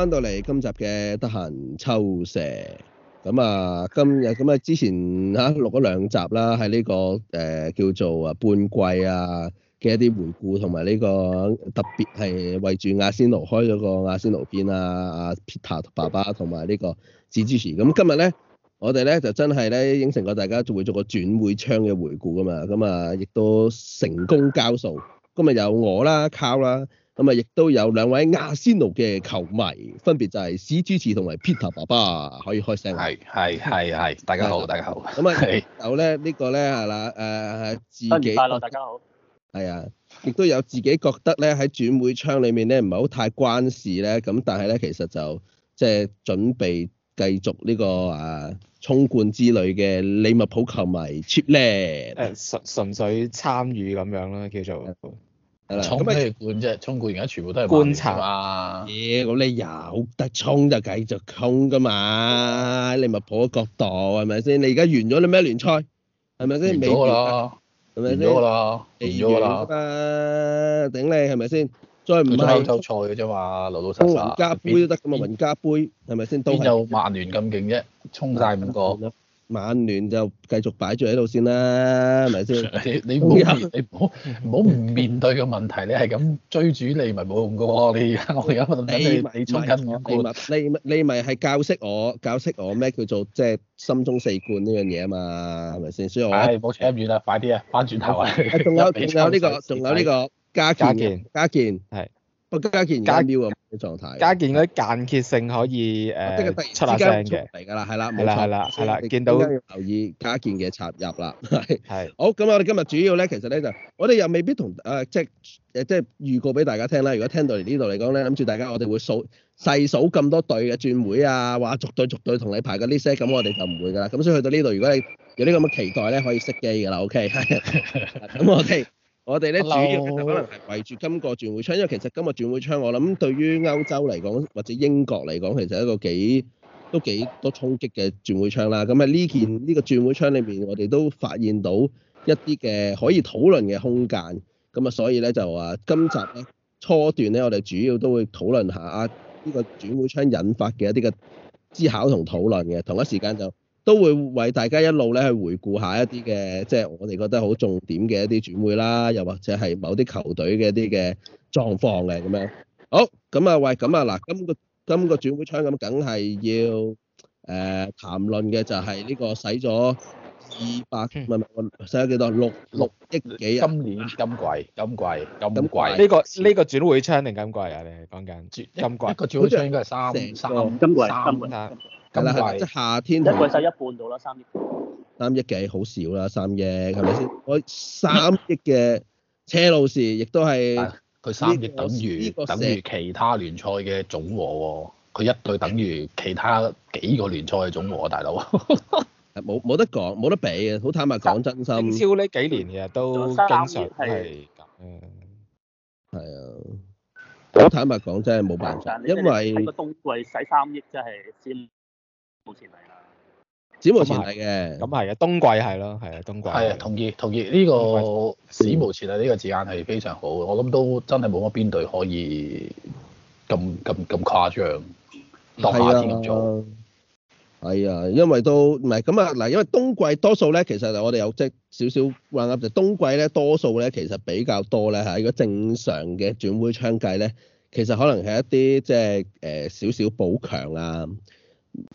翻到嚟今集嘅得閒抽射，咁啊今日咁啊之前嚇錄咗兩集啦，喺呢個誒叫做啊半季啊嘅一啲回顧，同埋呢個特別係為住阿仙奴開咗個阿仙奴篇啊，阿 Peter 爸爸同埋呢個史主持。咁今日咧，我哋咧就真係咧應承過大家會做個轉會窗嘅回顧㗎嘛，咁啊亦都成功交數。今日有我啦，Karl 啦。咁啊，亦都有兩位阿仙奴嘅球迷，分別就係史主持同埋 Peter 爸爸可以開聲。係係係係，大家好，大家好。咁啊，有咧是呢個咧係啦，誒、呃、自己。新年快樂，大家好。係啊，亦都有自己覺得咧喺轉會窗裏面咧唔係好太關事咧，咁但係咧其實就即係、就是、準備繼續呢、這個誒衝、啊、冠之旅嘅利物浦球迷 Cheap 咧誒純粹參與咁樣啦，叫做。衝咩冠啫？衝冠而家全部都係觀察。咦、欸？咁你有得衝就繼續衝噶嘛？你咪抱個角度係咪先？你而家完咗你咩聯賽？係咪先？完咗啦！係咪先？完咗啦！完啦！頂，你係咪先？再唔係歐洲賽嘅啫嘛，老老實實。加杯都得咁啊，雲加杯係咪先？邊有曼聯咁勁啫？衝晒唔過。晚聯就繼續擺住喺度先啦，係咪先？你你唔好你唔好唔面對嘅問題，你係咁追主你咪冇用噶喎！你而家我而家我你你咪你咪你係教識我教識我咩叫做即係心中四冠呢樣嘢啊嘛，係咪先？所以我係冇扯咁遠啦，快啲啊，翻轉頭啊！仲 有仲、呢個、有呢、呢個仲有呢個加加健加健係。不加建加瞄嘅狀態，加建啲間歇性可以誒出下聲嘅嚟㗎啦，係、uh, 啦，冇的的錯。係啦係啦係啦，的的見到留意加建嘅插入啦，係的好，咁我哋今日主要咧，其實咧就我哋又未必同誒、呃、即係誒即係預告俾大家聽啦。如果聽到嚟呢度嚟講咧，諗住大家我哋會數細數咁多隊嘅轉會啊，話逐隊逐隊同你排個 list 咁我哋就唔會㗎啦。咁所以去到呢度，如果你有啲咁嘅期待咧，可以熄機㗎啦。OK，咁 我哋。我哋咧主要可能係圍住今個轉會窗，因為其實今日轉會窗我諗對於歐洲嚟講或者英國嚟講，其實係一個幾都幾多衝擊嘅轉會窗啦。咁喺呢件呢個轉會窗裏面，我哋都發現到一啲嘅可以討論嘅空間。咁啊，所以咧就話今集咧初段咧，我哋主要都會討論下啊呢個轉會窗引發嘅一啲嘅思考同討論嘅。同一時間就，都會為大家一路咧去回顧下一啲嘅，即係我哋覺得好重點嘅一啲轉會啦，又或者係某啲球隊嘅一啲嘅狀況嘅咁樣。好，咁啊，喂，咁啊，嗱，今個今個轉會窗咁，梗係要誒談論嘅就係呢個使咗二百，唔係唔係，使咗幾多？六六億幾啊？今年？今季？今季？今季？呢個呢個轉會窗定今季啊？你講緊轉今季？一個轉會窗應該係三三三。咁啦，即係、嗯啊、夏天，一季曬一半到啦，三億。三億幾好少啦，三、嗯、億係咪先？我三億嘅車路士亦都係，佢三、這個、億等於等於其他聯賽嘅總和喎。哦。佢一隊等於其他幾個聯賽嘅總和大佬。冇冇得講，冇得比呀。好坦白講，啊嗯啊，真心英超呢幾年其實都經常係，係啊。好坦白講，真係冇辦法，因為冬季使三億真係接。史無前例啦！史無前例嘅，咁係嘅，冬季係咯，係啊，冬季係啊，同意同意，呢個史無前例呢個字眼係非常好嘅，我諗都真係冇乜邊隊可以咁咁咁誇張，當夏天咁做。係啊，因為都唔係咁啊，嗱，因為冬季多數咧，其實我哋有即係少少混合就冬季咧，多數咧其實比較多咧吓，如果正常嘅轉會窗計咧，其實可能係一啲即係誒少少補強啊。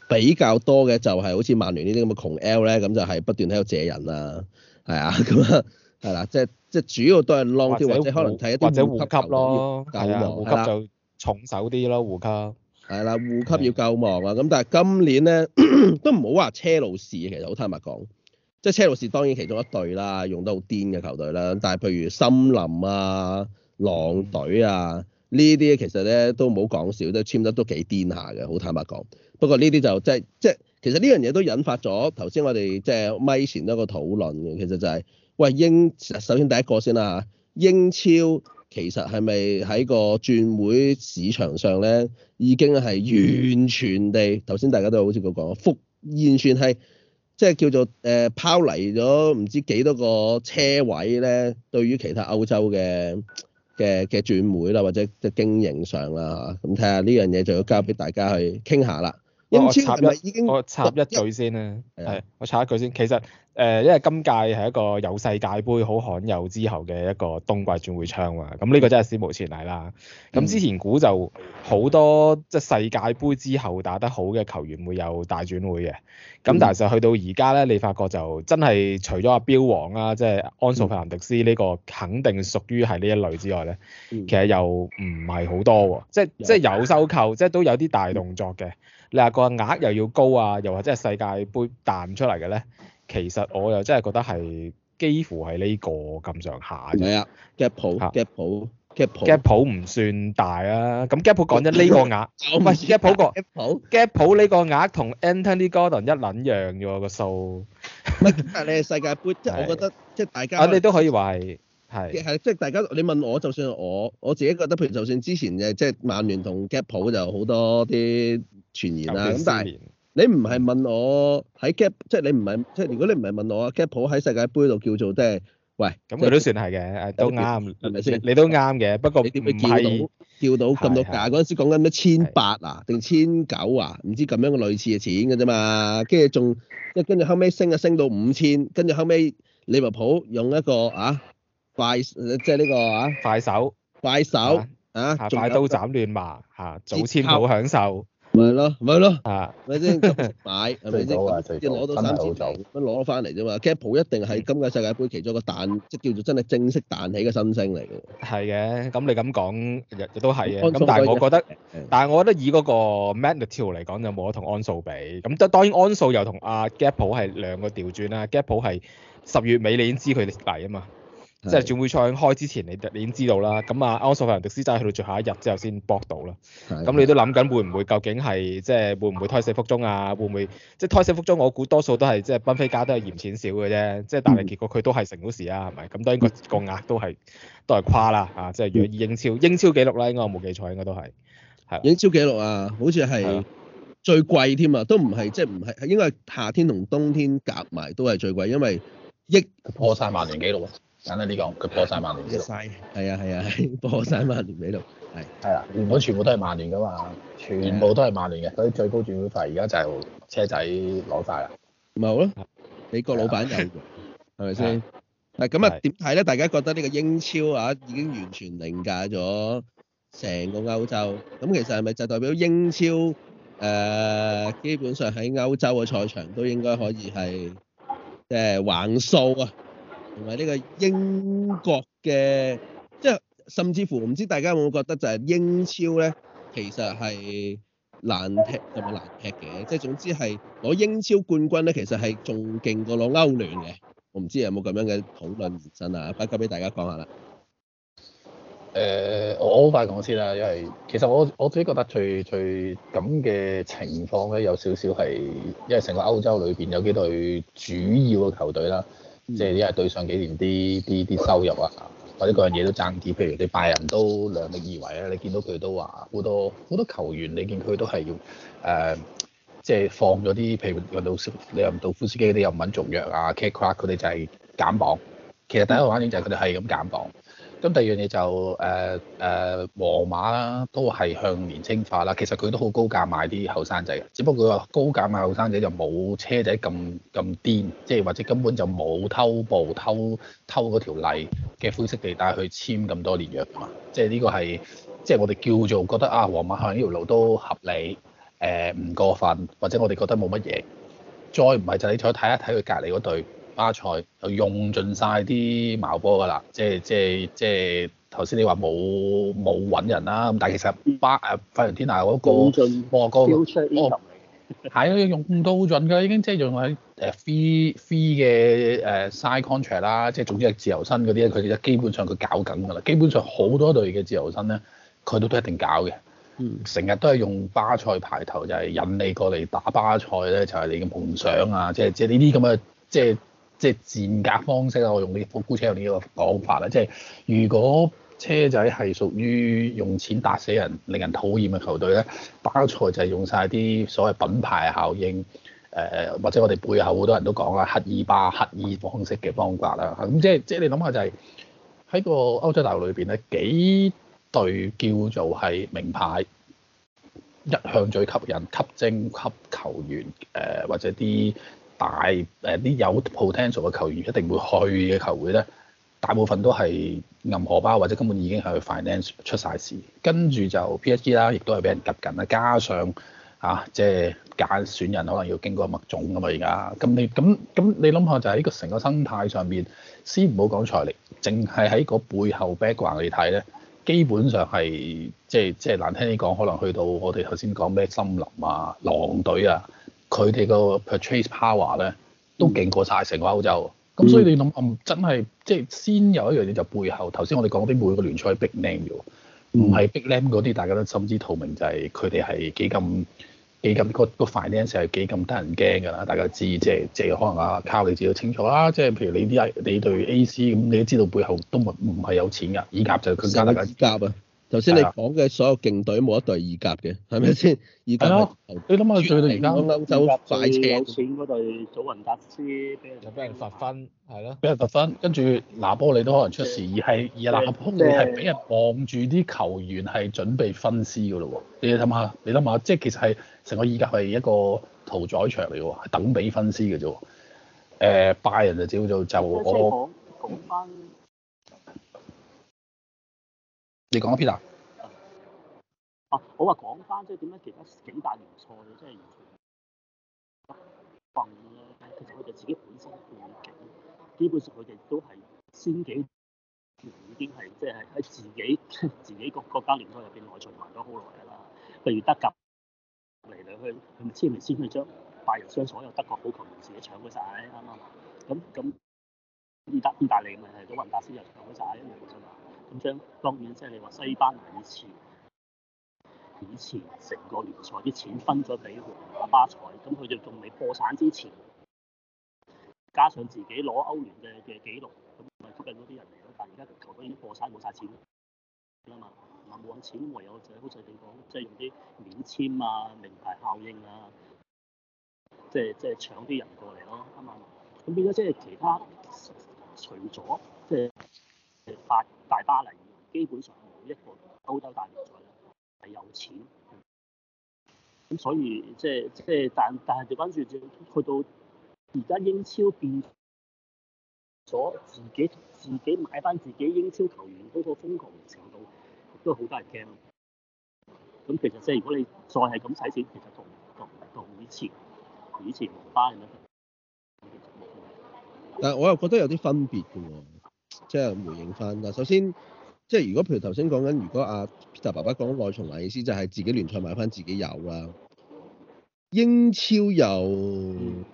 比較多嘅就係好似曼聯呢啲咁嘅窮 L 咧，咁就係不斷喺度借人啊，係啊，咁啊，係啦，即係即係主要都係 long 啲或者可能睇一啲護級忙或者護級咯，係啊，護級就重手啲咯，護級係啦、啊，護級要夠忙啊。咁但係今年咧 都唔好話車路士，其實好坦白講，即係車路士當然其中一隊啦，用得好癲嘅球隊啦。但係譬如森林啊、狼隊啊呢啲，其實咧都唔好講笑，都簽得都幾癲下嘅，好坦白講。不過呢啲就即係即係，其實呢樣嘢都引發咗頭先我哋即係咪前一個討論嘅，其實就係、是、喂英首先第一個先啦嚇，英超其實係咪喺個轉會市場上咧，已經係完全地頭先大家都好似咁講，福現算係即係叫做誒拋、呃、離咗唔知幾多個車位咧，對於其他歐洲嘅嘅嘅轉會啦，或者即係經營上啦咁睇、啊、下呢樣嘢就要交俾大家去傾下啦。我插一我插一句先啦。係我插一句先。其實誒、呃，因為今屆係一個有世界盃好罕有之後嘅一個冬季轉會窗嘛，咁呢個真係史無前例啦。咁之前估就好多即係世界盃之後打得好嘅球員會有大轉會嘅，咁但係就去到而家咧，你發覺就真係除咗阿標王啊，即係安素弗蘭迪斯呢個肯定屬於係呢一類之外咧，其實又唔係好多喎。即係即係有收購，即係都有啲大動作嘅。你話個額又要高啊，又或者係世界盃彈出嚟嘅咧，其實我又真係覺得係幾乎係呢、呢個咁上下嘅。係啊，格普，格普，格普，格普唔算大啊。咁格普講咗呢個額，唔係格普、呢個格普 g a p 呢個額同 Anthony Gordon 一撚樣嘅喎、嗰個數。唔 係你係世界盃，即係我覺得，即係大家。你都可以話係。係，係即係大家，你問我就算我，我自己覺得，譬如就算之前嘅即係曼聯同格普就好多啲傳言啦。咁但係你唔係問我喺格，即係你唔係即係如果你唔係問我啊，格普喺世界盃度叫做即係喂，咁佢都算係嘅，都啱，係咪先？你都啱嘅，不過你點會見到叫到咁多價？嗰陣時講緊咩千八啊，定千九啊？唔知咁樣嘅類似嘅錢嘅啫嘛。跟住仲即係跟住後尾升啊升到五千，跟住後尾利物浦用一個啊。快即係呢個啊！快手快手啊！下快刀斬亂麻嚇，早簽好享受。咪咯，咪咯啊！係咪先急買？係咪先？要攞到三千零，咁樣攞到翻嚟啫嘛。Gakpo 一定係今屆世界盃其中一個彈，即係叫做真係正式彈起嘅新星嚟嘅。係嘅，咁你咁講亦亦都係嘅。咁但係我覺得，但係我覺得以嗰個 Matthew 嚟講就冇得同安數比。咁都當然安數又同阿 Gakpo 係兩個調轉啦。Gakpo 係十月尾你已經知佢哋嚟啊嘛。即係轉會窗開之前，你你已經知道啦。咁啊，安索凡迪斯真係去到最後一日之後先博到啦。咁的你都諗緊會唔會究竟係即係會唔會胎死腹中啊？會唔會即係胎死腹中？我估多數都係即係賓菲加都係嫌錢少嘅啫。即係但係結果佢都係成事啊，係咪、嗯？咁當然個額都係都係誇啦啊！即係若英超英超紀錄啦，應該我冇記錯，應該都係係英超紀錄啊，好似係最貴添啊，都唔係即係唔係，應該係夏天同冬天夾埋都係最貴，因為億破晒萬年紀錄啊！簡單啲講，佢破晒曼聯，破曬，係啊係啊，破晒曼聯喺度，係係啊，原本全部都係曼聯噶嘛，的全部都係曼聯嘅，所以最高轉會費而家就係車仔攞晒啦，咪好咯，美國老闆有，係咪先？係咁啊，點睇咧？大家覺得呢個英超啊，已經完全凌駕咗成個歐洲，咁其實係咪就代表英超誒、呃，基本上喺歐洲嘅賽場都應該可以係誒、就係、橫掃啊？同埋呢個英國嘅，即係甚至乎唔知大家有冇覺得就係英超咧，其實係難踢冇難踢嘅，即係總之係攞英超冠軍咧，其實係仲勁過攞歐聯嘅。我唔知有冇咁樣嘅討論真啊，不嬲俾大家講下啦。誒、呃，我好快講先啦，因為其實我我自己覺得最最咁嘅情況咧，有少少係，因為成個歐洲裏邊有幾隊主要嘅球隊啦。即係因為對上幾年啲啲啲收入啊，或者嗰樣嘢都爭啲，譬如你拜仁都量力而為啦，你見到佢都話好多好多球員，你見佢都係要誒，即、呃、係、就係、放咗啲，譬如你又唔到夫斯基嗰啲又唔搵續約啊，Kakar 佢哋就係減磅，其實第一個反應就係佢哋係咁減磅。咁第二樣嘢就誒誒，皇、呃呃、馬啦都係向年青化啦，其實佢都好高價買啲後生仔嘅，只不過話高價買後生仔就冇車仔咁咁癲，即係、就是、或者根本就冇偷步、偷偷嗰條例嘅灰色地帶去簽咁多年約嘛，即係呢個係即係我哋叫做覺得啊，皇馬向呢條路都合理，誒、呃、唔過分，或者我哋覺得冇乜嘢。再唔係就是你再睇一睇佢隔離嗰隊。巴塞就用盡晒啲矛波㗎啦，即係即係即係頭先你話冇冇揾人啦，咁但係其實巴誒費城天鵝嗰、嗰個波哥嚟，係啊用到好盡㗎，已經即係用喺誒 free free 嘅誒 side contract 啦，即係總之係自由身嗰啲咧，佢咧基本上佢搞緊㗎啦，基本上好多隊嘅自由身咧，佢都都一定搞嘅，成日都係用巴塞排頭就係、是、引你過嚟打巴塞咧，就係、是、你嘅夢想啊，即係即係呢啲咁嘅即係。即係賤格方式啊！我用呢、這個講法啦。即、就、係、是、如果車仔係屬於用錢打死人、令人討厭嘅球隊咧，巴塞就係用晒啲所謂品牌效應誒、呃，或者我哋背後好多人都講啦，乞兒巴乞兒方式嘅方法啦。咁即係即係你諗下就係、是、喺個歐洲大陸裏邊咧，幾隊叫做係名牌一向最吸引吸睛吸球員誒、呃，或者啲。大誒啲有 potential 嘅球員一定會去嘅球會咧，大部分都係銀荷包或者根本已經係去 finance 出晒事，跟住就 PSG 啦，亦都係俾人夾緊啦。加上啊，即係揀選人可能要經過物種噶嘛，而家咁你咁咁你諗下就喺個成個生態上面，先唔好講財力，淨係喺個背後 background 嚟睇咧，基本上係即係即係難聽啲講，可能去到我哋頭先講咩森林啊、狼隊啊。佢哋個 purchase power 咧都勁過晒成個歐洲，咁、嗯、所以你諗，真係即係先有一樣嘢就是、背後頭先我哋講啲每個聯賽 big name 喎，唔係 big name 嗰啲大家都心知肚明，就係佢哋係幾咁幾咁、個個 finance 係幾咁得人驚㗎啦，大家知即係即係可能啊，Karl 你自己都清楚啦，即係譬如你啲你對 A.C. 咁你都知道背後都唔唔係有錢㗎，以及就佢加得加啊！頭先你講嘅所有勁隊冇一隊意甲嘅，係咪先？意甲。你諗下最到而家歐洲快車線嗰隊祖雲達斯，俾人就俾人罰分，係咯。俾人罰分，跟住拿波利你都可能出事，的而係而拿波利係俾人望住啲球員係準備分屍嘅嘞喎。你諗下，你諗下，即係其實係成個意甲係一個屠宰場嚟嘅喎，係等比分屍嘅啫。誒、呃，拜仁就照做就，就我。翻。你講開 Peter？啊，我話講翻即係點樣？就是、其他幾大聯賽即係德、法咧，其實佢哋自己本身背景，基本上佢哋都係先幾年已經係即係喺自己自己個國家聯賽入邊內循環咗好耐㗎啦。譬如德甲嚟嚟去去，咪先咪先去將拜仁將所有德國好球員自己搶咗晒？啱啱。咁咁，意德、意大利咪係祖雲達斯又搶咗晒。咁將當然即係你話西班牙以前以前成個聯賽啲錢分咗俾荷巴塞，咁佢就仲未破產之前，加上自己攞歐聯嘅嘅記錄，咁咪吸引到啲人嚟咯。但而家球隊已經破產冇晒錢啦，冇錢唯有就好似你講，即、就、係、是、用啲免簽啊、名牌效應啊，即係即係搶啲人過嚟咯，咁變咗即係其他除咗即係法。就是發大巴黎基本上冇一個歐洲大聯賽係有錢，咁所以即係即係，但但係掉返轉，去到而家英超變咗自己自己買翻自己英超球員嗰個瘋狂程度，都好多人驚。咁其實即係如果你再係咁使錢，其實同同同以前以前大巴黎，但係我又覺得有啲分別嘅喎。即係回應翻啦，首先即係如果譬如頭先講緊，如果阿 Peter 爸爸講內重買，意思就係自己聯賽買翻自己有啦。英超有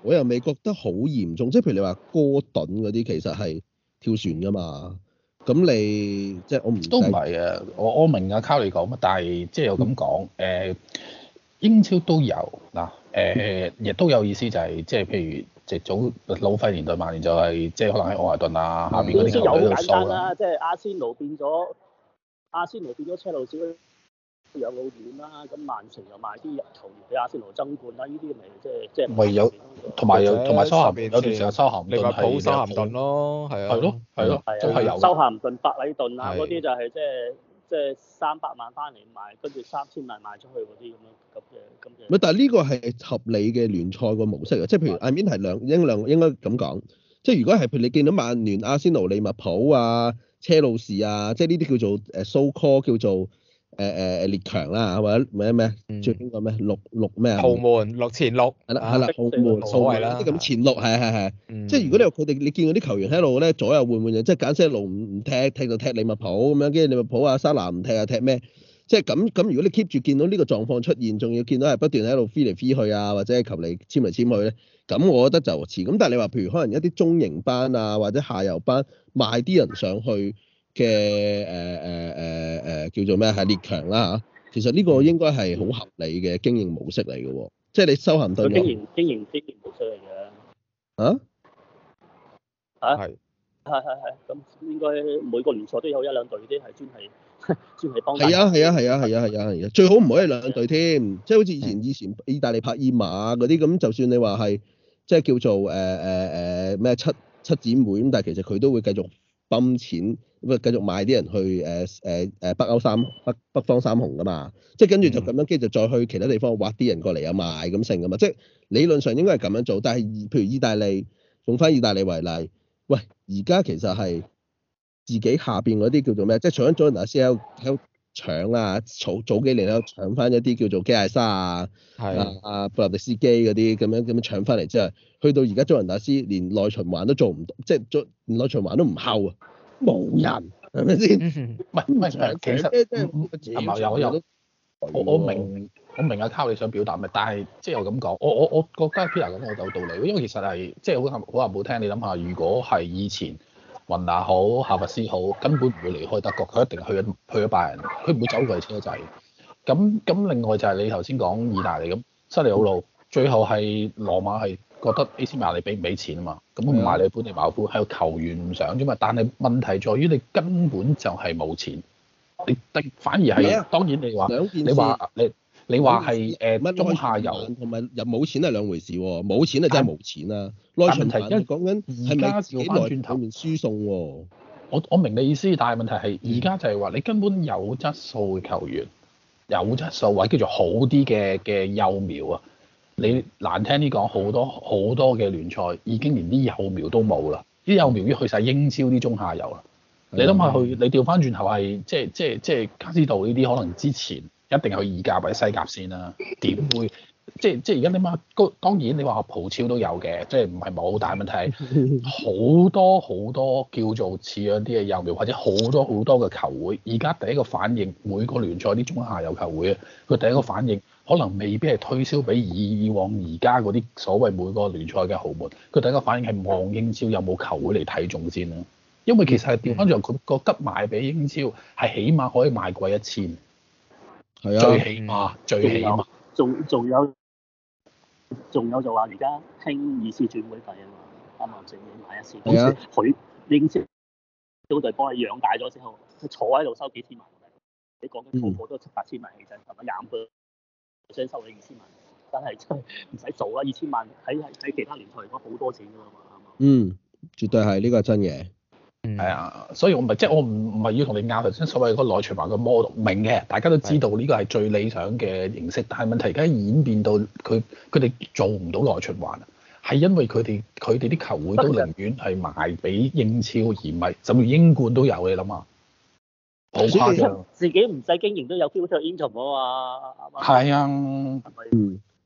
我又未覺得好嚴重，即係譬如你話哥頓嗰啲，其實係跳船㗎嘛。咁你即係我唔都唔係啊！我我明啊，Karl 你講嘛，但係即係有咁講誒。嗯欸英超都有嗱，誒誒，亦都有意思就係，即係譬如，直早老費年代，曼聯就係，即係可能喺愛華頓啊，下面嗰啲都有。收。英超好簡單啦，即係阿仙奴變咗，阿仙奴變咗車路士養老院啦，咁曼城又賣啲入球員俾阿仙奴爭冠啦，呢啲咪即係即係。咪有，同埋有，同埋收鹹，有時成日收鹹頓係。利物浦收鹹頓咯，係啊，係咯，係咯，都係有嘅。收鹹頓、百里頓啊，嗰啲就係即係。即係三百萬翻嚟買，跟住三千萬賣出去嗰啲咁樣咁嘅咁嘅。唔係，但係呢個係合理嘅聯賽個模式啊！即係譬如是的，I mean 係兩英兩應該咁講，即係如果係譬如你見到曼聯、阿仙奴、利物浦啊、車路士啊，即係呢啲叫做誒 so call 叫做。So called, 叫做誒誒、呃、列強啦，或者咩咩、嗯、最邊個咩六六咩啊？豪門六前六係啦係啦，豪、啊、門所謂啦，即係咁前六係係係，即係如果你話佢哋你見到啲球員喺度咧左右換換人，即係揀車路士唔踢踢到踢利物浦咁樣，跟住利物浦啊，沙拿唔踢又踢咩？即係咁咁，如果你 keep 住見到呢個狀況出現，仲要見到係不斷喺度飛嚟飛去啊，或者係球嚟簽嚟簽去咧，咁我覺得就遲。咁但係你話譬如可能一啲中型班啊或者下游班買啲人上去。嘅誒誒誒誒叫做咩係列強啦嚇，其實呢個應該係好合理嘅經營模式嚟嘅，即、就、係、是、你收恆隊嘅經營經營經營模式嚟嘅。啊？嚇係係係係，咁應該每個聯賽都有一兩隊啲係專係專係幫。係啊係啊係啊係啊係啊，啊，啊，最好唔可以兩隊添，啊、即係好似以前、啊、以前意大利帕爾馬嗰啲咁，就算你話係即係叫做誒誒誒咩七七姊妹咁，但係其實佢都會繼續。揼錢咁啊，繼續買啲人去誒誒誒北歐三北北方三雄啊嘛，即係跟住就咁樣，跟住就再去其他地方挖啲人過嚟啊嘛，買咁成啊嘛，即係理論上應該係咁樣做，但係譬如意大利，用翻意大利為例，喂，而家其實係自己下邊嗰啲叫做咩？即係除咗嗱 CL。C IL, 搶啊！早早幾年咧搶翻一啲叫做基艾沙啊，啊啊布拉迪斯基嗰啲咁樣咁樣搶翻嚟之後，去到而家祖雲達斯連內循環都做唔到，即係做內循環都唔敲啊！冇人係咪先？唔係其實即係我我明我明阿 Karl 你想表達咩，但係即係我咁講，我我我覺得 Peter 講得有道理，因為其實係即係好話好話唔好聽，你諗下如果係以前。雲拿好，夏佛斯好，根本唔會離開德國，佢一定去咗去咗拜仁，佢唔會走佢嚟車仔。咁咁另外就係你頭先講意大利咁，塞利奧路最後係羅馬係覺得 AC 米蘭你俾唔俾錢啊嘛？咁唔買你本地馬夫係個球員唔想啫嘛，但係問題在於你根本就係冇錢，你定反而係的當然你話你話你。你話係誒乜中下游同埋又冇錢係兩回事喎，冇錢，錢啊真係冇錢啦。但問題而家講緊係咪幾耐後面輸送喎、啊？我我明你意思，但係問題係而家就係話你根本有質素嘅球員，有質素或者叫做好啲嘅嘅幼苗啊！你難聽啲講好多好多嘅聯賽已經連啲幼苗都冇啦，啲幼苗要去晒英超啲中下游啦。你諗下佢，你調翻轉頭係即係即係即係加士道呢啲可能之前。一定去意甲或者西甲先啦、啊，點會？即係即係而家你啊？當然你話葡超都有嘅，即係唔係冇，大係問題好多好多叫做似樣啲嘅幼苗，或者好多好多嘅球會。而家第一個反應，每個聯賽啲中下游球會啊，佢第一個反應可能未必係推銷俾以往而家嗰啲所謂每個聯賽嘅豪門。佢第一個反應係望英超有冇球會嚟睇中先啦、啊。因為其實係調翻轉，佢個急賣俾英超係起碼可以賣貴一千。係啊，最起碼，最起碼，仲仲有，仲有就話而家興二次轉會費啊嘛，啱啱正要買一次，佢已經識到就幫你養大咗之後，坐喺度收幾千萬，你講緊個個都七八千萬起身，係咪？廿五倍想收你二千萬，但係真係唔使做啦，二千萬喺喺其他年代嚟講好多錢㗎嘛，嗯，絕對係呢個真嘢。嗯，係啊，所以我唔係即係我唔唔係要同你拗，頭先所謂個內循環個 model，明嘅，大家都知道呢個係最理想嘅形式。但係問題而家演變到佢佢哋做唔到內循環，係因為佢哋佢哋啲球會都寧願係賣俾英超，而唔係甚至英冠都有你諗下，好誇張。自己唔使經營都有 filter 機會入英超啊嘛。係啊，嗯，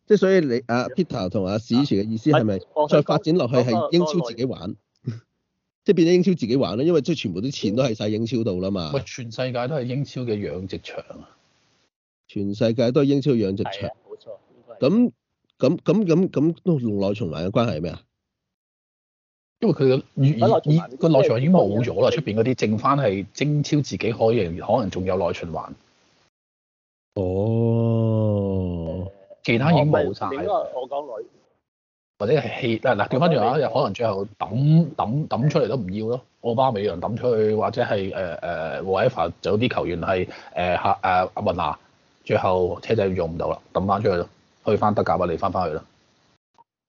即係所以你阿 Peter 同阿史主持嘅意思係咪再發展落去係英超自己玩？即係變咗英超自己玩咯，因為即係全部啲錢都喺晒英超度啦嘛。咪全世界都係英超嘅養殖場啊！全世界都係英超嘅養殖場。冇錯。咁咁咁咁咁都用內循環嘅關係係咩啊？因為佢嘅越已個內循環已經冇咗啦，出邊嗰啲剩翻係英超自己可以，可能仲有內循環。哦，呃、其他已經冇晒唔我講或者係氣嗱嗱調翻轉話，可能最後抌抌抌出嚟都唔要咯。奧巴美揚抌出去，或者係誒誒 whatever 就有啲球員係誒下誒阿云娜，最後車仔用唔到啦，抌翻出去咯，去翻德甲啦，你翻翻去啦。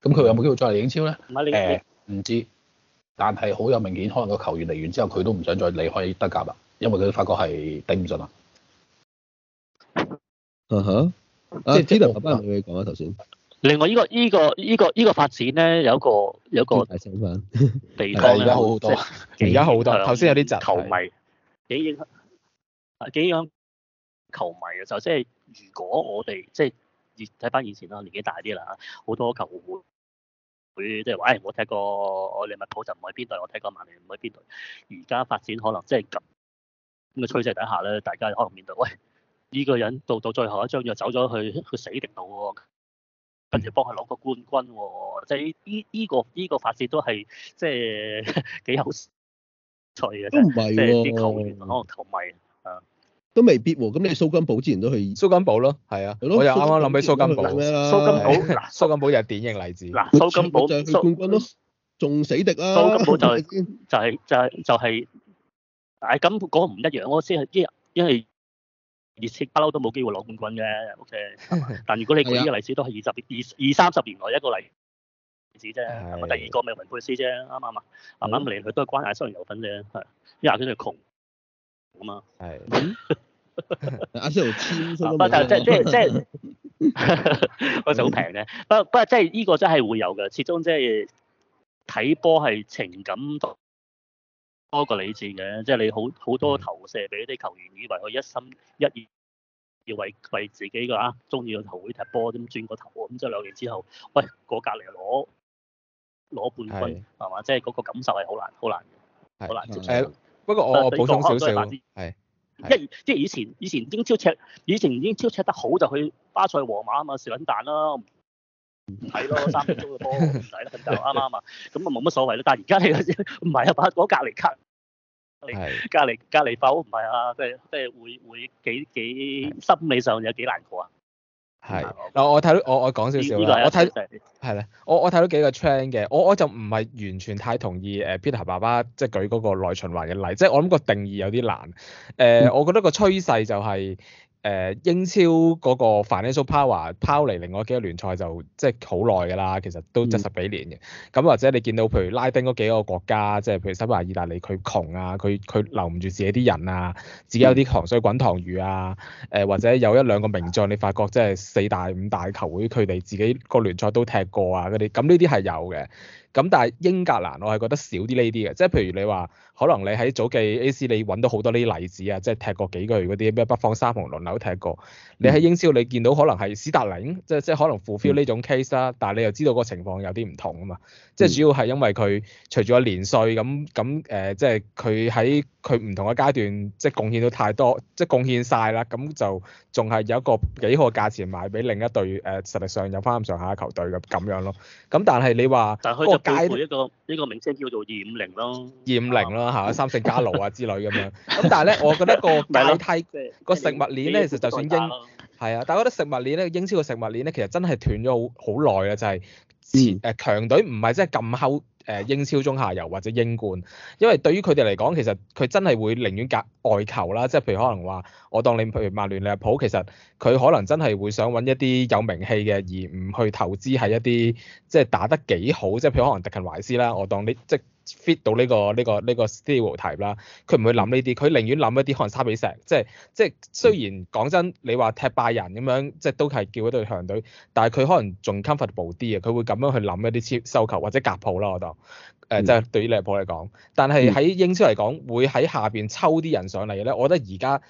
咁佢有冇機會再嚟英超咧？誒、呃，唔知，但係好有明顯，可能個球員嚟完之後，佢都唔想再離開德甲啦，因為佢發覺係頂唔順啦。嗯哼、啊，阿 Tina 阿班你講啊？頭先。另外，呢個依個依個依個發展咧，有一個有一個地方咧，而家好好多，而家好多頭先有啲雜球迷幾影響啊，幾影響球迷啊！就即係如果我哋即係以睇翻以前啦，年紀大啲啦，好多球會會即係話：「誒，我睇過我利物浦就唔喺邊度，我睇過曼聯唔喺邊度。」而家發展可能即係咁嘅趨勢底下咧，大家可能面對喂，呢個人到到最後一張約就走咗去去死敵度喎。跟住幫佢攞個冠軍喎，即係呢依依個依個發展都係即係幾有趣嘅。都唔係，即係啲球員可能球迷啊，都未必喎。咁你蘇金寶之前都去蘇金寶咯，係啊，我又啱啱諗起蘇金寶啦。蘇金寶，蘇金寶又係典型例子。嗱，蘇金寶就去冠軍咯，仲死敵啊！蘇金寶就係就係就係就係，但係，咁嗰個唔一樣咯，先係一一係。熱刺不嬲都冇機會攞冠軍嘅，O K。Okay? 但如果你舉呢個例子，都係二十、二二三十年來一個例子啫。係。 第二個咪雲佩斯啫，啱啱啊？啱唔啱嚟去都係關阿仙奴有份啫，因廿幾年窮啊嘛。係。阿仙奴千星啊嘛。不就好平嘅，不不即呢個真係會有嘅，始終即睇波係情感多過理智嘅，即係你好好多投射俾啲球員，以為佢一心一意要為為自己嘅啊，中意個球會踢波咁轉個頭咁即係兩年之後，喂，過隔離攞攞半分係嘛？即係嗰個感受係好難好難嘅，好難。接受。不過我我補充少少，係，即係以前以前英超踢，以前英超踢得好就去巴塞、皇馬啊嘛，食卵蛋啦，睇咯三分鐘嘅波唔睇啦咁就啱啱啊，咁啊冇乜所謂咯。但係而家你嗰啲唔係啊，把嗰隔離卡。是隔籬隔籬否唔係啊，即係即係會會幾幾心理上有幾難過啊？係，我我睇，我我講少少我，我睇係咧，我我睇到幾個 chain 嘅，我我就唔係完全太同意誒，Peter 爸爸，即係舉嗰個內循環嘅例，即係我諗個定義有啲難，誒、呃，我覺得個趨勢就係、是。誒英超嗰個 n a n c i a l Power 拋嚟另外幾個聯賽就即係好耐㗎啦，其實都即十幾年嘅。咁或者你見到譬如拉丁嗰幾個國家，即係譬如西班牙、意大利，佢窮啊，佢佢留唔住自己啲人啊，自己有啲糖水滾糖魚啊。誒或者有一兩個名將，你發覺即係四大五大球會，佢哋自己個聯賽都踢過啊嗰啲。咁呢啲係有嘅。咁但係英格蘭，我係覺得少啲呢啲嘅，即係譬如你話，可能你喺早期 A.C. 你揾到好多呢啲例子啊，即係踢過幾個月嗰啲咩北方三雄輪流踢過。你喺英超你見到可能係史達寧，即係即係可能 fulfill 呢種 case 啦，嗯，但係你又知道個情況有啲唔同啊嘛，即係主要係因為佢除咗年歲咁咁誒，即係佢喺。佢唔同嘅階段，即係貢獻到太多，即係貢獻晒啦，咁就仲係有一個幾好嘅價錢賣俾另一隊誒、呃、實力上有翻咁上下嘅球隊咁咁樣咯。咁但係你話，但係佢就接回一個一個名稱叫做二五零咯，二五零咯嚇，三聖加奴啊之類咁樣。咁 但係咧，我覺得個你太個食物鏈咧，其實就算英係啊， 但係我覺得食物鏈咧，英超嘅食物鏈咧，其實真係斷咗好好耐啦，就係、之前、誒強隊唔係真係咁厚。誒英超中下游或者英冠，因為對於佢哋嚟講，其實佢真係會寧願隔外求啦，即係譬如可能話，我當你譬如曼聯、利物浦，其實佢可能真係會想揾一啲有名氣嘅，而唔去投資喺一啲即係打得幾好，即係譬如可能迪勤懷斯啦，我當你即。fit 到呢個呢個呢個 style type 啦，佢唔會諗呢啲，佢寧願諗一啲可能三比零，即係即係雖然講、嗯、真，你話踢拜仁咁樣，即、就、係、是、都係叫一隊強隊，但係佢可能仲 comfortable 啲嘅，佢會咁樣去諗一啲切收球或者夾鋪咯，我就誒即係對於利物浦嚟講，但係喺英超嚟講，嗯、會喺下邊抽啲人上嚟咧，我覺得而家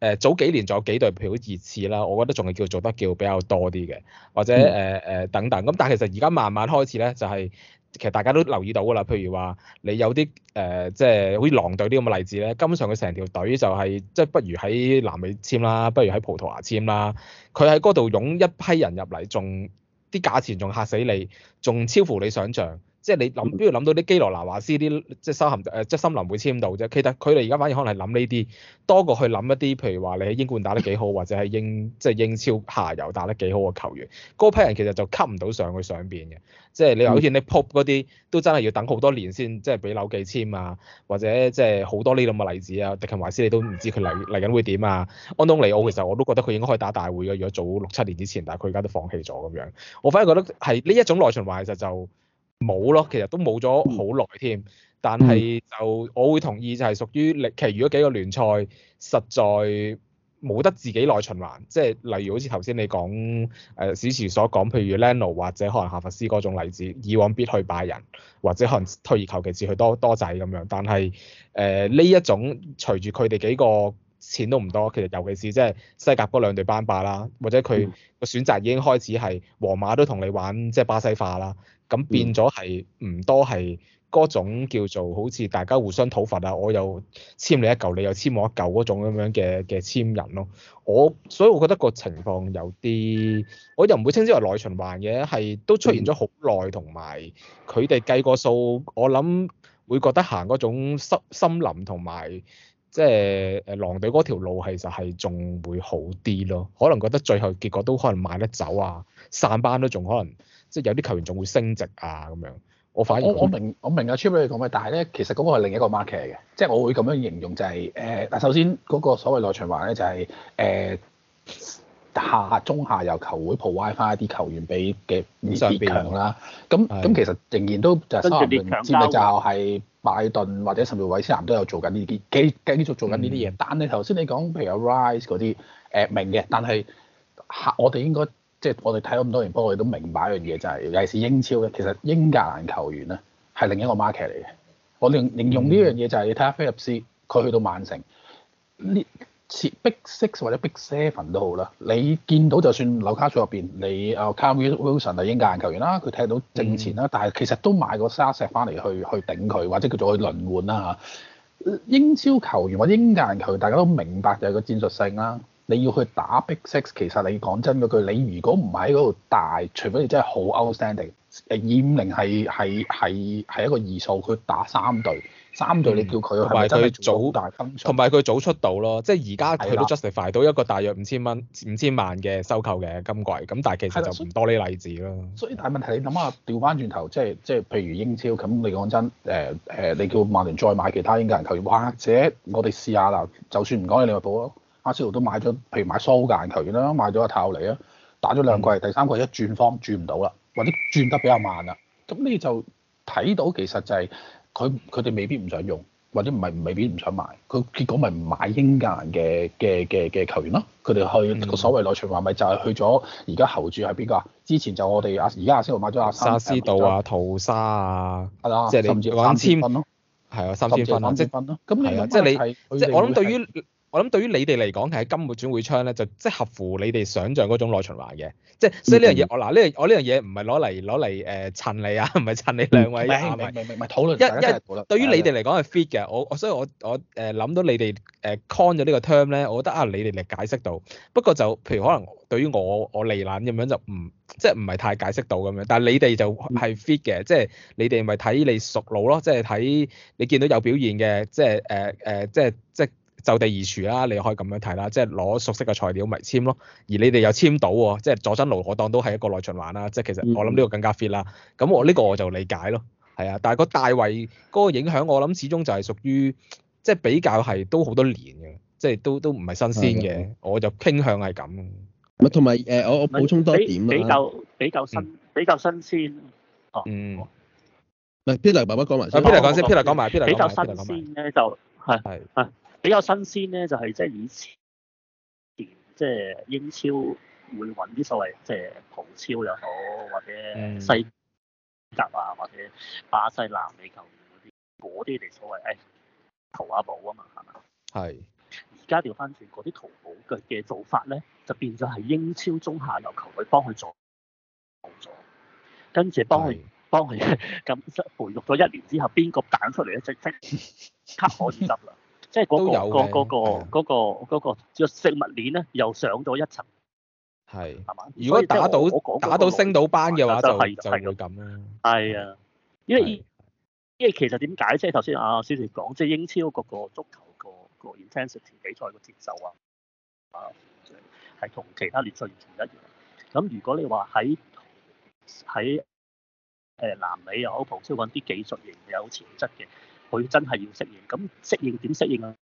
誒早幾年仲有幾隊譬如好似熱刺啦，我覺得仲係叫做得叫比較多啲嘅，或者誒誒、呃呃、等等，咁但係其實而家慢慢開始咧就係、是。其實大家都留意到㗎啦，譬如話你有啲誒，即係好似狼隊呢咁嘅例子咧，根本上佢成條隊就係即係不如喺南美簽啦，不如喺葡萄牙簽啦，佢喺嗰度湧一批人入嚟，仲啲價錢仲嚇死你，仲超乎你想象。即係你諗都要諗到啲基羅拿華斯啲，即係收含誒即係森林會簽到啫。其實佢哋而家反而可能係諗呢啲，多過去諗一啲，譬如話你喺英冠打得幾好，或者係英即係英超下游打得幾好嘅球員。嗰批人其實就吸唔到上去上邊嘅，即係你好似你 Pope 嗰啲都真係要等好多年先，即係俾紐記簽啊，或者即係好多呢咁嘅例子啊。迪肯華斯你都唔知佢嚟嚟緊會點啊？安東尼奧其實我都覺得佢應該可以打大會嘅，如果早六七年之前，但係佢而家都放棄咗咁樣。我反而覺得係呢一種內循環，其實就。冇咯，其實都冇咗好耐添。但係就我會同意，就係屬於力其餘嗰幾個聯賽實在冇得自己內循環。即係例如好似頭先你講誒、呃，史主持所講，譬如 Leno 或者可能夏佛斯嗰種例子，以往必去拜仁，或者可能退而求其次去多多仔咁樣。但係誒呢一種隨住佢哋幾個錢都唔多，其實尤其是即係西甲嗰兩隊班霸啦，或者佢個選擇已經開始係皇馬都同你玩即係巴西化啦。咁變咗係唔多係嗰種叫做好似大家互相討伐啊，我又簽你一嚿，你又簽我一嚿嗰種咁樣嘅嘅簽人咯。我所以我覺得個情況有啲，我又唔會稱之為內循環嘅，係都出現咗好耐，同埋佢哋計個數，我諗會覺得行嗰種森林同埋即係誒狼隊嗰條路，其實係仲會好啲咯。可能覺得最後結果都可能買得走啊，散班都仲可能。即係有啲球員仲會升值啊咁樣，我反而我，我明我明阿 Cheap 你講咩，但係咧其實嗰個係另一個 market 嚟嘅，即係我會咁樣形容就係誒，嗱首先嗰個所謂內循環咧就係誒下中下游球會 provide 翻一啲球員俾嘅而跌強啦，咁咁其實仍然都知就係三輪戰咧就係拜頓或者甚至韋斯咸都有做緊呢啲繼繼續做緊呢啲嘢，但係頭先你講譬如有 Rice 嗰啲誒明嘅，但係客我哋應該。即係我哋睇咗咁多年波，我哋都明白一樣嘢就係，尤其是英超咧，其實英格蘭球員咧係另一個 market 嚟嘅。我用引用呢樣嘢就係，你睇下菲臘斯，佢去到曼城呢切 big six 或者 big seven 都好啦。你見到就算紐卡素入邊，你啊 Callum Wilson 係英格蘭球員啦，佢踢到正前啦，嗯、但係其實都買個沙石翻嚟去去頂佢，或者叫做去輪換啦嚇。英超球員或者英格蘭球員，大家都明白就係個戰術性啦。你要去打 Big s i x 其實你講真嗰句，你如果唔係喺嗰度大，除非你真係好 outstanding。誒二五零係係係係一個二數，佢打三對，三對你叫佢係、嗯、真係好大金。同埋佢早出到咯，即係而家佢都 justify 到一個大約五千蚊、五千萬嘅收購嘅金貴。咁但係其實就唔多呢例子咯。所以但係問題，你諗下，調翻轉頭，即係即係譬如英超咁，你講真誒誒、呃呃，你叫曼聯再買其他英格人球員，或者我哋試下啦，就算唔講你利物浦咯。阿仙奴都買咗，譬如買蘇格蘭球員啦，買咗個泰利啊，打咗兩季，第三季一轉方轉唔到啦，或者轉得比較慢啦，咁你就睇到其實就係佢佢哋未必唔想用，或者唔係未必唔想賣，佢結果咪買英格蘭嘅嘅嘅嘅球員咯，佢哋去個所謂內循環咪就係去咗而家侯住喺邊個啊？之前就我哋阿而家阿仙奴買咗阿沙斯道啊、淘沙啊，係啦，即係攞緊簽，係啊，三簽份咯，咁你即係即係我諗對於。我諗對於你哋嚟講，喺今個轉會窗咧，就即係合乎你哋想像嗰種內循環嘅，即係所以呢樣嘢，我嗱、這、呢個我呢樣嘢唔係攞嚟攞嚟誒襯你啊，唔係襯你兩位啊，唔係、嗯、討論，一一對於你哋嚟講係 fit 嘅，我我所以我我誒諗到你哋誒 con 咗呢個 term 咧，我覺得啊，你哋嚟解釋到，不過就譬如可能對於我我嚟攬咁樣就唔即係唔係太解釋到咁樣，但係你哋就係 fit 嘅，即係、嗯、你哋咪睇你熟路咯，即係睇你見到有表現嘅，即係誒誒即係即係。Uh, uh, uh, uh, uh, uh, 就地而處啦，你可以咁樣睇啦，即係攞熟悉嘅材料咪簽咯。而你哋又簽到喎，即係佐真奴，我當都係一個內循環啦。即係其實我諗呢個更加 fit 啦。咁我呢個我就理解咯，係啊。但係個大衞嗰個影響，我諗始終就係屬於即係比較係都好多年嘅，即係都都唔係新鮮嘅。的我就傾向係咁。同埋誒，我我補充多一點、嗯、比，比較比較新比較新鮮。哦。唔係、嗯嗯、Peter 爸爸講埋先。Peter 講先，Peter 講埋 p 比較新鮮就係係。啊啊啊比較新鮮咧，就係即係以前，即係英超會揾啲所謂即係葡超又好，或者西甲啊，或者巴西南美球員嗰啲，啲嚟所謂誒、哎、淘下寶啊嘛，係嘛？係是。而家調翻轉嗰啲淘寶嘅嘅做法咧，就變咗係英超中下游球隊幫佢做助，跟住幫佢是幫佢咁培育咗一年之後，邊個揀出嚟咧？即即刻可以執啦。 即係嗰、嗰個嗰、嗰個嗰的、嗰個、嗰個嗰個嗰個、食物鏈咧，又上咗一層。係。係嘛？如果打到的打到升到班嘅話就，的就係就咁啦。係啊的，因為因為其實點解即係頭先阿小姐講，即係英超個個足球、嗰個個 intensity 比賽嘅節奏啊，係同其他聯賽完全一樣。咁如果你話喺喺誒南美又好，葡超搵啲技術型有潛質嘅。佢真係要適應，咁適應點適應啊？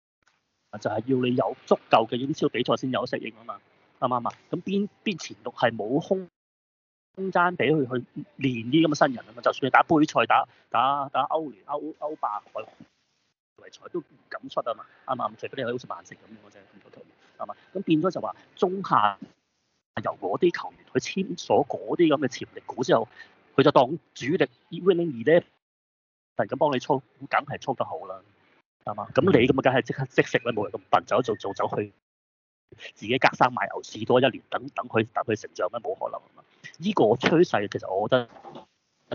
就係、是、要你有足夠嘅英超比賽先有適應啊嘛，啱唔啱啊？咁邊邊前六係冇空空間俾佢去練啲咁嘅新人啊嘛，就算你打杯賽、打打打歐聯、歐歐霸、外圍賽都唔敢出啊嘛，啱唔啱？除非你好似曼城咁，我淨係本土球員，係嘛？咁變咗就話中下由嗰啲球員，去簽咗嗰啲咁嘅潛力股之後，佢就當主力係咁幫你操，梗係操得好啦，係嘛？咁你咁啊，梗係即刻即食啦，冇人咁笨走一做走走，走去自己隔山買牛試多一年，等等佢等佢成長咧，冇可能呢依、呢個趨勢其實我覺得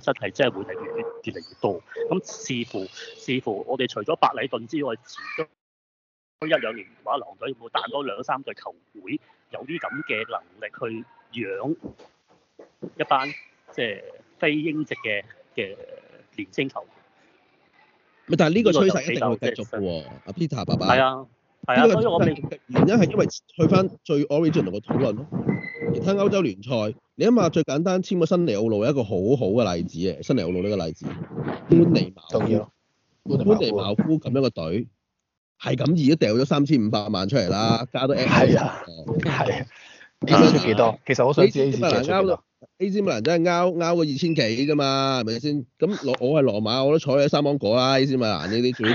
真係真係會係越嚟越嚟越多。咁視乎視乎，似乎我哋除咗百里頓之外，遲多一兩年話狼隊有冇彈多兩三隊球會有啲咁嘅能力去養一班即係非英籍嘅嘅年輕球員。但係呢個趨勢一定會繼續喎，阿 Peter 爸爸。係啊，係啊，所以我哋原因係因為去翻最 original 嘅討論咯。而睇歐洲聯賽，你諗下最簡單，簽個新尼奧路，係一個好好嘅例子嘅，新尼奧路呢個例子，般尼茅夫。仲要。般尼茅夫。般尼茅夫咁樣嘅隊，係咁易都掉咗三千五百萬出嚟啦，加多 X。係啊，係。幾多？其實我想知幾多。A.C 米蘭真係拗拗個二千幾㗎嘛，係咪先？咁我我係羅馬，我都坐喺三芒果啦。A.C 米蘭呢啲最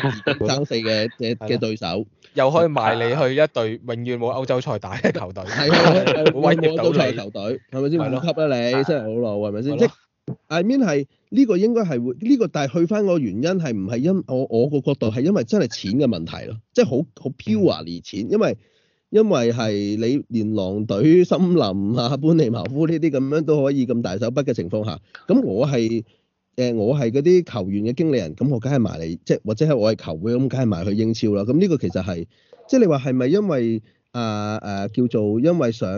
爭四嘅嘅嘅對手，又可以賣你去一隊永遠冇歐洲賽打嘅球隊，係啊，威到球隊，係咪先？係咯，級啊你真係好老，係咪先？即係 I mean 係呢個應該係會呢個，但係去翻個原因係唔係因我我個角度係因為真係錢嘅問題咯，即係好好 p u l v 錢，因為。因為係你連狼隊、森林啊、般尼茅夫呢啲咁樣都可以咁大手筆嘅情況下，咁我係誒、呃、我係嗰啲球員嘅經理人，咁我梗係埋嚟即係或者係我係球會咁，梗係埋去英超啦。咁呢個其實係即係你話係咪因為啊誒、啊、叫做因為想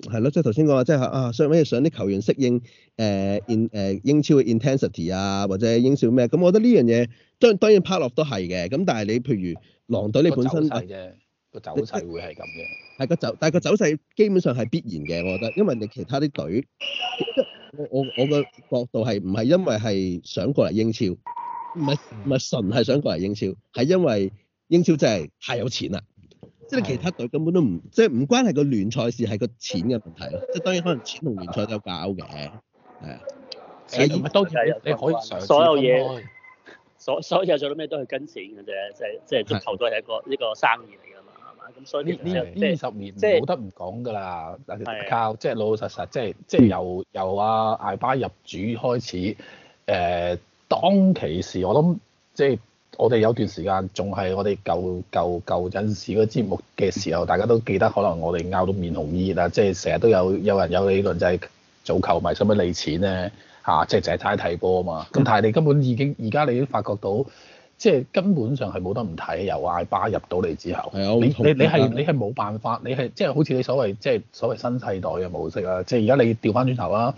係咯，即係頭先講啊，即係啊想咩想啲球員適應誒 i、呃呃、英超嘅 intensity 啊，或者英超咩？咁我覺得呢樣嘢當當然 part of 都係嘅，咁但係你譬如狼隊你本身。個走勢會係咁嘅，係個走，但係個走勢基本上係必然嘅，我覺得，因為你其他啲隊，我我我個角度係唔係因為係想過嚟英超，唔係唔係純係想過嚟英超，係因為英超真係太有錢啦，即係的其他隊根本都唔，即係唔關係個聯賽事，係個錢嘅問題咯，即係當然可能錢同聯賽都有搞嘅，係啊，所以當然係，你可以所有嘢，所有所有嘢做到咩都係跟錢嘅啫，即係即係足球都係一個呢、呢個生意嚟嘅。咁所以呢呢呢二十年冇得唔講㗎啦，係、就是、靠即係老老實實，即係即係由由阿艾巴入主開始。誒、呃，當其時我諗，即、就、係、是、我哋有段時間仲係我哋舊舊舊陣時嘅節目嘅時候，大家都記得，可能我哋拗到面紅耳熱，即係成日都有有人有你呢個仔做球迷使唔使理錢咧？嚇、啊！即係就係齋睇波啊嘛。咁但係你根本已經而家你都發覺到。即係根本上係冇得唔睇，由艾巴入到嚟之後，的你你你係你係冇辦法，你係即係好似你所謂即係所謂新世代嘅模式啊！即係而家你調翻轉頭啦，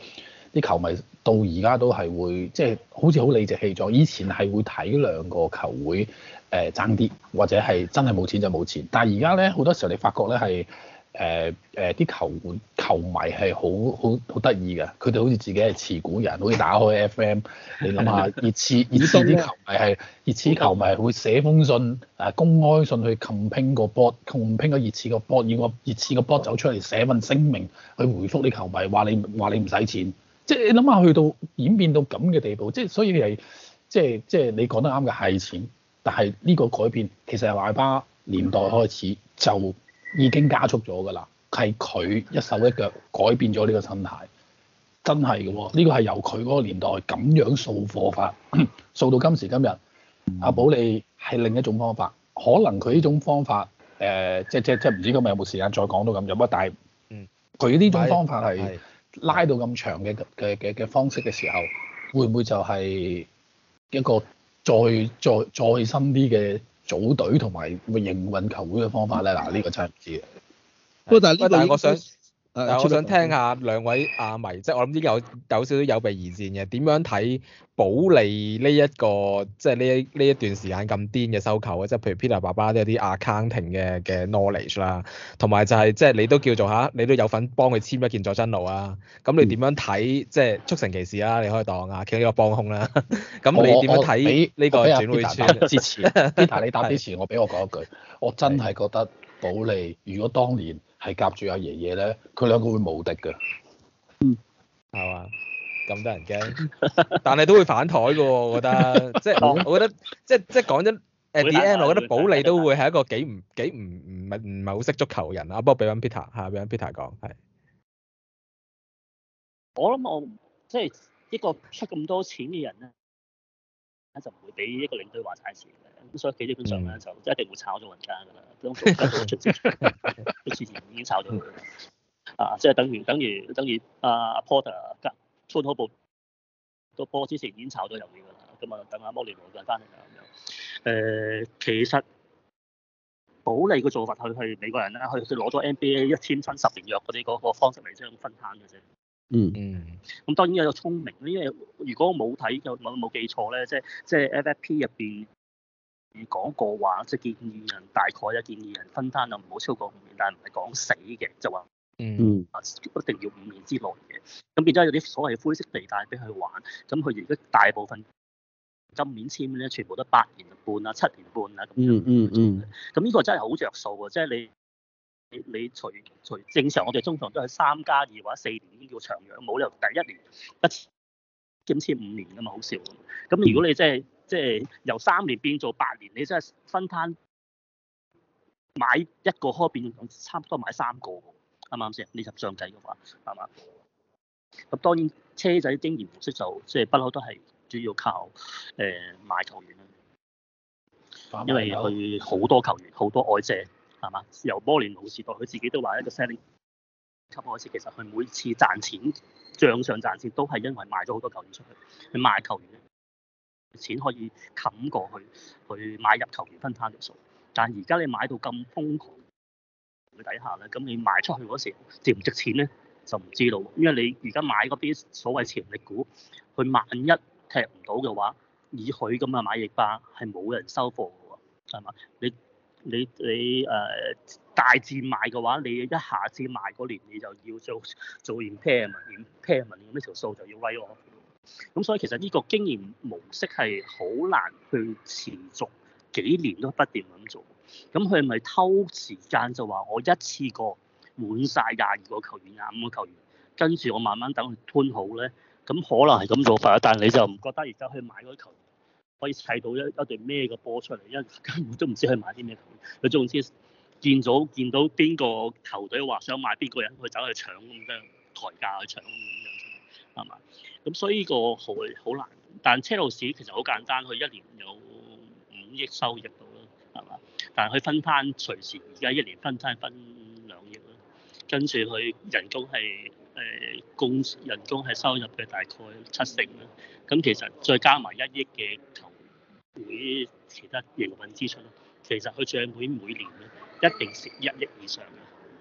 啲球迷到而家都係會即係好似好理直氣壯，以前係會睇兩個球會誒爭啲，或者係真係冇錢就冇錢，但係而家咧好多時候你發覺咧係。誒誒啲球球迷係好好好得意㗎，佢哋好似自己係持股人，好似 打開 FM，你諗下熱刺熱刺啲球迷係熱刺球迷會寫封信啊公開信去擒拼個波，擒拼個熱刺個波，以個熱刺個波走出嚟寫份聲明去回覆啲球迷話你話你唔使錢，即係你諗下去到演變到咁嘅地步，即係所以係即係即係你講得啱嘅係錢，但係呢個改變其實係艾巴年代開始就。 已經加速咗㗎啦，係佢一手一腳改變咗呢個生態，真係嘅喎。呢個係由佢嗰個年代咁樣掃貨法，掃到今時今日。阿保、嗯啊、利係另一種方法，可能佢呢種方法誒、呃，即即即唔知今日有冇時間再講到咁入啊？但係佢呢種方法係拉到咁長嘅嘅嘅嘅方式嘅時候，會唔會就係一個再再再、再深啲嘅？組隊同埋營運球會嘅方法咧，嗱、這、呢個真係唔知嘅。不過的但係呢個應，我想聽下兩位阿、啊、迷即係我諗，依家有有少少有備而戰嘅，點樣睇保利呢、這個、一個即係呢呢一段時間咁癲嘅收購啊！即係譬如 Peter 爸爸都係啲 accounting 嘅嘅 knowledge 啦、就是，同埋就係即係你都叫做吓，你都有份幫佢簽一件佐真奴啊！咁你點樣睇、嗯、即係促成其事啊？你可以當啊，其中一個幫兇啦。咁 你點樣睇呢個轉會？之前啊！Peter 前你打之前 的我俾我講一句，我真係覺得保利如果當年。係夾住阿爺爺咧，佢兩個會無敵嘅，嗯，係 嘛，咁得人驚，但係都會反台嘅喎，覺得，即係我，我覺得，即係即係講真誒 D.N.，我覺得保利都會係一個幾唔幾唔唔唔係好識足球人啊，不過俾翻 Peter 下，俾翻 Peter 講係。我諗我即係、就是、一個出咁多錢嘅人咧。就唔會俾一個領隊話曬事嘅，咁所以佢基本上咧就即係一定會炒咗雲間噶啦，咁所以出戰 出戰之前已經炒咗佢啦，啊即係、就是、等於等於等於阿 Porter 加春可部都波之前已經炒咗魷魚噶啦，咁啊等阿摩連奴入翻嚟啊，誒、呃、其實保利嘅做法佢係美國人啦，佢攞咗 NBA 一千新十年約嗰啲嗰個方式嚟將分攤嘅啫。嗯嗯，咁、mm hmm. 當然有個聰明，因為如果我冇睇又冇冇記錯咧，即係即係 FFP 入邊講過話，即、就、係、是、建議人大概啊，建議人分攤啊，唔好超過五年，但係唔係講死嘅，就話嗯嗯，mm hmm. 一定要五年之內嘅，咁變咗有啲所謂灰色地帶俾佢玩，咁佢而家大部分今面簽咧，全部都八年半啊，七年半啊，咁樣嗯，咁、hmm. 呢個真係好着數啊，即係、mm hmm. 你。你除除正常我哋通常都係三加二或者四年，已經叫長約，冇理由第一年一次今次五年㗎嘛，好少。咁如果你即係即係由三年變做八年，你真係分攤買一個開變咗差唔多買三個，啱唔啱先？呢集上計嘅話，係嘛？咁當然車仔經營模式就即係不嬲都係主要靠誒、呃、買球員啦，因為佢好多球員好多外借。係嘛？由摩連奴時代，佢自己都話一個 selling 級開始，其實佢每次賺錢，帳上賺錢都係因為賣咗好多球員出去，去賣球員，錢可以冚過去，去買入球員分攤嘅數。但係而家你買到咁瘋狂嘅底下咧，咁你賣出去嗰時值唔值錢咧，就唔知道。因為你而家買嗰啲所謂潛力股，佢萬一踢唔到嘅話，以佢咁嘅買熱巴係冇人收貨嘅喎，係嘛？你。你你誒、uh, 大致買嘅話，你一下子買嗰年，你就要做做完 impairment。impairment 呢，咁條數就要 write off。咁所以其實呢個經營模式係好難去持續幾年都不斷咁做。咁佢係咪偷時間就話我一次過換晒廿二個球員，廿五個球員，跟住我慢慢等佢判好咧？咁可能係咁做法，但係你就唔覺得而家去買嗰啲球員？可以睇到一一對咩嘅波出嚟，因為根本都唔知佢買啲咩球。佢總之見到見到邊個球隊話想買邊個人，去走去搶咁樣抬價去搶咁樣，係嘛？咁所以個好好難。但車路士其實好簡單，佢一年有五億收益到啦，係嘛？但係佢分攤隨時而家一年分攤分兩億啦，跟住佢人工係誒工人工係收入嘅大概七成啦。咁其實再加埋一億嘅。會蝕得營運支出咯。其實佢賬本每年咧一定蝕一億以上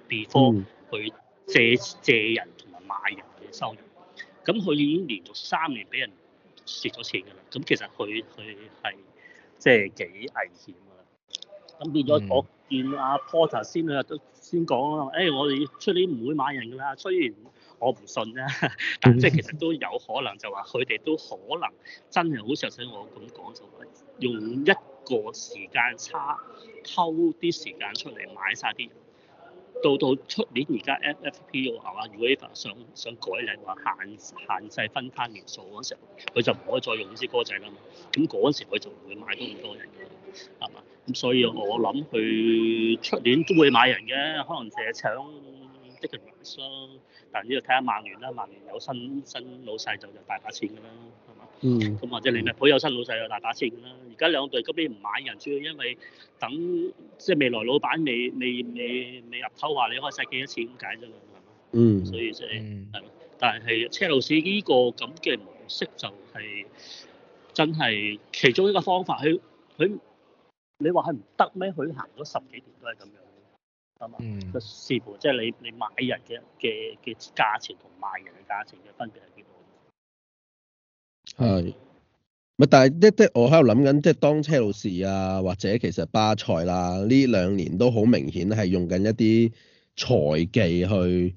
嘅，before 去借借人同埋賣人嘅收入。咁佢已經連續三年俾人蝕咗錢噶啦。咁其實佢佢係即係幾危險噶啦。咁變咗我見阿、嗯、Porter 先佢都先講啦。誒、哎，我哋出年唔會賣人噶啦。雖然我唔信啦，但即係其實都有可能就話佢哋都可能真係好想似我咁講咗。用一個時間差偷啲時間出嚟買晒啲到到出年，而家 F F P U 係嘛， 如果想想改嘅話，限限制分攤年數嗰陣時，佢就唔可以再用呢支歌仔啦嘛。咁嗰陣時佢就唔會買到咁多人嘅，係嘛？咁所以我諗佢出年都會買人嘅，可能淨係搶即係買商，但呢度睇下曼聯啦，曼聯有新新老細就就大把錢㗎啦。嗯，咁或者你咪抱有新老細有大把錢啦。而家兩隊根本唔買人，主要因為等即係未來老闆未未未未，未入口話，你可以使幾多錢咁解啫嘛。嗯，所以即係係但係車路士呢個咁嘅模式就係、是、真係其中一個方法。佢佢，你話係唔得咩？佢行咗十幾年都係咁樣，係嘛？個視乎即係你你買人嘅嘅嘅價錢同賣人嘅價錢嘅分別。係，唔、嗯、但係即即我喺度諗緊，即、就是、當車路士啊，或者其實巴塞啦、啊，呢兩年都好明顯係用緊一啲財技去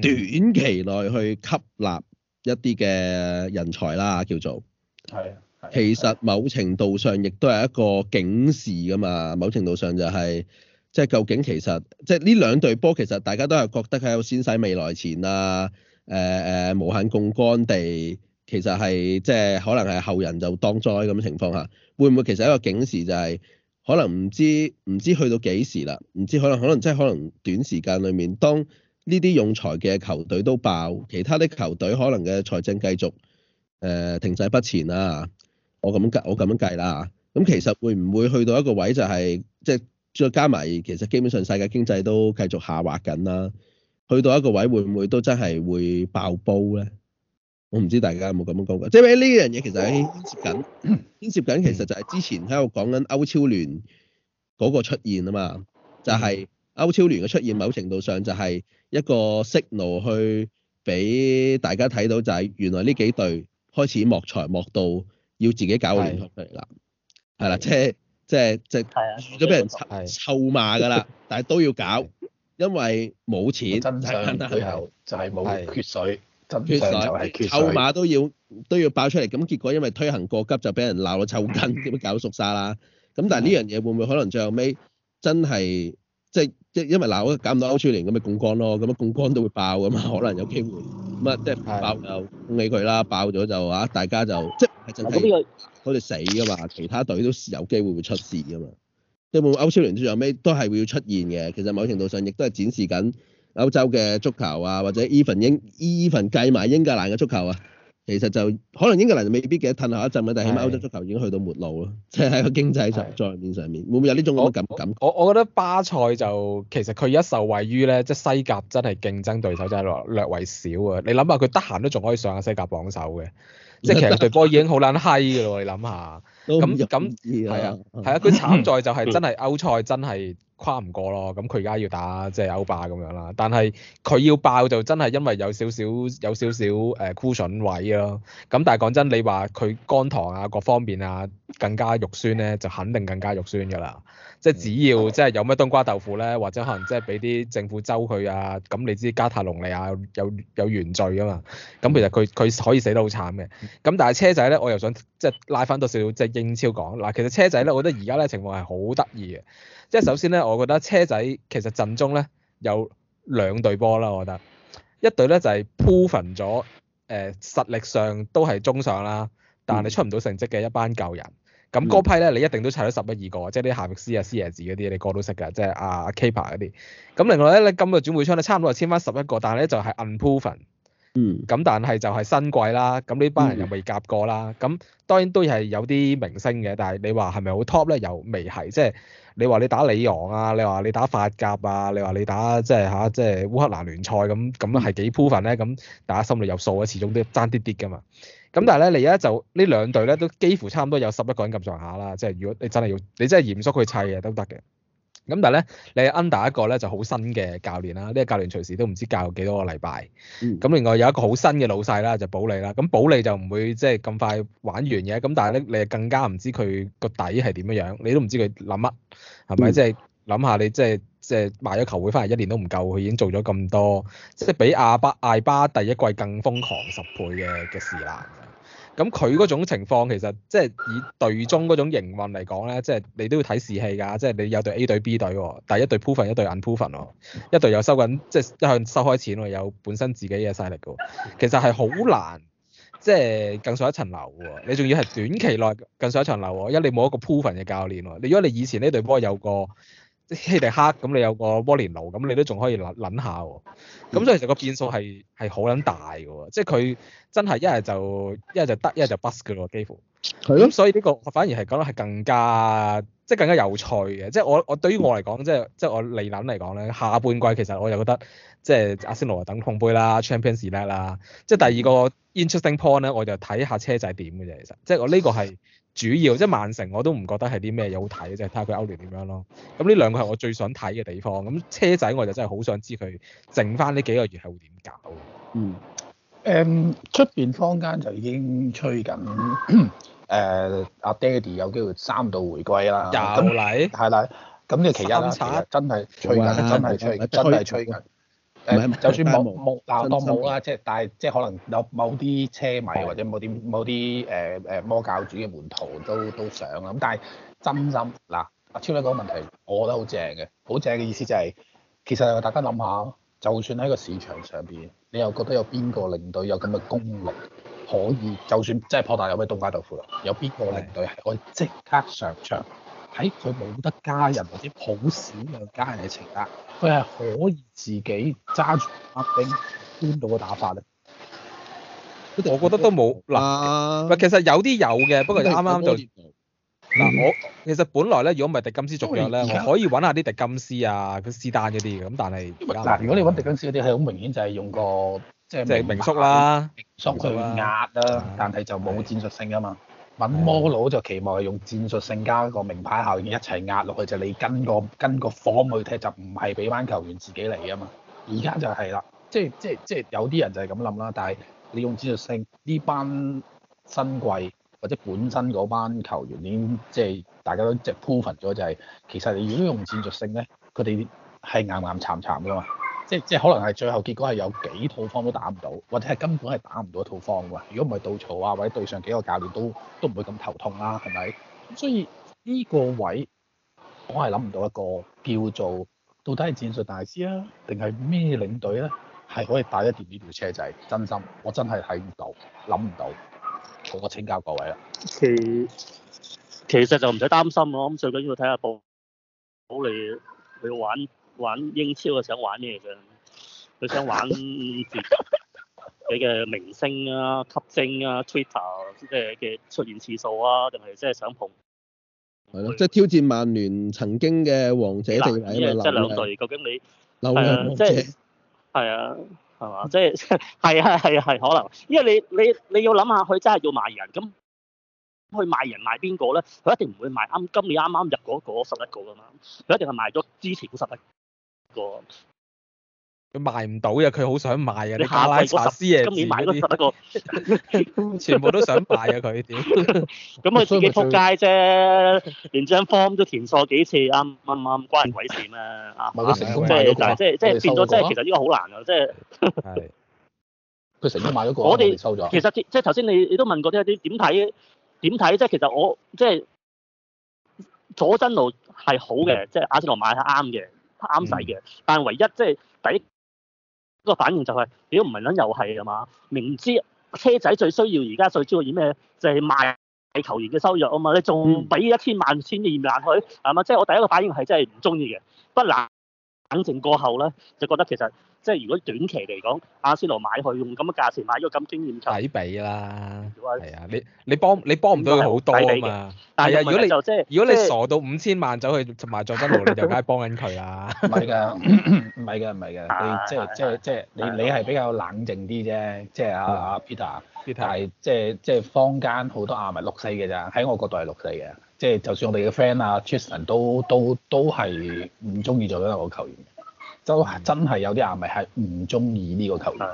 短期內去吸納一啲嘅人才啦，叫做係。嗯、其實某程度上亦都係一個警示噶嘛。某程度上就係、是，即、就是、究竟其實即呢兩隊波，其實大家都係覺得佢有先使未來錢啊，誒、呃、誒無限槓桿地。其實係即係可能係後人就當災咁嘅情況下，會唔會其實一個警示就係、是、可能唔知唔知去到幾時啦？唔知可能可能即係可能短時間裡面，當呢啲用財嘅球隊都爆，其他啲球隊可能嘅財政繼續誒、呃、停滯不前啊。我咁樣計，我咁樣計啦。咁其實會唔會去到一個位就係即係再加埋，其實基本上世界經濟都繼續下滑緊啦、啊。去到一個位會唔會都真係會爆煲咧？我唔知大家有冇咁樣講過，即係呢樣嘢其實喺牽涉緊，牽涉緊其實就係之前喺度講緊歐超聯嗰個出現啊嘛，就係、是、歐超聯嘅出現某程度上就係一個 signal 去俾大家睇到，就係原來呢幾隊開始莫才莫道，要自己搞個聯合出嚟啦，係啦是，即係即係即係預咗俾人臭臭是罵噶啦，是但係都要搞，是因為冇錢，真相是最後就係冇血水是。缺失都要都要爆出嚟，咁結果因為推行過急就俾人鬧到抽筋，點樣搞到熟晒啦？咁但係呢樣嘢會唔會可能最後尾真係即係即係因為鬧得搞唔到歐超聯咁咪槓桿咯？咁樣槓桿都會爆噶嘛，可能有機會咁啊，即係爆就理佢啦，爆咗就話大家就即係真係好似死噶嘛，其他隊都有機會出會出事噶嘛，即係會唔會歐超聯最後尾都係會要出現嘅？其實某程度上亦都係展示緊。歐洲嘅足球啊，或者 even 英 even 計埋英格蘭嘅足球啊，其實就可能英格蘭就未必記得褪下一陣啦，但係起碼歐洲足球已經去到末路咯，即係喺個經濟上在面上面，是的 會唔會有呢種咁嘅感覺？我我我覺得巴塞就其實佢一受惠於咧，即係西甲真係競爭對手真係略略為少啊！你諗下佢得閒都仲可以上下西甲榜首嘅， 即係其實隊波已經好撚閪噶咯，你諗下。咁咁係啊係啊，佢、 啊、慘在就係、是、真係歐賽真係跨唔過咯。咁佢而家要打即係歐霸咁樣啦。但係佢要爆就真係因為有少少有少少誒 cushion 位咯。咁但係講真，你話佢肝糖啊各方面啊更加肉酸咧，就肯定更加肉酸㗎啦。即係只要即係有咩冬瓜豆腐咧，或者可能即係俾啲政府周佢啊，咁你知加泰隆尼亞有有原罪嘅嘛？咁其實佢佢可以死得好慘嘅。咁但係車仔咧，我又想即係拉翻多少少即係英超講嗱，其實車仔咧，我覺得而家咧情況係好得意嘅。即係首先咧，我覺得車仔其實陣中咧有兩隊波啦，我覺得一隊咧就係 proven 咗誒實力上都係中上啦，但係出唔到成績嘅一班舊人。咁嗰批咧，你一定都查咗十一二個，即係啲夏牧師啊、師爺子嗰啲，你個都識噶，即係阿阿 K 柏嗰啲。咁另外咧，咧今日轉會窗咧，差唔多就簽翻十一個，但係咧就係、是、unproven。嗯。咁但係就係新季啦，咁呢班人又未夾過啦，咁當然都係有啲明星嘅，但係你話係咪好 top 咧？又未係，即係你話你打李昂啊，你話你打法甲啊，你話你打即係嚇即係烏克蘭聯賽咁，咁係幾 proven 咧？咁大家心裏有數啊，始終都爭啲啲噶嘛。咁但係咧，你而家就呢兩隊咧都幾乎差唔多有十一個人咁上下啦。即係如果你真係要，你真係嚴肅去砌嘅都得嘅。咁但係咧，你 under 一個咧就好新嘅教練啦，呢個教練隨時都唔知教幾多個禮拜。咁另外有一個好新嘅老細啦，就保利啦。咁保利就唔會即係咁快玩完嘅。咁但係咧，你更加唔知佢個底係點樣樣，你都唔知佢諗乜，係咪？即係諗下你即係即係買咗球會翻嚟一年都唔夠，佢已經做咗咁多，即係比亞巴艾巴第一季更瘋狂十倍嘅嘅事啦。咁佢嗰種情況其實，即係以隊中嗰種營運嚟講咧，即係你都要睇士氣㗎。即係你有隊 A 隊 B 隊喎，第一隊 proven 一隊 unproven 喎，一隊又收緊，即係一向收開錢喎，有本身自己嘅勢力㗎。其實係好難，即係更上一層樓喎。你仲要係短期內更上一層樓喎，因為你冇一個 proven 嘅教練喎。你如果你以前呢隊波有個即係克，咁你有個摩廉奴，咁你都仲可以諗諗下喎。咁所以其實個變數係係好撚大嘅喎，即係佢真係一係就一係就得，一係就 bus 嘅咯，幾乎。係咯。咁所以呢個我反而係講得係更加即係更加有趣嘅。即係我我對於我嚟講，即係即係我嚟論嚟講咧，下半季其實我又覺得即係阿仙奴等控杯啦，Champions l a g 啦，即係第二個 interesting point 咧，我就睇下車仔點嘅啫。其實即係我呢個係。主要即係曼城，我都唔覺得係啲咩有好睇嘅啫，睇下佢歐聯點樣咯。咁呢兩個係我最想睇嘅地方。咁車仔我就真係好想知佢剩翻呢幾個月係會點搞。嗯。嗯。誒，出邊坊間就已經吹緊誒阿爹地有機會三度回歸啦。廿度嚟？係啦。咁呢個其他冊其實真係吹緊，真係吹真係吹緊。就算冇冇，嗱當冇啦，即係但係，即係可能有某啲車迷的或者某啲某啲誒誒魔教主嘅門徒都都想啦。咁但係真心嗱，阿超呢個問題，我覺得好正嘅，好正嘅意思就係、是，其實大家諗下，就算喺個市場上邊，你又覺得有邊個領隊有咁嘅功力，的可以就算真係破大有咩東家豆腐啦，有邊個領隊係可以即刻上場？的喺佢冇得加人，或者好少有加人嘅情節，佢係可以自己揸住馬兵搬到個打法咧。我覺得都冇嗱，啊、其實有啲有嘅，不過啱啱就嗱我、嗯、其實本來咧，如果唔係迪金斯續約咧，我可以揾下啲迪金斯啊、佢斯丹嗰啲咁但係嗱，如果你揾迪金斯嗰啲係好明顯就係用個即係名宿啦，名宿去壓啦，啊、但係就冇戰術性啊嘛。文魔佬就期望係用戰術性加個名牌效應一齊壓落去就是、你跟個跟個 form 去踢就唔係俾班球員自己嚟啊嘛，而家就係啦，即係即係即係有啲人就係咁諗啦，但係你用戰術性呢班新季或者本身嗰班球員已經即係、就是、大家都即係 proven 咗就係、是、其實你如果用戰術性咧，佢哋係巖巖慚慚噶嘛。即即可能係最後結果係有幾套方都打唔到，或者係根本係打唔到一套方喎。如果唔係杜曹啊，或者對上幾個教練都都唔會咁頭痛啦、啊，係咪？所以呢個位我係諗唔到一個叫做到底係戰術大師啊，定係咩領隊咧，係可以帶一掂呢條車仔。就是、真心我真係睇唔到，諗唔到，好，我請教各位啦。其實其實就唔使擔心咯，咁最緊要睇下部好，你你玩。玩英超啊，想玩嘢，嘅？佢想玩自, 自己嘅明星啊、吸星啊、Twitter 即係嘅出現次數啊，定係即係想碰？係咯的，不會 即係挑戰曼聯曾經嘅王者地位即係兩隊，的係究竟你係啊？即係係啊，係嘛、呃？即係係啊，係啊，係、就是、可能，因為你你你,你要諗下，佢真係要賣人咁，咁佢賣人賣邊個咧？佢一定唔會賣啱今年啱啱入嗰嗰十一個噶嘛，佢一定係賣咗之前嗰十一個。佢賣唔到嘅，佢好想賣嘅，拿拿茶師爺字嗰啲，全部都想賣啊！佢點？咁佢自己撲街啫，連張 form 都填錯幾次，啱啱啱關人鬼事咩？啊，即係即係即係變咗，即係其實呢個好難啊！即係佢成功買咗個，我哋收咗。其實即即係頭先你你都問過啲一啲點睇點睇？即係其實我即係佐真奴係好嘅，即係阿仙奴買係啱嘅。啱使嘅，嗯、但唯一即係、就是、第一個反應就係、是，如果唔係咁又係啊嘛，明知車仔最需要而家最主要係咩，就係、是、賣球員嘅收入啊嘛，你仲俾一千萬千二難佢啊嘛，即係、嗯就是、我第一個反應係真係唔中意嘅，不難。冷靜過後咧，就覺得其實即係如果短期嚟講，阿仙奴買去用咁嘅價錢買咗咁經驗，就抵俾啦。係啊，你你幫你幫唔到佢好多啊嘛。但係如果你如果你，如果你傻到五千萬走去同埋佐真奴，你就梗係幫緊佢啦。唔係噶，唔係噶，唔係噶。你即係即係即係你你係比較冷靜啲啫。即係阿阿 Peter，Peter 係即係即係坊間好多阿迷六四嘅咋，喺我角度係六四嘅。即係，就，就算我哋嘅 friend 啊，Tristan 都都都係唔中意做緊個，個球員，都真係有啲阿迷係唔中意呢個球員。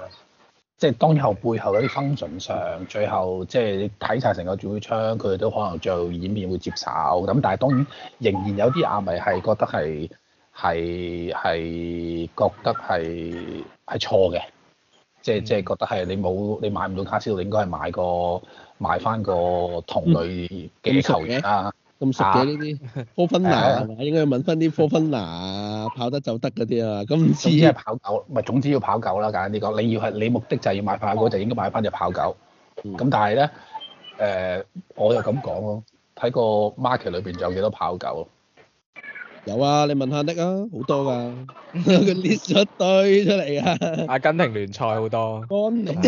即係當當後背後有啲 function 上，最後即係睇晒成個轉會窗，佢哋都可能最後演變會接手。咁但係當然，仍然有啲阿迷係覺得係係係覺得係係錯嘅。即係即係覺得係你冇你買唔到卡斯，你應該係買個。買翻個同類幾、嗯、熟啊，咁熟嘅呢啲，科芬納係嘛？ 應該要問翻啲科芬納啊， 跑得就得嗰啲啊。咁唔知係跑狗，咪總之要跑狗啦。簡單啲講，你要係你目的就係要買跑狗，就應該買翻隻跑狗。咁、嗯嗯、但係咧，誒、呃，我又咁講咯，睇個 market 裏邊仲有幾多跑狗？有啊，你問下啲啊，好多噶，佢 list 咗一堆出嚟啊。阿根廷聯賽好多。幫你教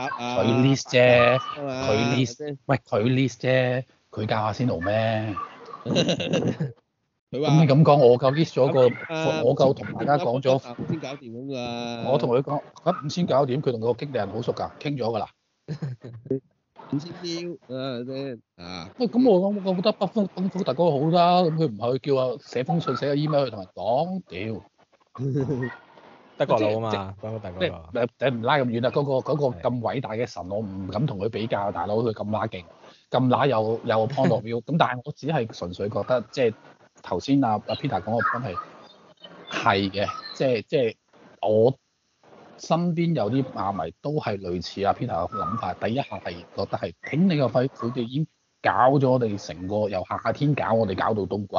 啊，佢 list 啫，佢 list，喂，佢 list 啫，佢教阿仙奴咩？佢話，咁你咁講，我夠 list 咗個，我夠同大家講咗先搞掂咁啊。我同佢講，五千搞掂，佢同個經理人好熟噶，傾咗噶啦。五千標啊，係咪先啊？喂，咁我咁，我覺得北方北方大哥好啦。咁佢唔去叫我寫封信，寫個 email 去同人講，屌，德國佬啊嘛。北方大哥，你唔拉咁遠啦。嗰個嗰個咁偉大嘅神，我唔敢同佢比較，大佬佢咁乸勁，咁乸又又 point 落表。咁但係我只係純粹覺得，即係頭先阿阿 Peter 講，個真係係嘅，即係即係我。身邊有啲阿迷都係類似阿 Peter 嘅諗法，第一下係覺得係頂你個肺，佢哋已經搞咗我哋成個由夏天搞我哋搞到冬季，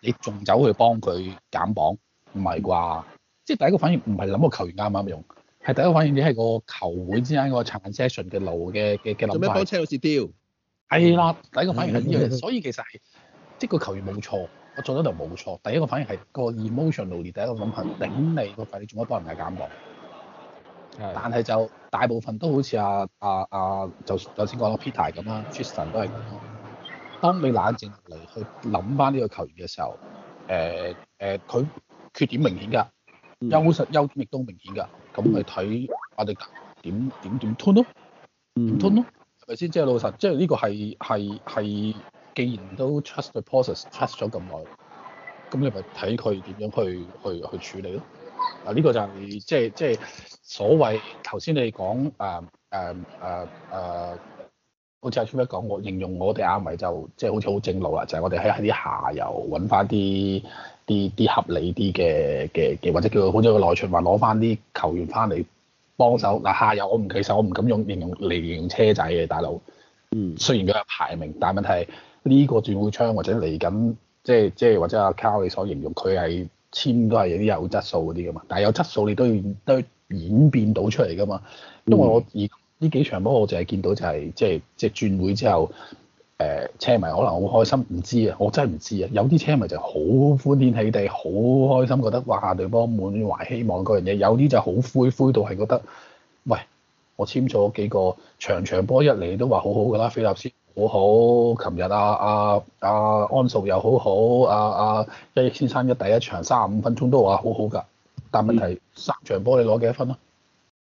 你仲走去幫佢減磅，唔係啩？即係第一個反應唔係諗個球員啱唔啱用，係第一個反應你係個球會之間個 transaction 嘅路嘅嘅嘅諗法。做咩幫車好似蝕底？係啦，第一個反應係呢、呢個、 所以其實係即係個球員冇錯，我做得就冇錯。第一個反應係個 emotional，第一個諗法頂你個肺，你做乜幫人哋減磅。但係就大部分都好似阿阿阿就就先講啦，Peter 咁啦，Tristan 都係咁咯。當你冷靜落嚟去諗翻呢個球員嘅時候，誒、呃、誒，佢、呃、缺點明顯㗎，優勢優點亦都明顯㗎。咁係睇我哋點點點吞咯，點吞咯，係咪先？即係、啊 mm hmm. 即係、老實，即係呢個係係係，既然都 trust the process，trust 咗咁耐，咁你咪睇佢點樣去去去處理咯。就是就是就是、啊！呢個就係即係即係所謂頭先你講誒誒誒誒，好似阿村一講，我形容我哋阿唔就即係、就是、好似好正路啦，就係、是、我哋喺喺啲下游揾翻啲啲啲合理啲嘅嘅嘅，或者叫做好似個內循環攞翻啲球員翻嚟幫手。嗱，下游我唔其實我唔敢用形容嚟形容車仔嘅大佬。嗯。雖然佢有排名，但問題係呢、這個轉會窗或者嚟緊，即係即係或者阿卡你所形容，佢係。簽都係有啲有質素嗰啲噶嘛，但係有質素你都要都要演變到出嚟噶嘛。因為我而呢幾場波我淨係見到就係即係即係轉會之後，誒、呃、車迷可能好開心，唔知啊，我真係唔知啊。有啲車迷就好歡天喜地，好開心，覺得哇隊波滿懷，懷希望嗰樣嘢。有啲就好灰灰到係覺得，喂，我簽咗幾個場場波一嚟都話好好㗎啦，菲立斯。好好，琴日啊啊啊安素又好好，啊啊益先生嘅第一場三十五分鐘都話好好㗎，但問題三場波你攞幾多分啊？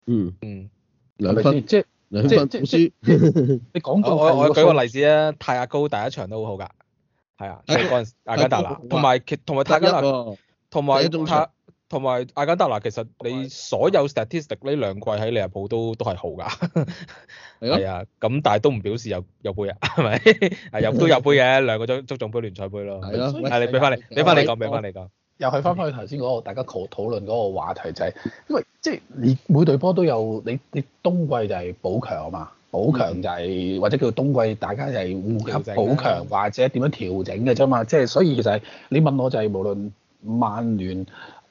嗯嗯，兩分，即係兩分即係輸。你講過，我我我舉個例子啊，泰亞高第一場都好好㗎，係啊，即係嗰陣阿加達拿，同埋其同埋泰加拿，同埋他。同埋，阿簡德嗱，其實你所有 statistic 呢兩季喺利物浦都都係好㗎，係 啊，咁但係都唔表示有有杯啊，係咪？係有都有杯嘅，兩個足總杯、聯賽杯咯。係咯的，啊以，你俾翻你，俾翻你講，俾翻你講。又係翻返去頭先嗰個大家討討論嗰個話題仔、就係，因為即係你每隊波都有，你你冬季就係補強嘛，補強就係、是嗯、或者叫冬季大家就係護級補強或者點樣調整嘅啫嘛，即係、嗯、對所以其實你問我就係無論。曼聯、誒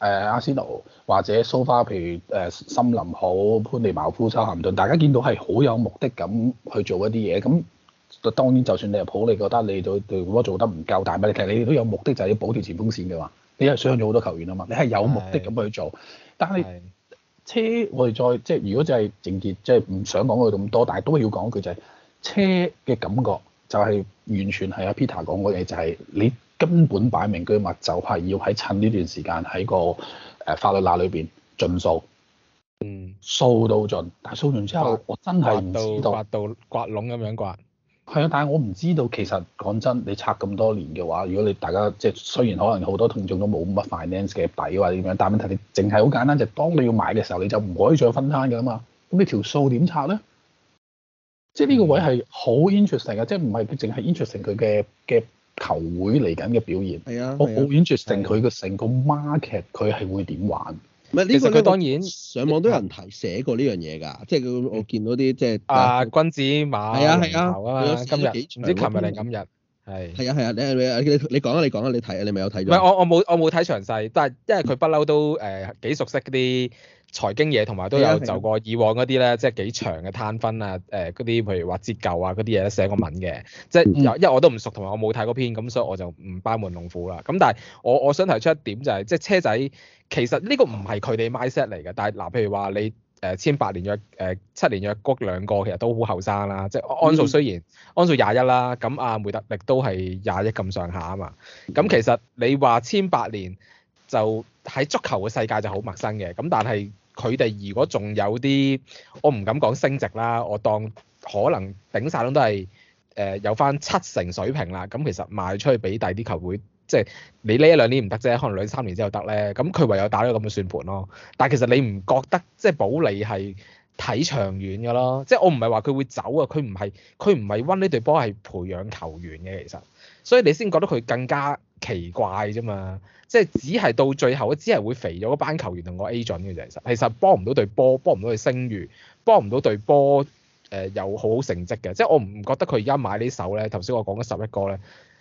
阿仙奴或者蘇花，譬如誒、呃、森林好、般尼茅夫、修咸頓，大家見到係好有目的咁去做一啲嘢，咁當然就算你入普，你覺得你對對波做得唔夠大，但係咪你睇你都有目的，就係要補條前鋒線嘅話，你係傷咗好多球員啊嘛，你係有目的咁去做，但係車我哋再即係如果就係政傑，即係唔想講佢咁多，但係都要講嘅就係、是、車嘅感覺就、mm. 就是，就係完全係阿 Peter 講嘅嘢，就係你。Mm. 根本擺明居物就係要喺趁呢段時間喺個誒法律罅裏邊盡數，嗯，數到盡，但係數完之後，我真係唔知道刮到刮窿咁樣刮。係啊，但係我唔知道，其實講真，你拆咁多年嘅話，如果你大家即係雖然可能好多聽眾都冇乜 finance 嘅底或者點樣，但係問題你淨係好簡單，就係、當你要買嘅時候你就唔可以再分攤㗎嘛。咁你條數點拆咧？即係呢個位係好 interesting 啊，即係唔係佢淨係 interesting 佢嘅嘅。球會嚟緊嘅表現，我好 interesting 佢個成個 market 佢係會點玩？唔係呢個當然上網都有人提寫過呢樣嘢㗎，即係我見到啲即係啊君子馬係啊係啊，今日全唔知琴日定今日係係啊係啊，你你你講啊你講啊你睇啊你咪有睇咗？唔係我我冇我冇睇詳細，但係因為佢不嬲都誒幾熟悉啲。財經嘢同埋都有就過以往嗰啲咧，即係幾長嘅攤分啊！誒嗰啲譬如話折舊啊嗰啲嘢寫個文嘅，即係因為我都唔熟，同埋我冇睇嗰篇，咁所以我就唔班門弄斧啦。咁但係我我想提出一點就係、是，即係車仔其實呢個唔係佢哋 mindset 嚟嘅。但係嗱、呃，譬如話你誒千八年約誒、呃、七年約谷兩個，其實都好後生啦。即係安素雖然、嗯、安素廿一啦，咁阿梅特力都係廿一咁上下啊嘛。咁其實你話千八年就。喺足球嘅世界就好陌生嘅，咁但係佢哋如果仲有啲，我唔敢講升值啦，我當可能頂晒都係誒、呃、有翻七成水平啦。咁、嗯、其實賣出去俾第啲球會，即係你呢一兩年唔得啫，可能兩三年之後得咧。咁、嗯、佢唯有打咗個咁嘅算盤咯。但係其實你唔覺得即係保利係睇長遠嘅咯？即係我唔係話佢會走啊，佢唔係佢唔係溫呢隊波係培養球員嘅，其實所以你先覺得佢更加奇怪啫嘛。即係只係到最後，只係會肥咗嗰班球員同個 agent 嘅啫。其實其實幫唔到隊波，幫唔到佢聲譽，幫唔到隊波誒有好好成績嘅。即係我唔覺得佢而家買呢首咧。頭先我講嘅十一個咧，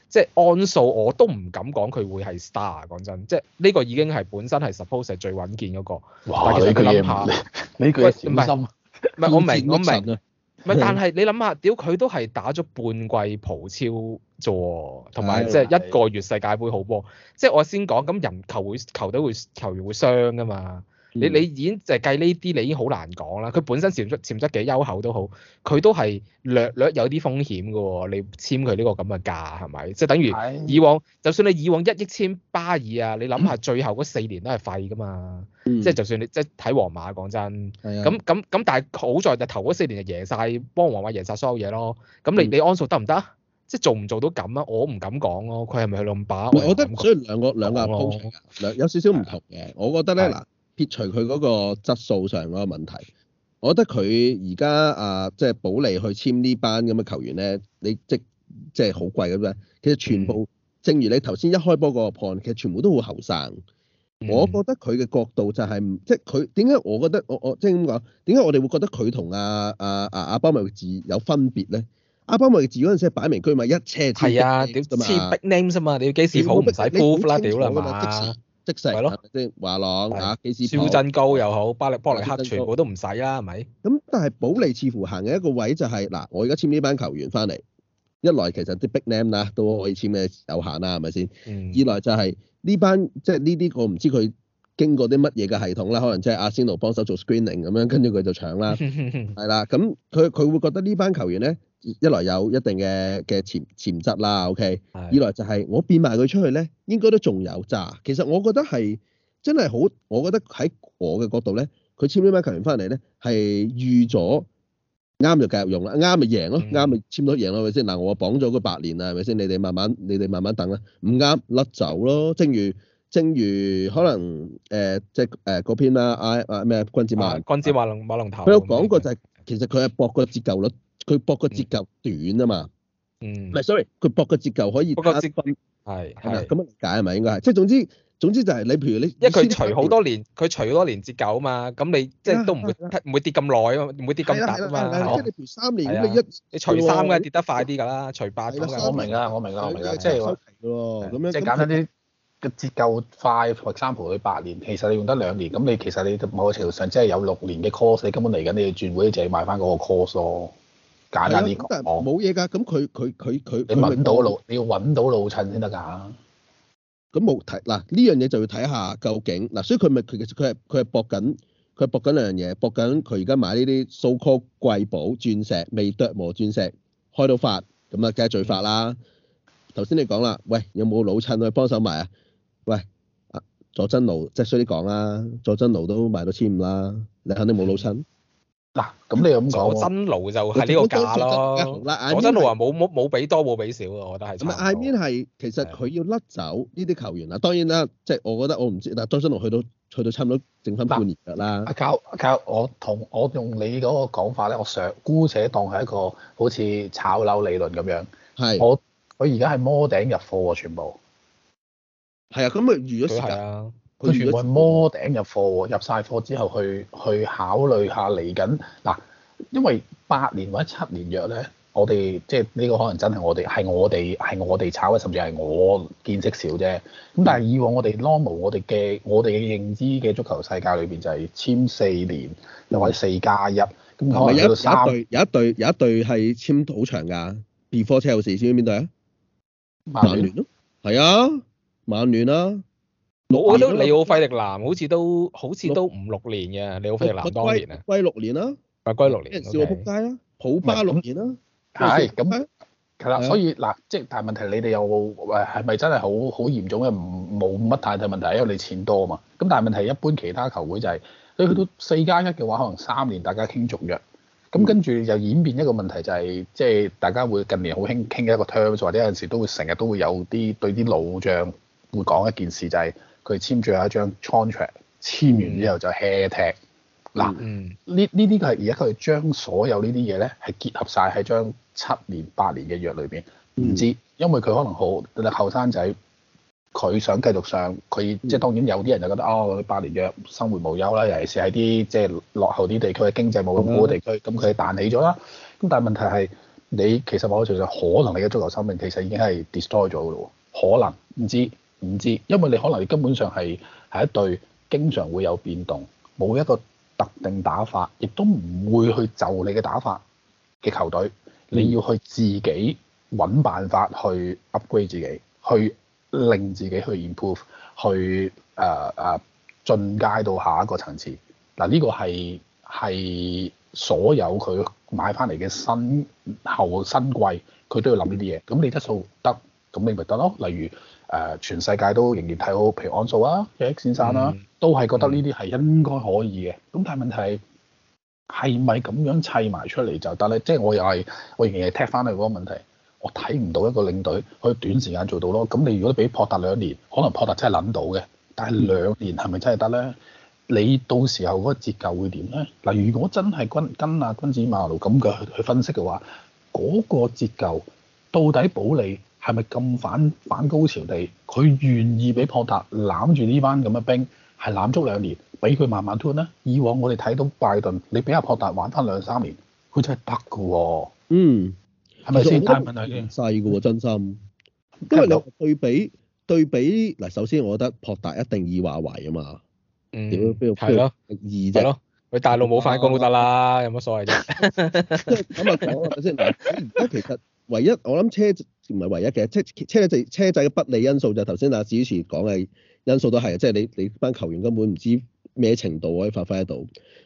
即係按數我都唔敢講佢會係 star。講真，即係呢個已經係本身係 suppose 最穩健嗰個。哇！其你諗下呢句要小心，唔係我明我明唔係 但係你諗下，屌佢都係打咗半季葡超啫喎，同埋即係一個月世界盃好波，即係我先講，咁人球會球隊會球員會傷噶嘛？你你已經就係計呢啲，你已經好難講啦。佢本身潛質潛質幾優厚都好，佢都係略略有啲風險㗎喎。你簽佢呢個咁嘅價係咪？即係等於以往，就算你以往一億簽巴爾啊，你諗下最後嗰四年都係廢㗎嘛。即係就算你即係睇皇馬講真，咁咁咁，但係好在就頭嗰四年就贏晒，幫皇馬贏晒所有嘢咯。咁你你安數得唔得？即係做唔做到咁啊？我唔敢講咯。佢係咪去冧把？我覺得所以兩個兩個鋪，兩有少少唔同嘅。我覺得咧嗱。撇除佢嗰個質素上嗰個問題，我覺得佢而家啊，即係保利去簽呢班咁嘅球員咧，你即即係好貴咁樣。其實全部正如你頭先一開波嗰個 point，其實全部都好後生。我覺得佢嘅角度就係，嗯，即係佢點解我覺得我我即係咁講，點解我哋會覺得佢同阿阿阿阿包麥治有分別咧？阿包麥治嗰陣時係擺明居埋一車簽，係啊，屌簽 Big Names 嘛，你要幾時好、啊？唔使 proof 啦，屌啦嘛。即係華朗的啊，基斯波、肖鎮高又好，巴力、波尼克全部都唔使啦，係咪？咁但係保利似乎行嘅一個位就係、是、嗱，我而家簽呢班球員翻嚟，一來其實啲 big name 啦都可以簽嘅有限啦，係咪先？嗯、二來就係呢班即係呢啲，就是、我唔知佢經過啲乜嘢嘅系統啦，嗯、可能即係阿仙奴幫手做 screening 咁樣，跟住佢就搶啦，係啦。 咁佢佢會覺得呢班球員咧。一來有一定嘅嘅潛潛質啦，OK。二來就係我變賣佢出去咧，應該都仲有揸。其實我覺得係真係好，我覺得喺我嘅角度咧，佢簽呢班球員翻嚟咧，係預咗啱就繼續用啦，啱咪贏咯，啱咪簽到贏咯，係咪先？嗱，我綁咗個八年啦，係咪先？你哋慢慢，你哋慢慢等啦。唔啱甩走咯，正如正如可能誒即係誒個篇啦，阿阿咩啊，君子馬，君子馬龍馬龍頭。佢有講過就係其實佢係搏個折舊率。佢搏個折舊短啊嘛，嗯，唔係 sorry，佢搏個折舊可以，不過結棍係咁解係咪應該係？即係總之總之就係你譬如你，因為佢除好多年，佢除好多年折舊啊嘛，咁你即係都唔會唔會跌咁耐啊嘛，唔會跌咁大啊嘛。即係你除三年，你一你除三年跌得快啲㗎啦，除八年我明啦，我明啦，我明啦，即係話，即係簡單啲個折舊快，譬如三年對八年，其實你用得兩年，咁你其實你某個程度上即係有六年嘅 course，你根本嚟緊你要轉會，就要買翻嗰個 course 咯。簡單冇嘢噶，咁佢佢佢佢，啊、你揾到老，就是，你要揾到老襯先得噶。咁冇睇嗱呢樣嘢就要睇下究竟嗱，所以佢咪其實佢係佢係搏緊，佢係搏緊兩樣嘢，搏緊佢而家買呢啲 so-called 貴寶、鑽石、未剁磨鑽石，開到發，咁啊梗係聚發啦。頭先 你講啦，喂，有冇老襯去幫手買啊？喂，啊佐真奴，即係衰啲講啦，佐真奴都賣到千五啦，你肯定冇老襯。嗱，咁、啊、你咁講喎，佐真奴就係呢個價咯。佐真奴啊，冇冇冇俾多冇俾少喎，我覺得係咁。I mean 係其實佢要甩走呢啲球員啦。當然啦，即、就、係、是、我覺得我唔知，但係佐真奴去到去到差唔多剩翻半年㗎啦。阿 Karl 阿我同我用你嗰個講法咧，我想姑且當係一個好似炒樓理論咁樣。係是。我我而家係摩頂入貨喎、啊，全部。係啊，咁咪預咗時間。佢全部係摸頂入貨喎，入晒貨之後去去考慮下嚟緊嗱，因為八年或者七年約咧，我哋即係呢個可能真係我哋係我哋係我哋炒嘅，甚至係我見識少啫。咁但係以往我哋 normal 我哋嘅我哋嘅認知嘅足球世界裏邊就係簽四年又或者四加一。同埋有一隊有一隊有一隊係簽好長㗎，而科車路士算邊隊啊？曼聯咯，係啊，曼聯啦。老我都李奧費力南好似都好似都五六年嘅李奧費力南當年啊，歸六年啦，歸六年，笑我撲街啦，普巴六年啦，係咁，係啦，所以嗱，即係但係問題你哋有冇誒係咪真係好好嚴重嘅？唔冇乜太大問題，因為你錢多啊嘛。咁但係問題一般其他球會就係，所以去到四加一嘅話，可能三年大家傾續約，咁跟住就演變一個問題就係，即係大家會近年好興傾一個 terms，或者有陣時都會成日都會有啲對啲老將會講一件事就係。佢簽住有一張 contract，簽完之後就 hea 踢。嗱，呢呢啲嘅而家佢係將所有呢啲嘢咧係結合晒喺張七年八年嘅約裏邊，唔知，因為佢可能好後生仔，佢想繼續上，佢、嗯、即係當然有啲人就覺得哦，八年約生活無憂啦，尤其是係啲即係落後啲地區嘅經濟冇咁好地區，咁佢、嗯、彈起咗啦。咁但係問題係，你其實話開就係可能你嘅足球生命其實已經係 destroy 咗嘅咯喎，可能唔知。唔知，因為你可能根本上係係一隊經常會有變動，冇一個特定打法，亦都唔會去就你嘅打法嘅球隊，你要去自己揾辦法去 upgrade 自己，去令自己去 improve，去誒誒、uh, uh, 進階到下一個層次嗱。呢個係係所有佢買翻嚟嘅新後新季，佢都要諗呢啲嘢。咁你質素得，咁你咪得咯。例如。誒、呃，全世界都仍然睇好平安數啊，謝先生啦、啊，嗯、都係覺得呢啲係應該可以嘅。咁、嗯、但係問題係咪咁樣砌埋出嚟就得咧？即係我又係，我仍然係踢翻去嗰個問題，我睇唔到一個領隊可以短時間做到咯。咁你如果俾破達兩年，可能破達真係諗到嘅，但係兩年係咪真係得咧？你到時候嗰個折舊會點咧？嗱、呃，如果真係跟跟阿君子馬路咁嘅去分析嘅話，嗰、嗰個折舊到底保利？係咪咁反反高潮地？佢願意俾博達攬住呢班咁嘅兵，係攬足兩年，俾佢慢慢拖咧。以往我哋睇到拜頓，你俾阿博達玩翻兩三年，佢真係得嘅喎。嗯，係咪先？但係問題嘅細嘅喎，真心。因為對比對比嗱，首先我覺得博達一定以華為啊嘛。嗯。點都要。係咯。二隻的。佢、啊、大陸冇反攻都得啦，有乜所謂啫？咁啊講啊，即 其實。唯一我諗車唔係唯一嘅，即係車仔車仔嘅不利因素就頭先阿史主持講嘅因素都係，即係你你班球員根本唔知咩程度可以發揮得到，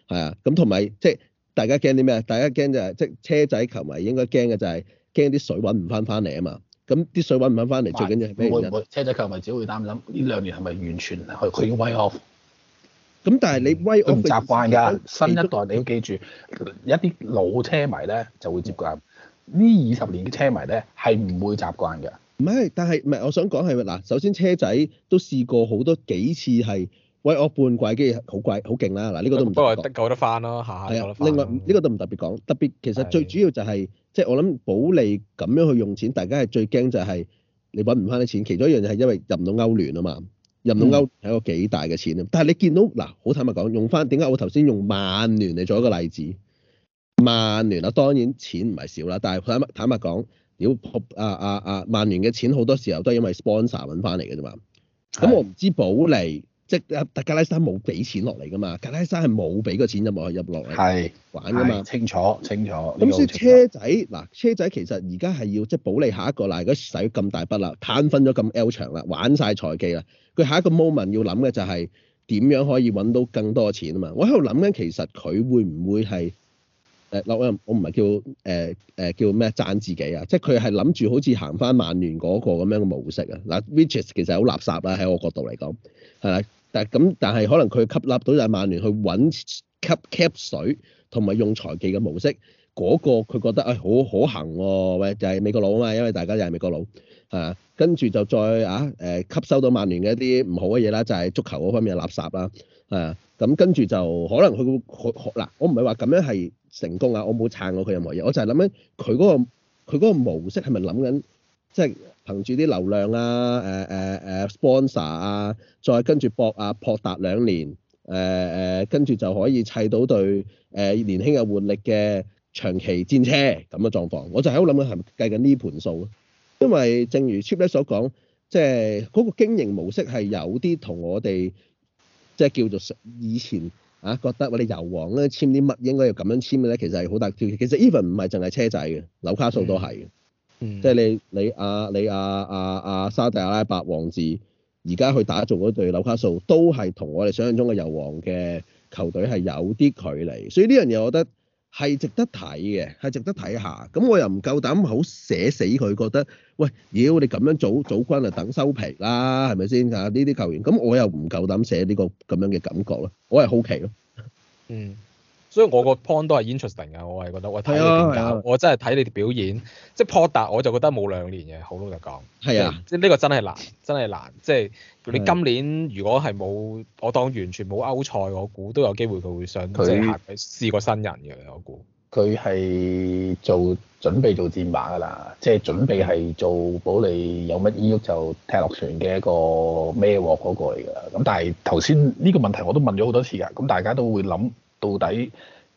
係啊，咁同埋即係大家驚啲咩？大家驚就係即係車仔球迷應該驚嘅就係驚啲水揾唔翻翻嚟啊嘛！咁啲水揾唔翻翻嚟最緊要係咩？唔會唔會車仔球迷只會擔心呢兩年係咪完全佢已經威望？咁、嗯、但係你威望佢習慣㗎，新一代你要記住，一啲老車迷咧就會接慣。嗯呢二十年嘅車迷咧係唔會習慣嘅。唔係，但係唔係，我想講係嗱，首先車仔都試過好多幾次係喂我半鬼，跟住好鬼好勁啦。嗱，呢、這個都唔不過得救得翻咯嚇。係啊，另外呢、這個都唔特別講，特別其實最主要就係即係我諗保利咁樣去用錢，大家係最驚就係你揾唔翻啲錢。其中一樣就係因為入唔到歐聯啊嘛，入唔、嗯、到歐係一個幾大嘅錢啊。但係你見到嗱，好坦白講，用翻點解我頭先用曼聯嚟做一個例子？曼聯啊，當然錢唔係少啦，但係坦白坦白講，屌葡啊啊啊曼聯嘅錢好多時候都係因為 sponsor 揾翻嚟嘅啫嘛。咁我唔知保利即係但格拉山冇俾錢落嚟噶嘛，格拉山係冇俾個錢入入落嚟係玩啊嘛。清楚清楚。咁所以車仔嗱楚，車仔其實而家係要即係保利下一個嗱，如果使咁大筆啦，攤分咗咁 L 場啦，玩晒財技啦，佢下一個 moment 要諗嘅就係、是、點樣可以揾到更多錢啊嘛。我喺度諗緊，其實佢會唔會係？我唔係叫誒誒、呃、叫咩讚自己啊，即係佢係諗住好似行翻曼聯嗰個咁樣嘅模式啊。嗱，Riches 其實好垃圾啦、啊，喺我角度嚟講，係啦，但係咁，但係可能佢吸納到就係曼聯去揾吸吸水同埋用財技嘅模式，嗰、那個佢覺得誒好、哎、可行喎、啊。喂，就係、是、美國佬啊嘛，因為大家就係美國佬，係啊，跟住就再啊誒吸收到曼聯嘅一啲唔好嘅嘢啦，就係、是、足球嗰方面嘅垃圾啦，係啊。咁跟住就可能佢佢嗱，我唔係話咁樣係成功啊，我冇撐過佢任何嘢，我就係諗緊佢嗰個佢嗰個模式係咪諗緊，即係憑住啲流量啊，誒誒誒 sponsor 啊，再跟住搏啊，破達兩年，誒、呃、誒，跟住就可以砌到對誒年輕嘅活力嘅長期戰車咁嘅狀況，我就喺度諗緊係咪計緊呢盤數咯，因為正如 Cheap 咧所講，即係嗰個經營模式係有啲同我哋。即係叫做，以前啊覺得我哋油王咧簽啲乜應該要咁樣簽嘅咧，其實係好大挑，其實 even 唔係淨係車仔嘅，紐卡素都係嘅。嗯，即係你你啊，你啊啊啊沙地阿拉伯王子，而家去打造嗰隊紐卡素，都係同我哋想像中嘅油王嘅球隊係有啲距離。所以呢樣嘢，我覺得。係值得睇嘅，係值得睇下。咁我又唔夠膽好寫死佢，覺得喂，妖你咁樣組組軍啊，等收皮啦，係咪先啊？呢啲球員，咁我又唔夠膽寫呢個咁樣嘅感覺咯。我係好奇咯。嗯。所以我個 point 都係 interesting 啊！我係覺得我睇你點解？啊啊、我真係睇你哋表演。即係 port 達我就覺得冇兩年嘅，好老實講。係啊，即係呢個真係難，真係難。即係你今年如果係冇、啊，我當完全冇歐賽，我估都有機會佢會想他即係下季試個新人嘅。我估佢係做準備做戰馬㗎啦，即、就、係、是、準備係做保利有乜依喐就踢落船嘅一個孭鑊嗰個嚟㗎。咁但係頭先呢個問題我都問咗好多次㗎，咁大家都會諗。到底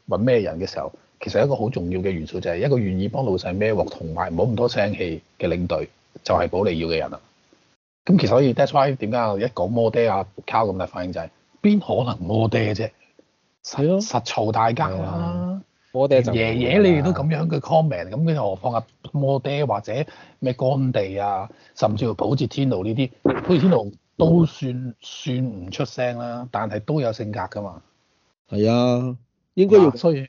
揾咩人嘅時候，其實一個好重要嘅元素就係一個願意幫老細孭鑊同埋唔好咁多聲氣嘅領隊，就係、是、保利要嘅人啦。咁其實可以 that’s why 點解我一講摩爹啊 Karl 咁大反應就係、是、邊可能摩爹啫、啊？係咯的，實嘈大交啦。摩爹的就爺爺你哋都咁樣嘅 comment，咁嘅何況阿摩爹或者咩幹地啊，甚至乎普捷天奴呢啲，普捷天奴都算算唔出聲啦，但係都有性格噶嘛。係啊，應該用衰嘢。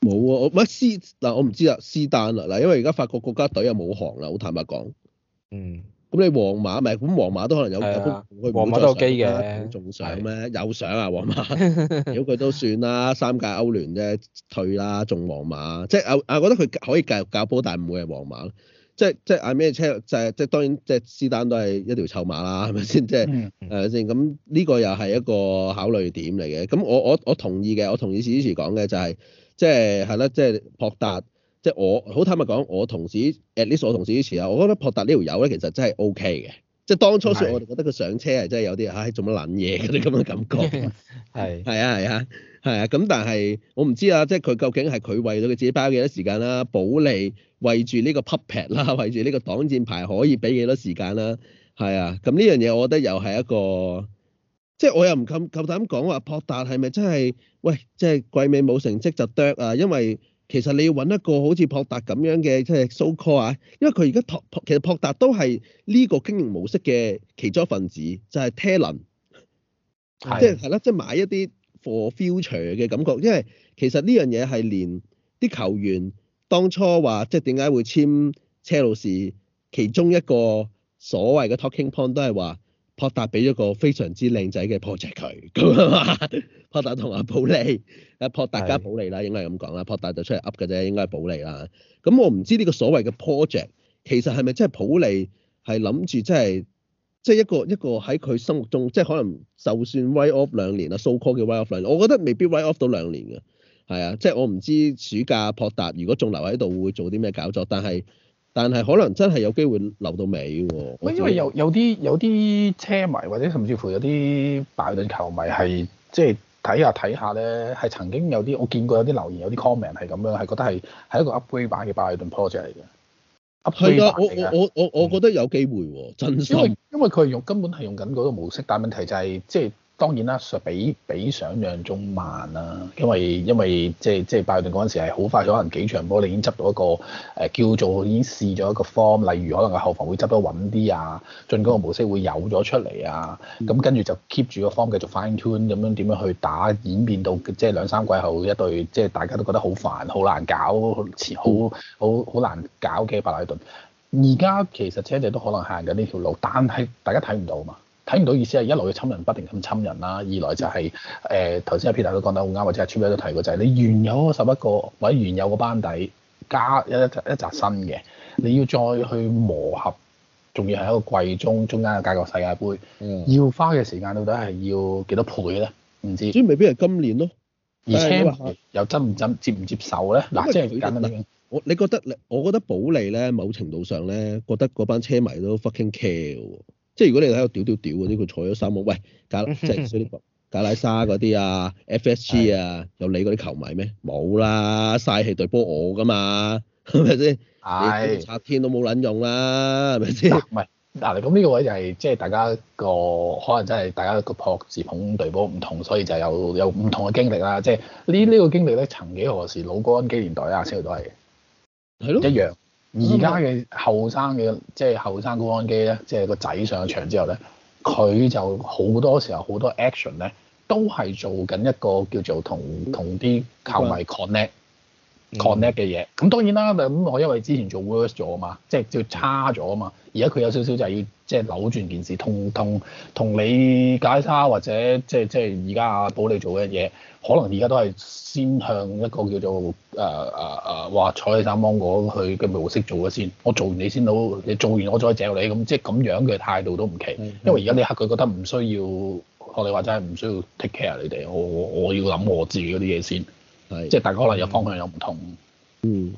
冇蛤啊，我唔係嗱，我唔知啊，斯丹啦嗱，因為而家法國國家隊又冇行啦，好坦白講。嗯。咁你皇馬咪咁皇馬都可能有教波，佢唔會唔會上咩？有想啊，皇馬。 如果佢都算啦，三屆歐聯啫，退啦，仲皇馬，即係歐啊，我覺得佢可以繼續教波，但唔會係皇馬。即係即係嗌咩車就係，即係當然即係師丹都係一條臭馬啦，係咪先，即係係咪先，咁呢個又係一個考慮點嚟嘅，咁我我我同意嘅，我同意史思慈講嘅就係、是就是、即係係啦即係博達，即係我好坦白講，我同事 a 呢 l 我同事啲前，候我，我覺得博達呢條友咧其實真係 O K 嘅，即係當初雖然我哋覺得佢上車係真係有啲唉，做乜撚嘢嗰啲咁嘅感覺係係啊係啊係啊，咁但係我唔知啊，即係佢究竟係佢為咗佢自己包幾多時間啦、啊，保利為住呢個 puppet 啦，為住呢個擋箭牌可以俾幾多時間啦？係啊，咁呢、啊、樣嘢我覺得又係一個，即係我又唔咁夠膽講話樸達係咪真係，喂，即係季尾冇成績就掉啊，因為其實你要揾一個好似樸達咁樣嘅即係 so call 啊，因為佢而家樸，其實樸達都係呢個經營模式嘅其中一份子，就係 talent，即係係啦，即係買一啲。for future 嘅感覺，因為其實呢樣嘢係連啲球員當初話即係點解會簽車路士，其中一個所謂嘅 talking point 都係話博達俾咗個非常之靚仔嘅 project 佢，咁啊嘛，博達同阿保利，阿博達加保利啦，是的 應該係咁講啦，博達就出嚟 up 嘅啫，應該係保利啦。咁我唔知呢個所謂嘅 project 其實係咪真係保利係諗住即係。即係一個一個喺佢心目中，即係可能就算 write off 兩年啦，so-called 嘅 write off 兩年，我覺得未必 write off 到兩年嘅，係啊，即係我唔知暑假博達如果仲留喺度會做啲咩搞作，但係但係可能真係有機會留到尾喎。因為有有啲有啲車迷或者甚至乎有啲拜頓球迷係即係睇下睇下咧，係曾經有啲我見過有啲留言有啲 comment 係咁樣，係覺得係係一個 upgrade 版嘅拜頓 project 嚟嘅。係啊，我我我我我覺得有機會喎、啊，真、嗯、因為因為佢用根本係用緊嗰個模式，但係問題就係即係。就是當然啦，實比比想像中慢啦、啊，因為因為即即拜頓嗰陣時係好快，可能幾場波你已經執到一個誒、呃、叫做已經試咗一個 form，例如可能個後防會執得穩啲啊，進攻嘅模式會有咗出嚟啊，咁、嗯嗯、跟住就 keep 住個 form 繼續 fine tune 咁樣點樣去打，演變到即、就是、兩三季後一隊即、就是、大家都覺得好煩，好難搞，前好好好難搞嘅白禮頓。而家其實車仔都可能行緊呢條路，但係大家睇唔到嘛。睇唔到意思係一來要侵人不停咁侵人啦，二來就係誒頭先阿 Peter 都講得好啱，或者阿 Cheap 都提過，就係你原有十一個或者原有個班底加一一一紮新嘅，你要再去磨合，仲要係一個季中中間嘅加個世界盃，要花嘅時間到底係要幾多倍咧？唔知，所以未必係今年咯，而且又真唔真接唔接受咧？嗱，即係簡單啲，我你覺得我覺得保利咧，某程度上咧，覺得嗰班車迷都 fucking care 即係如果你喺度屌屌屌嗰啲，佢坐咗三屋。喂，格 即係格拉沙嗰啲啊，FSG 啊，有你嗰啲球迷咩？冇啦，嘥氣隊波我噶嘛，係咪先？係、哎。拆天都冇撚用啦，係咪先？唔係嗱，你咁呢個位就係、是、即係大家個，可能真係大家個撲接捧隊波唔同，所以就有有唔同嘅經歷啦。即係呢呢個經歷咧，曾幾何時老哥？幾年代啊？千年代嘅。係咯。一樣。而家嘅後生嘅即係後生高安基咧，即係個仔上場之後咧，佢就好多時候好多 action 咧，都係做緊一個叫做同同啲球迷 connect。connect 嘅嘢，咁、嗯嗯、當然啦，咁我因為之前做 worse 咗啊嘛，即係叫差咗啊嘛，而家佢有少少就係要即係扭轉件事，同同同你解差或者即係即係而家阿保利做嘅嘢，可能而家都係先向一個叫做誒誒誒話彩蛋芒果去嘅模式做咗先，我做完你先到，你做完我再借你，咁即係咁樣嘅態度都唔奇，嗯嗯、因為而家呢一刻佢覺得唔需要學你話齋唔需要 take care 你哋，我我我要諗我自己嗰啲嘢先。係，即係大家可能有方向又唔同嗯。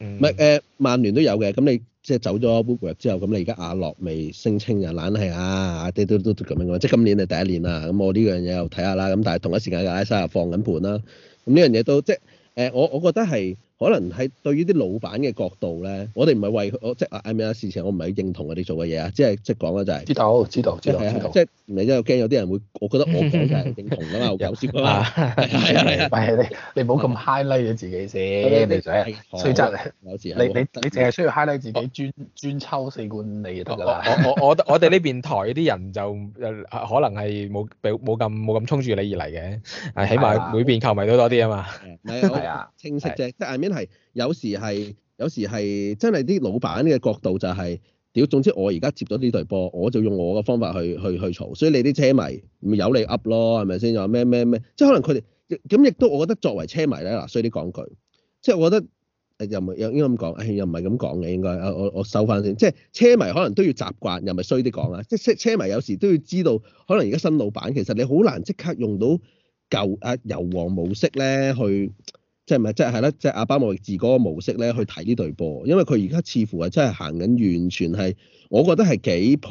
嗯，唔係誒，曼、嗯、聯都有嘅。咁你即係走咗布魯克之後，咁你而家阿諾未聲稱又懶係啊，啲都都咁樣。即係今年你第一年啦。咁我呢樣嘢又睇下啦。咁但係同一時間，亞歷山又放緊盤啦。咁呢樣嘢都即係誒，我、呃、我覺得係。可能係對於啲老闆嘅角度咧，我哋唔係為我即係 Ivan 事情我唔係認同佢哋做嘅嘢啊，即係即係講啦就係。知道知道知道即係你都因驚有啲人會，我覺得我講嘅認同㗎嘛，有少少啊，係啊，係啊，你你唔好咁 highlight 咗自己先，你使啊衰質嚟，我自你你你淨係需要 highlight 自己專專抽四罐你得㗎啦。我我我哋呢邊台啲人就可能係冇冇咁冇咁衝住你而嚟嘅，係起碼每邊球迷都多啲啊嘛。係啊，清晰啫，係，有時係，有時係真係啲老闆嘅角度就係，屌，總之我而家接咗呢隊波，我就用我嘅方法去去去炒，所以你啲車迷咪有你噏咯，係咪先？又話咩咩咩？即係可能佢哋咁亦都，我覺得作為車迷咧，嗱，衰啲講句，即係我覺得又唔係又應該咁講，又唔係咁講嘅，應該，哎，應該我我，我收翻先。即係車迷可能都要習慣，又咪衰啲講啊！即係車車迷有時都要知道，可能而家新老闆其實你好難即刻用到舊啊油王模式咧去。即係咪即係咧？即係、就是就是、阿巴莫爾治嗰個模式咧，去睇呢隊波，因為佢而家似乎係真係行緊，完全係我覺得係幾抱，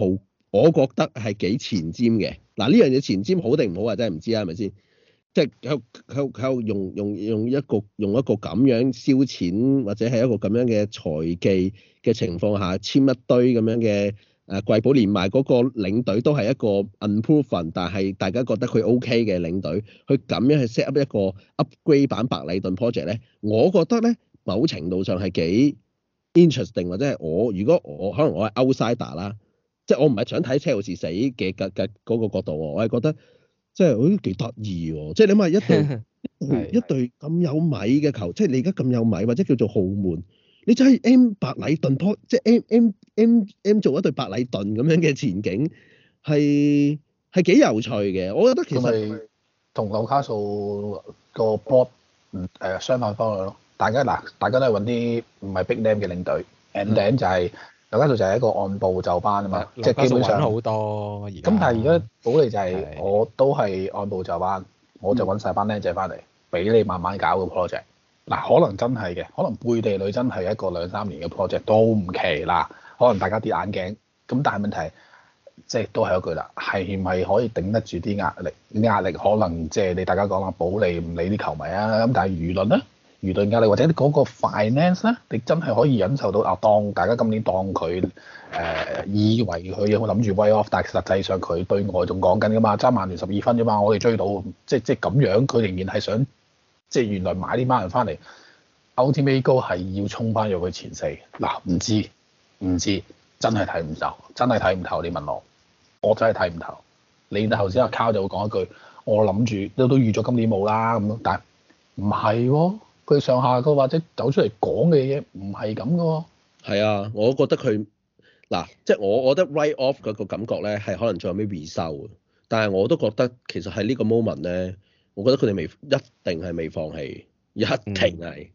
我覺得係幾前瞻嘅。嗱，呢樣嘢前瞻好定唔好啊？真係唔知啊，係咪先？即係佢佢佢用用用一個用一個咁樣燒錢，或者係一個咁樣嘅財技嘅情況下，簽一堆咁樣嘅。誒、啊、貴寶連埋嗰個領隊都係一個 unproven，但係大家覺得佢 OK 嘅領隊，去咁樣去 set up 一個 upgrade 版白禮頓 project 咧，我覺得咧某程度上係幾 interesting，或者係我如果我可能我係 outsider 啦，即係我唔係想睇車路士死嘅嘅嗰個角度，我係覺得即係我覺得幾得意喎，即係你諗一隊 一隊咁 有米嘅球，即係你而家咁有米或者叫做豪門。你就係 M 白禮頓 port，即係 M M M M 做一對白禮頓咁樣嘅前景係係幾有趣嘅，我覺得其實同紐卡素個波唔誒相反方向咯。大家嗱，大家都係揾啲唔係 big name 嘅領隊，and then 就係紐卡素就係一個按部就班啊嘛，即係基本上好多。咁但係而家保利就係我都係按部就班，我就揾曬班靚仔翻嚟俾你慢慢搞個 project。嗱、啊，可能真係嘅，可能背地裏真係一個兩三年嘅 project 都唔奇啦。可能大家啲眼鏡咁，但係問題即係、就是、都係一句啦，係唔係可以頂得住啲壓力？啲壓力可能即、就、係、是、你大家講啦，保利唔理啲球迷啊，咁但係輿論咧，輿論壓力或者嗰個 finance 咧，你真係可以忍受到啊？當大家今年當佢誒、呃、以為佢有冇諗住 way off，但係實際上佢對外仲講緊㗎嘛，爭曼聯十二分啫嘛，我哋追到，即係即係咁樣，佢仍然係想。即係原來買呢班人翻嚟，ultimately 係要衝翻入去前四。嗱，唔知，唔知，真係睇唔透，真係睇唔透。你問我，我真係睇唔透。你頭先阿 Karl 就會講一句：我諗住都都預咗今年冇啦咁。但唔係喎，佢上下個或者走出嚟講嘅嘢唔係咁噶喎。係啊，我覺得佢嗱，即係我我覺得 write off 嗰個感覺咧係可能仲有尾尾收，但係我都覺得其實係呢個 moment 咧。我覺得佢哋未一定係未放棄，一定係，嗯、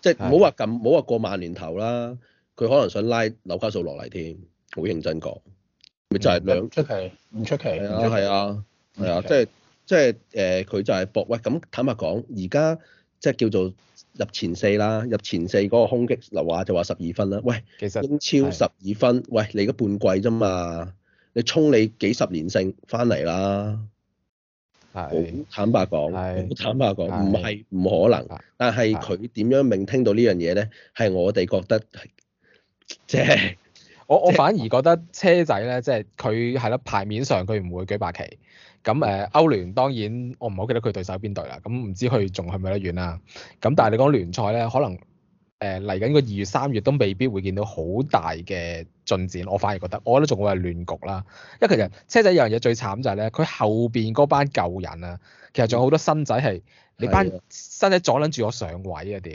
即係唔好話咁，唔好話過萬年頭啦。佢可能想拉樓價數落嚟添，好認真講，咪就係兩、嗯、出奇，唔出奇。係啊，係啊，即係即係誒，佢、呃、就係搏喂。咁坦白講，而家即係叫做入前四啦，入前四嗰個衝擊，話就話十二分啦。喂，其實英超十二分的，喂，你個半季啫嘛，你衝你幾十幾年勝翻嚟啦。好坦白講，好是坦白講，唔係唔可能，是但係佢點樣明聽到呢樣嘢咧？係我哋覺得、就是，即係我我反而覺得車仔咧，即係佢係咯，牌面上佢唔會舉白旗。咁誒、呃，歐聯當然我唔好記得佢對手邊隊啦。咁唔知佢仲去唔去得遠啦、啊。咁但係你講聯賽咧，可能。誒嚟緊個二月三月都未必會見到好大嘅進展，我反而覺得我覺得仲會係亂局啦。因為其實車仔一樣嘢最慘就係咧，佢後邊嗰班舊人啊，其實仲有好多新仔係你班新仔阻撚住我上位啊屌！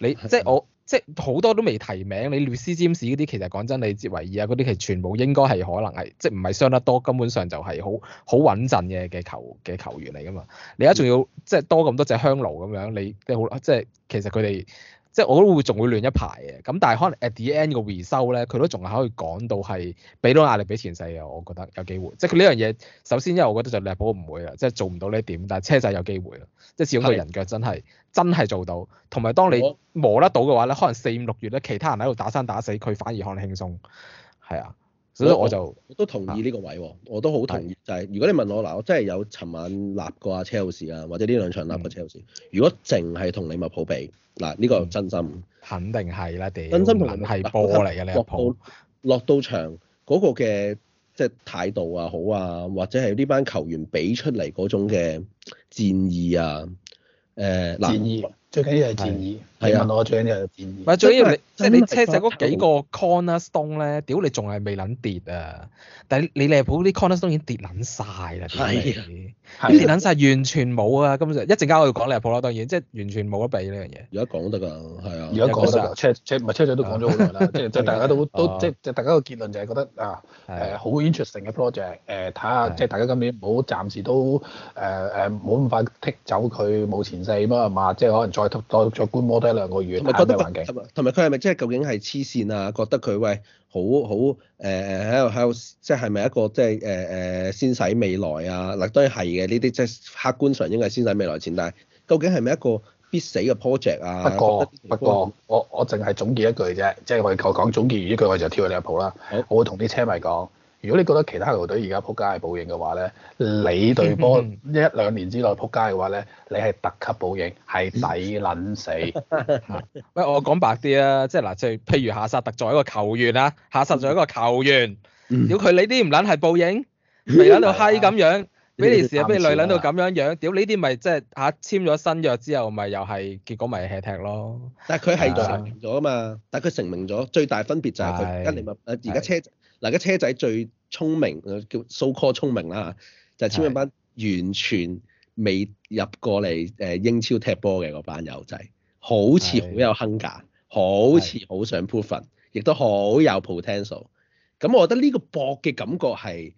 你，的你即係我即係好多都未提名，你列斯占士嗰啲其實講真，你哲維爾啊嗰啲其實全部應該係可能係即係唔係傷得多，根本上就係好好穩陣嘅嘅球嘅球員嚟㗎嘛。你而家仲要即係多咁多隻香爐咁樣，你即係好即係其實佢哋。即係我都會仲會亂一排嘅，咁但係可能 at the end 個維修咧，佢都仲係可以講到係俾到壓力俾前世嘅，我覺得有機會。即係佢呢樣嘢，首先因為我覺得就力寶唔會啦，即係做唔到呢點，但係車仔有機會啦。即係始終佢人腳真係是真係做到，同埋當你磨得到嘅話咧，可能四五六月咧，其他人喺度打生打死，佢反而可能輕鬆，係啊。所以我就我我都同意呢個位喎，啊、我都好同意、就係。就係如果你問我嗱，我真係有尋晚立過阿車路士啊，或者呢兩場立過車路士。如果淨係同利物浦比嗱，呢、呢個真心、嗯、肯定係啦，哋真心同人係波嚟嘅，你落到落到場嗰、嗰個嘅即係態度啊，好啊，或者係呢班球員俾出嚟嗰種嘅戰意啊，誒、呃、嗱。最緊要係建議，係啊的，我的最緊要係建議。咪最緊要你，即係你車仔嗰幾個 corner stone 咧，屌你仲係未撚跌啊！的但係你利浦啲 corner stone 已經跌撚晒啦，係的啊，跌撚曬完全冇啊！根本上一陣間我哋講利浦咯，當然即係完全冇得比呢樣嘢。而家講得㗎，係啊，而家講得㗎，車車唔係車仔都講咗好耐啦， 即係即係大家都都 即係大家個結論就係覺得啊，誒、呃、好 interesting 嘅 project，誒、呃、睇下，的即係大家今年唔好暫時都誒誒，唔、呃、咁快剔走佢冇前世咁啊嘛，即係可能。再再再觀摩多一兩個月睇下咩環境。同埋佢係咪即係究竟係黐線啊？覺得佢喂好好誒喺度喺度，即係係咪一個即係誒誒先使未來啊？嗱當然係嘅，呢啲即係客觀上應該係先使未來錢，但係究竟係咪一個必死嘅 project 啊？不過不過，我我淨係總結一句啫，即係我講總結完呢句我就跳你一步啦。好我會同啲車迷講。如果你覺得其他球隊而家撲街係報應嘅話咧，你隊波一兩年之內撲街嘅話咧，你係特級報應，係抵撚死。喂，我講白啲啊，即係嗱，即係譬如夏薩特作為一個球員啦，夏薩作為一個球員，屌佢你啲唔撚係報應，咪撚到嗨咁樣，比利時啊比利雷撚到咁樣樣，屌呢啲咪即係嚇簽咗新約之後咪又係結果咪 hea 踢咯。但係佢係咗啊嘛，但係佢成名咗，最大分別就係佢一年而家車。嗱，啲車仔最聰明，叫 so-called 聰明啦，就係千萬班完全未入過嚟誒英超踢波嘅嗰班友仔，好似好有 hunger，好似好想 prove 返亦都好有 potential。咁我覺得呢個搏嘅感覺係，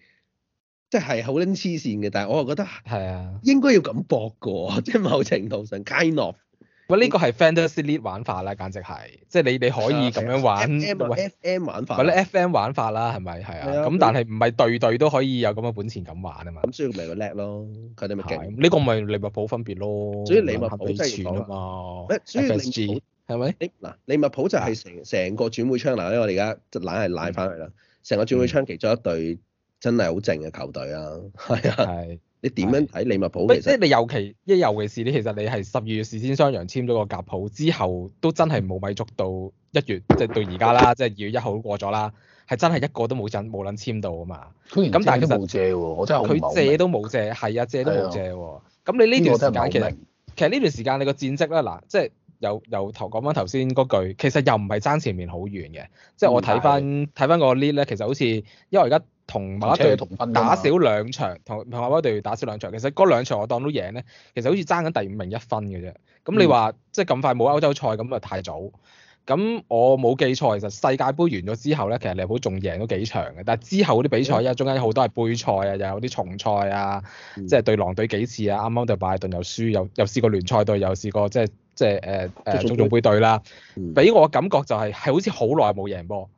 即係好撚黐線嘅，但係我又覺得應該要咁搏個，即係某程度上。Kind of. 喂，呢個係 fantasy lead 玩法啦，簡直係，即係你你可以咁樣玩。F M 玩法。或者 F M 玩法啦，係咪係啊？咁但係唔係對對都可以有咁嘅本錢咁玩啊嘛。咁所以咪個叻咯，佢哋咪勁。呢個咪利物浦分別咯。所以利物浦真係講。誒，所以利物浦係咪？嗱，利物浦就係成成個轉會窗嗱，因為我哋而家就攆係攆翻去啦。成個轉會窗其中一隊真係好正嘅球隊啊，係啊。你點樣睇利物浦？即係你尤其，即係尤其是你，其實你係十二月事先張揚簽咗個格普之後，都真係冇米捉到一月，即係到而家啦，即係二月一號過咗啦，係真係一個都冇人冇撚簽到啊嘛。咁但佢借都冇借，我真係好冇。佢借都冇借，係啊，借都冇借喎。咁，哎呀，你呢段時間其實其實呢段時間你個戰績啦嗱，即係由由頭講翻頭先嗰句，其實又唔係爭前面好遠嘅，即係我睇翻睇翻個 lead 咧，其實好似因為而家。同馬威隊打少兩場，同同馬威隊打少兩場。其實嗰兩場我當都贏咧，其實好似爭緊第五名一分嘅啫。咁你話即係咁快冇歐洲賽咁啊，太早。咁我冇記錯，其實世界盃完咗之後咧，其實利物浦仲贏咗幾場嘅。但係之後嗰啲比賽，因為中間好多係杯賽啊，又有啲重賽啊，嗯、即係對狼隊幾次啊。啱啱對拜頓又輸，又又試過聯賽隊，又試過即係即係誒誒重重杯隊啦。俾我感覺就係、是、係好似好耐冇贏波。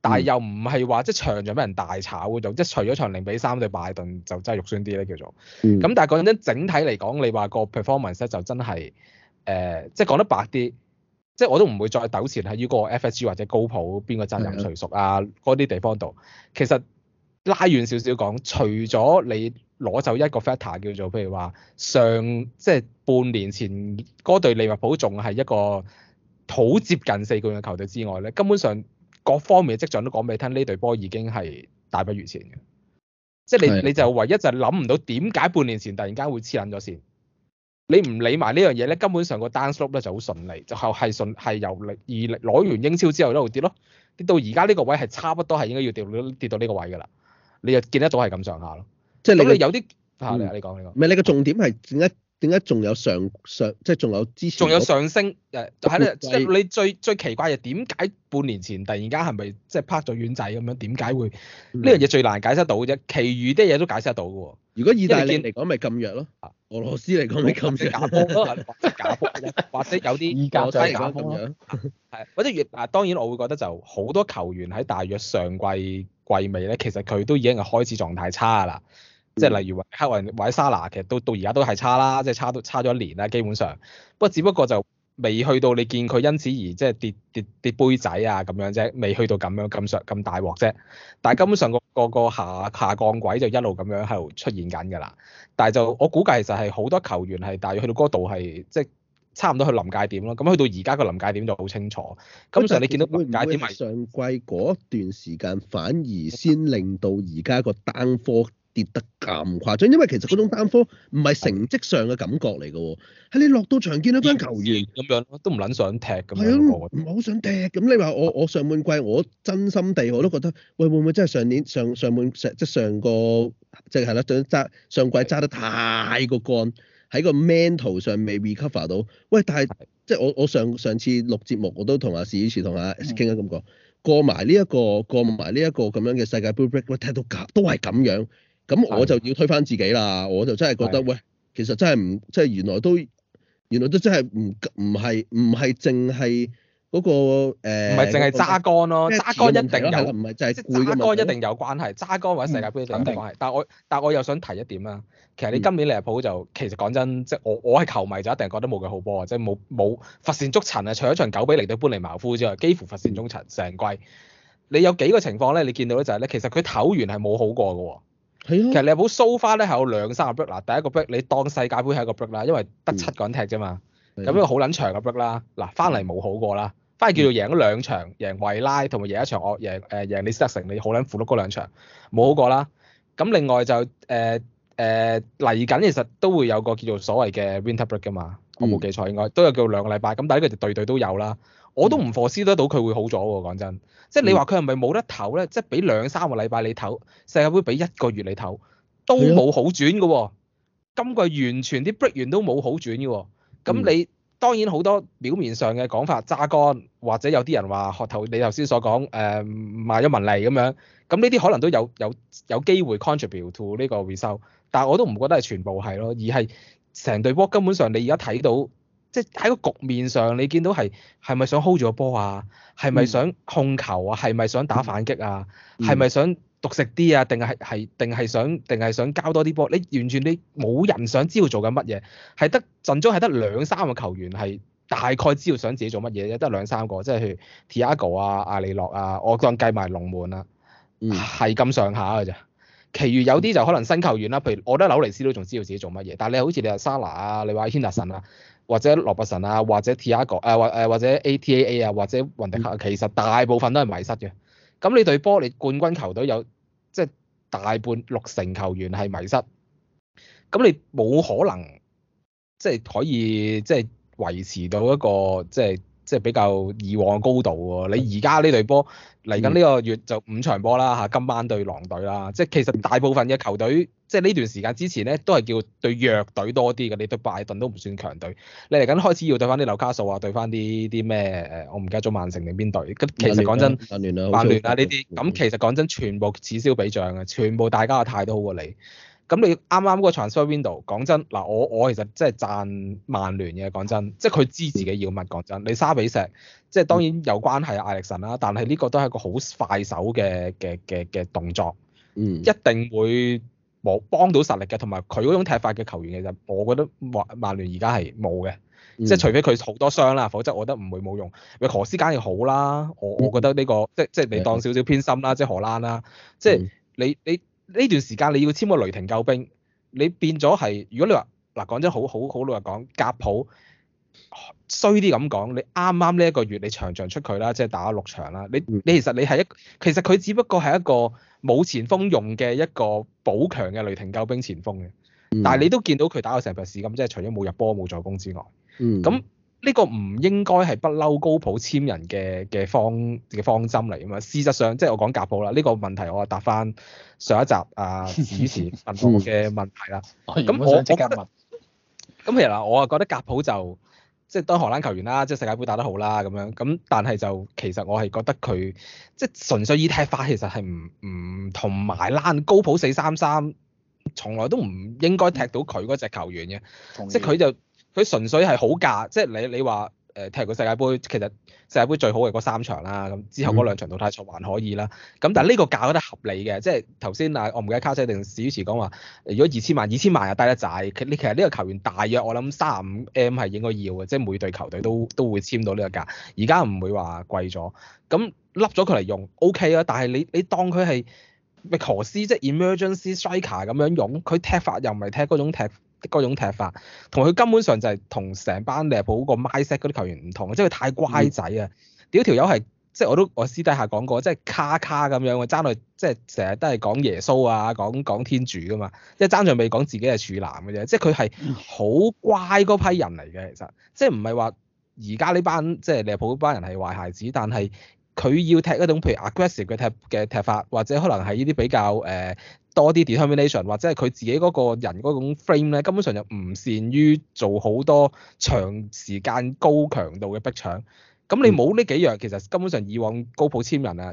但係又唔係話即係場上俾人大炒嗰種，即係除咗場零比三對拜頓就真係肉酸啲咧，叫做。咁、嗯、但係嗰陣整體嚟講，你話個 performance 就真係誒，即係講得白啲，即、就、係、是、我都唔會再糾纏喺呢個 FSG 或者高普邊個責任誰屬啊嗰啲的地方度。其實拉遠少少講，除咗你攞走一個 factor 叫做譬如話上即係、就是、半年前嗰隊利物浦仲係一個好接近四冠嘅球隊之外咧，根本上。各方面嘅跡象都講俾你聽，呢隊波已經係大不如前嘅，即係你你就唯一就係諗唔到點解半年前突然間會黐撚咗線。你唔理埋呢樣嘢咧，根本上個 down slope 咧就好順利，就係係順係由力而攞完英超之後一路跌咯，跌到而家呢個位係差不多係應該要跌到跌到呢個位噶啦，你就見得到係咁上下咯。即係你，你有啲嚇、嗯啊、你你講呢個，唔係你個重點係一？點解仲有上上即係仲有之前仲有上升誒？係啦際，即你最最奇怪嘅點解半年前突然間係咪即係拍咗遠掣咁樣？點解會呢樣嘢最難解釋到嘅啫？其餘啲嘢都解釋得到嘅喎。如果意大利嚟講為，咪禁藥咯；俄羅斯嚟講，咪禁假波或者假， 或者假或者有啲意甲就係咁樣。係 或者越啊，當然我會覺得就好多球員喺大約上季季尾咧，其實佢都已經係開始狀態差啦。即係例如話，黑雲或者沙拿其實到到而家都係差啦，即係差都差咗一年啦，基本上。不過只不過就未去到你見佢因此而即係跌跌跌杯仔啊咁樣啫，未去到咁樣咁上咁大鑊啫。但係根本上個個下下降軌就一路咁樣喺度出現緊㗎啦。但係就我估計其實係好多球員係大約去到嗰度係即係差唔多去臨界點咯。咁去到而家個臨界點就好清楚。根本上你見到臨界點係上季嗰段時間反而先令到而家個單科。跌得咁誇張，因為其實嗰種單科唔係成績上嘅感覺嚟嘅喎，係你落到場見到班球員咁樣我都唔撚想踢咁樣，唔係好想踢咁，你話我、啊、我上半季我真心地我都覺得，喂會唔會真係上年上上半上即係上個即係係啦，上上季揸得太過乾，喺的個 mental 上未 recover 到。喂，但係的即係我我上上次錄節目我都同阿史主持同阿 S 傾嘅感覺，嗯、過埋呢一個過埋呢一個咁、這個、樣嘅世界杯 break，喂踢到都都係咁樣。咁我就要推翻自己啦，我就真係覺得是的 喂，其實真係唔，即係原來都原來都真係唔唔係唔係淨係嗰個唔係淨係揸杆咯，揸、欸、杆、啊、一定有唔係就係即係杆一定有關係，揸杆或者世界盃一定有關係。但係我但係我又想提一點啦，其實你今年利物浦就其實講真，即、就、係、是、我我係球迷就一定覺得冇佢好波即係冇冇佛線捉塵啊，除咗場九比零對般尼茅夫之外，幾乎佛線捉塵成季，季。你有幾個情況咧？你見到咧就係、是、咧，其實佢唞完係冇好過嘅。其實你有冇蘇花咧？係有兩三個 break。嗱，第一個 break 你當世界盃係一個 break 啦，因為得七個人踢啫嘛。咁呢個好撚長嘅 break 啦。嗱，翻嚟冇好過啦，翻嚟叫做贏咗兩場，贏維拉同埋贏一場我贏誒贏李斯特城，你好撚苦碌嗰兩場冇好過啦。咁另外就誒誒嚟緊，其實都會有個叫做所謂嘅 winter break 噶嘛。我冇記錯應該都有叫兩個禮拜。咁但係呢個就隊隊都有啦。 我都唔 foresee 得到佢會好咗喎，講真，即係你話佢係咪冇得唞咧？即係俾兩三個禮拜你唞，世界盃俾一個月你唞，都冇好轉嘅喎、哦。今季完全啲 break 完都冇好轉嘅喎、哦。咁 你當然好多表面上嘅講法，榨乾或者有啲人話學唞，你頭先所講誒賣咗文利咁樣，咁呢啲可能都有有有，有機會 contribute to 呢個 result，但係我都唔覺得係全部係咯，而係成隊波根本上你而家睇到。即係喺個局面上，你見到係係咪想 hold 住個波啊？係咪想控球啊？係咪想打反擊啊？係咪想獨食啲啊？定係係定係想定係想交多啲波？你完全你冇人想知道做緊乜嘢，係得陣中係得兩三個球員係大概知道想自己做乜嘢啫，得兩三個即係譬如 Thiago 啊、阿里諾啊，我當計埋龍門啊，係咁上下嘅啫。其餘有啲就可能新球員啦，譬如我覺得紐尼斯都仲知道自己做乜嘢，但係你好似你話 Salah 啊，你話 Henderson 啊，或者羅伯神啊，或者 Tiago 誒，或誒或者 A.T.A.A. 啊，或者雲迪克啊，其實大部分都係迷失嘅。咁你隊波，你冠軍球隊有即係、就是、大半六成球員係迷失，咁你冇可能即係、就是、可以即係、就是、維持到一個即係即係比較以往嘅高度喎。你而家呢隊波嚟緊呢個月就五場波啦嚇，今晚對狼隊啦，即、就、係、是、其實大部分嘅球隊。即係呢段時間之前咧，都係叫對弱隊多啲嘅。你對拜登都唔算強隊。你嚟緊開始要對翻啲紐卡素啊，對翻啲啲咩誒？我唔記得咗曼城定邊隊。其實講真，曼聯啊，呢啲、啊，咁其實講真，全部此消彼長嘅，全部大家嘅態度好過你。咁你啱啱個 transfer window 講真嗱，我我其實即係讚曼聯嘅，講真，即係佢知自己要乜講真。你沙比石，即係當然有關係啊，艾歷臣啦。但係呢個都係一個好快手嘅嘅嘅嘅動作，一定會。冇幫到實力嘅，同埋佢嗰種踢法嘅球員，其實我覺得曼曼聯而家係冇嘅，嗯、即係除非佢好多傷啦，否則我覺得唔會冇用。而瓊斯梗係好啦，我我覺得呢、這個即係即係你當少少偏心啦、嗯，即係荷蘭啦，即係你你呢段時間你要簽個雷霆救兵，你變咗係如果你話嗱講真好好好老實講，格普衰啲咁講，你啱啱呢一個月你場場出佢啦，即係打咗六場啦，你你其實你係一其實佢只不過係一個。冇前鋒用嘅一個補強嘅雷霆救兵前鋒嘅，但係你都見到佢打過成日市咁，即係除咗冇入波冇助攻之外，咁呢、嗯、個唔應該係不嬲高普簽人嘅嘅方嘅方針嚟啊嘛！事實上，即係我講格普啦，呢、這個問題我啊答翻上一集啊主持問我嘅問題啦。咁我我，我覺得咁其實嗱，我啊覺得格普就。即係當荷蘭球員啦，即係世界盃打得好啦咁樣，咁但係就其實我係覺得佢即係純粹以踢法其實係唔唔同埋意啦，高普四三三從來都唔應該踢到佢嗰隻球員嘅，意即係佢就佢純粹係好架，即係你你話。誒踢完個世界盃，其實世界盃最好係嗰三場啦，咁之後嗰兩場淘汰賽還可以啦。咁但係呢個價都係合理嘅，即係頭先嗱，我唔記得卡西定史於池講話，如果二千萬、二千萬又低得滯。其你其實呢個球員大約我諗三十五 M 係應該要嘅，即係每隊球隊都都會簽到呢個價。而家唔會話貴咗，咁笠咗佢嚟用 OK 啊。但係你你當佢係？咪何斯即係 emergency striker 咁樣用，佢踢法又唔係踢嗰種踢嗰種踢法，同佢根本上就係同成班利物浦個 myself 嗰啲球員唔同，即係佢太乖仔啊！嗯、屌條友係即係我都我私底下講過，即係卡卡咁樣，爭去、就是，即係成日都係講耶穌啊，講講天主噶嘛，即係爭在未講自己係處男嘅啫，即係佢係好乖嗰批人嚟嘅，其實即係唔係話而家呢班即係利物浦班人係壞孩子，但係。佢要踢嗰種，譬如 aggressive 嘅踢嘅踢法，或者可能係呢啲比較誒、呃、多啲 determination，或者係佢自己嗰個人嗰種 frame 咧，根本上就唔善於做好多長時間高強度嘅逼搶。咁你冇呢幾樣，其實根本上以往高普簽人啊，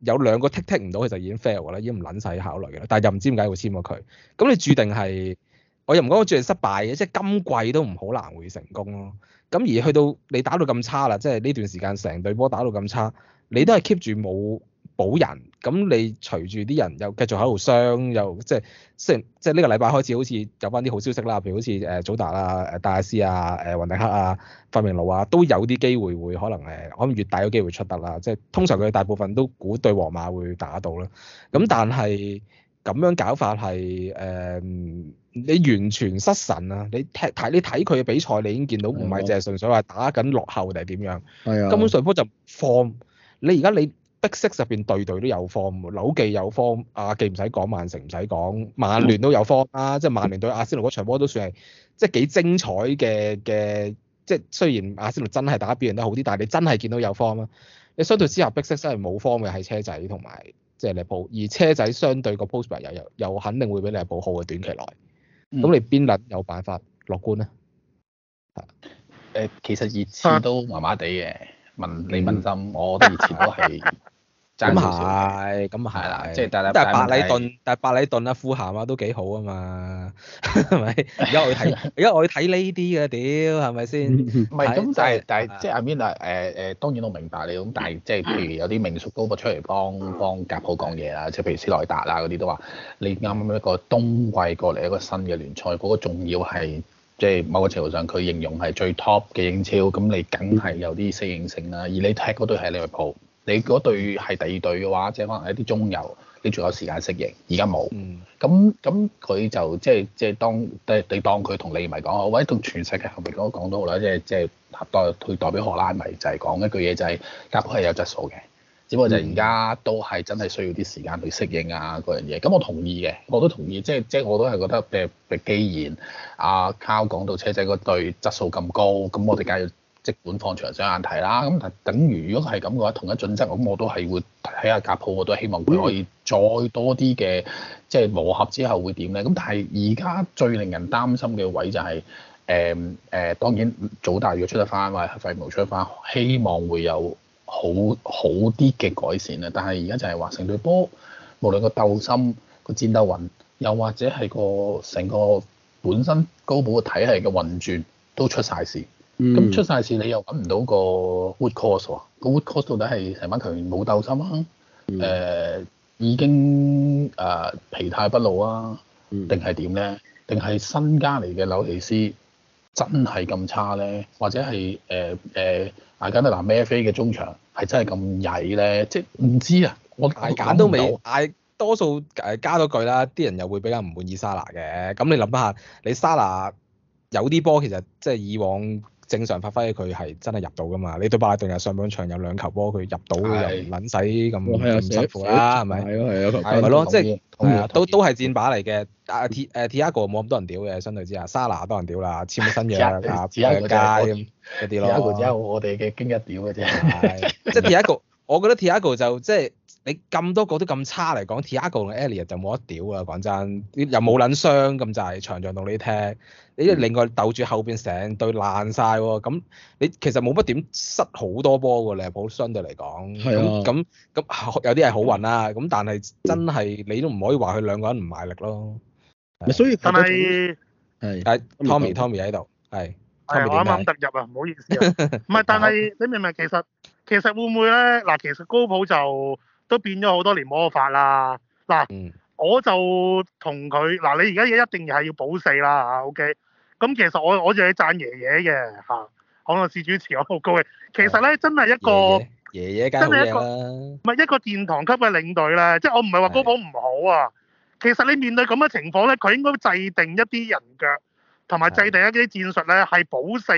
有兩個踢踢唔到，佢就已經 fail 啦，已經唔撚使考慮啦。但係又唔知點解會簽過佢，咁你注定係我又唔講我注定失敗嘅，即係今季都唔好難會成功咯。咁而去到你打到咁差啦，即係呢段時間成隊波打到咁差。你都係 keep 住冇補人，咁你隨住啲人又繼續喺度傷，又即係即係即係呢個禮拜開始好似有翻啲好消息啦，譬如好似誒祖達啦、誒戴亞斯啊、誒雲迪克啊、費明奴啊，都有啲機會會可能誒，可能越大嘅機會出得啦。即係通常佢大部分都估對皇馬會打到啦。咁但係咁樣搞法係誒、嗯，你完全失神啊！你睇睇你睇佢嘅比賽，你已經見到唔係淨係純粹話打緊落後定係點樣？係啊的，根本上坡就放。你而家你逼色入邊對對都有方，紐記有方、啊，阿記唔使講，曼城唔使講，曼聯都有方啊！即係曼聯對阿仙奴嗰場波都算係即係幾精彩嘅嘅，即係雖然阿仙奴真係打表現得好啲，但係你真係見到有方啦。你相對之下逼色真係冇方嘅係車仔同埋即係利物浦，而車仔相對個 post 牌又有又肯定會比利物浦好嘅短期內。咁你邊率有辦法樂觀咧？誒，其實熱刺都麻麻地嘅。問李文心，我覺得以前都係、嗯、 爭少少咁係，咁啊係啦。即係但係但係白禮頓，但係白禮頓啊，富咸 啊，都幾好啊嘛，係咪？而家我去睇，而家我去睇呢啲嘅屌係咪先？唔係咁，但係但係即係阿 m i n a 誒誒，當然我明白你咁，但係即係譬如有啲名宿高個出嚟幫幫格普講嘢啦，即係譬如史奈達啊嗰啲都話，你啱啱一個冬季過嚟一個新嘅聯賽，嗰、嗰個重要係。即係某個程度上，佢形容係最 top 嘅英超，咁你梗係有啲適應性啦。而你踢嗰隊係利物浦，你嗰隊係第二隊嘅話，即係可能一啲中游，你仲有時間適應。而家冇，咁咁佢就即係即係當，誒你當佢同你唔係講，或者同全世界球迷都講到啦，即係即係代表佢代表荷蘭，咪就係講一句嘢、就是，就係格普係有質素嘅。只不過就而家都係真係需要啲時間去適應啊，嗰樣嘢，咁我同意嘅，我都同意，即係即係我都係覺得，誒既然阿 Carl 講到車仔嗰隊質素咁高，咁我哋梗係即管放長線眼睇啦。咁但等如如果係咁嘅話，同一準則，咁我都係會睇下格普，我都希望佢可以再多啲嘅，即係磨合之後會點咧。咁但係而家最令人擔心嘅位就係、是，誒、嗯、誒、嗯，當然早大如果出得翻或者廢無出得翻，希望會有，好好啲嘅改善啦，但係而家就係話成隊波，無論個鬥心、個戰鬥魂，又或者係個成個本身高普個體系嘅運轉都出晒事。咁、嗯、出晒事，你又揾唔到個 root cause 喎、啊？個 root cause 到底係成班球員冇鬥心啊？誒、嗯呃，已經啊、呃、疲態畢露啊？定係點咧？定係新加嚟嘅紐尼斯真係咁差咧？或者係誒誒？呃呃呃阿簡德拿咩飛嘅中場係真係咁曳咧？即係唔知啊！我大揀都未，嗌多數誒加多句啦，啲人又會比較唔滿意沙拿嘅。咁你諗下，你沙拿有啲波其實即係以往。正常發揮佢係真係入到㗎嘛？你對拜頓又上半場有兩球波佢入到，又撚使咁唔辛乎啦，係咪？係咯，係咯，係咪咯？即係都都係箭靶嚟嘅。t 鐵誒鐵一哥冇咁多人屌嘅，相對之下莎拿多人屌啦，簽新嘢啊，加一啲咯。鐵一哥只係我哋嘅經一屌嘅啫。即係鐵一哥，我覺得鐵一哥就即係。你咁多個都咁差嚟講，Thiago 同 Elliott 就冇得屌啊！講真，又冇撚傷咁就係場場同你聽，你一另外鬥住後邊成對爛晒喎。咁你其實冇乜點失好多波㗎，利物浦相對嚟講。係咁咁有啲係好運啦。咁但係真係你都唔可以話佢兩個人唔賣力咯。咪、嗯、是所以佢都係。係是。Tommy，Tommy 喺度係啱啱突入啊！唔好意思唔、啊、係， 但係你明唔明其實其實會唔會咧？嗱，其實高普就。都變咗好多年魔法啦，嗱，嗯、我就同佢嗱，你而家嘢一定係要保四啦，啊，OK，咁其實我我就係讚爺爺嘅吓，可能事主持我好高興，其實咧的真係一個爺爺級，爺爺啊、真係一個唔係一個殿堂級嘅領隊咧，即係我唔係話高保唔好啊，是的 其實你面對咁嘅情況咧，佢應該制定一啲人腳，同埋制定一啲戰術咧，係保四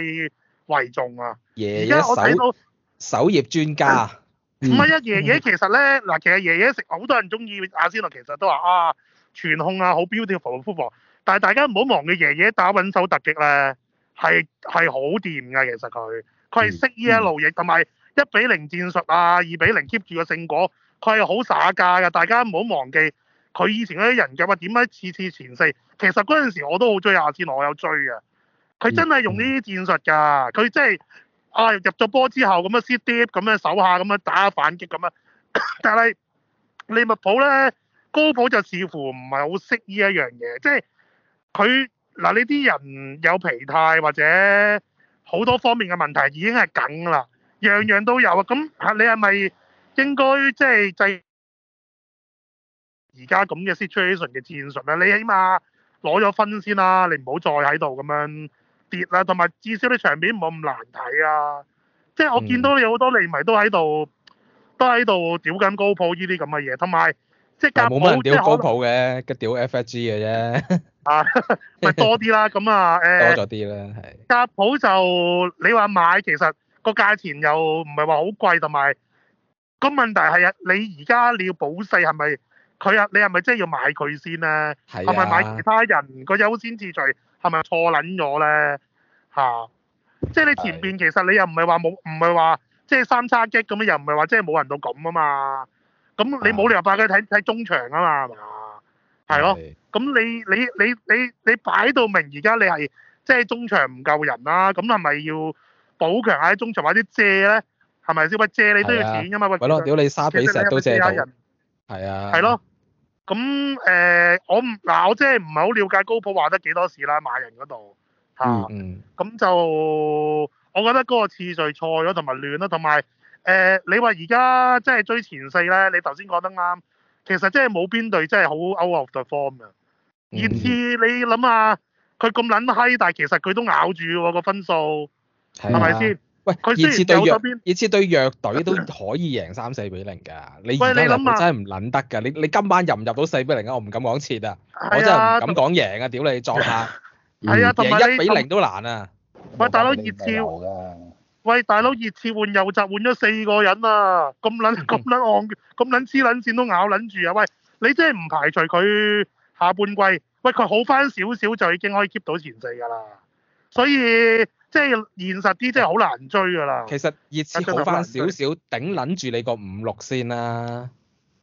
為重啊，而家的爺我睇到首頁專家。手 手 唔係啊，爺爺、嗯、 其實咧，嗱，其實爺爺食好多人中意阿仙奴，其實都話啊，傳控啊，好 beautiful。Football，但係大家唔好忘記，爺爺打穩手突擊咧，係係好掂㗎。其實佢，佢係識依一路嘢，同埋一比零戰術啊，二比零 keep 住個勝果，佢係好耍家㗎。大家唔好忘記，佢以前嗰啲人腳啊，點解次次前四？其實嗰陣時我都好追阿仙奴，我有追嘅。佢真係用呢啲戰術㗎，佢真係。嗯嗯啊！入咗波之後咁樣 sit deep，咁樣守下，咁樣打反擊咁啊！ 但係利物浦咧，高普就似乎唔係好識呢一樣嘢，即係佢嗱，呢啲、啊、人有疲態或者好多方面嘅問題，已經係梗啦，樣樣都有啊！咁嚇你係咪應該即係製而家咁嘅 situation 嘅戰術啊？你起碼攞咗分先啦，你唔好再喺度咁樣。跌啦，同埋至少啲場面冇咁難睇啊！即係我見到有好多利迷都喺度，嗯、都喺度屌緊高普呢啲咁嘅嘢，同埋即係冇冇人屌高普嘅，都屌 FSG 嘅啫。 啊，咪多啲啦，咁啊， 誒多咗啲啦，係格普就你話買，其實個價錢又唔係話好貴，同埋個問題係啊，你而家你要保四係咪佢啊？你係咪真係要買佢先咧？係咪買其他人個優先秩序？係咪錯撚咗咧？嚇、啊！即係你前邊其實你又唔係話冇，唔係話即係三叉戟咁啊，又唔係話即係冇人到咁啊嘛。咁、嗯、你冇理由擺佢睇睇中場啊嘛，係咯？咁的你你你你你，你擺到明而家你係即係中場唔夠人啦、啊，咁係咪要補強喺中場或者借咧？係咪因為借你都要錢噶嘛？咪咯，屌你沙比石都借到，係啊，係咯。咁誒、呃，我唔嗱，我即係唔係好了解高普話得幾多事啦，罵人嗰度嚇。咁、啊嗯嗯、就我覺得嗰個次序錯咗同埋亂啦，同埋誒，你話而家即係追前四咧，你頭先講得啱，其實即係冇邊隊真係好 out of the form 嘅。嗯、而至你諗下，佢咁撚閪，但係其實佢都咬住個分數，係咪看先？佢熱刺對弱熱刺對弱隊都可以贏三四比零噶。喂你唔，真係唔撚得噶。你你今晚入唔入到四比零啊？我唔敢講切啊，我真係唔敢講贏啊！屌贏你，撞下，同埋一比零都難啊！喂，喂，大佬熱刺，喂，大佬熱刺換右閘換咗四個人啊！咁撚咁撚戇，咁撚黐撚線都咬撚住啊！喂，你真係唔排除佢下半季，喂，佢好翻少少就已經可以 keep 到前四噶啦。所以即係現實啲，即係好難追噶啦。其實熱刺好翻少少，頂撚住你個五六先啦。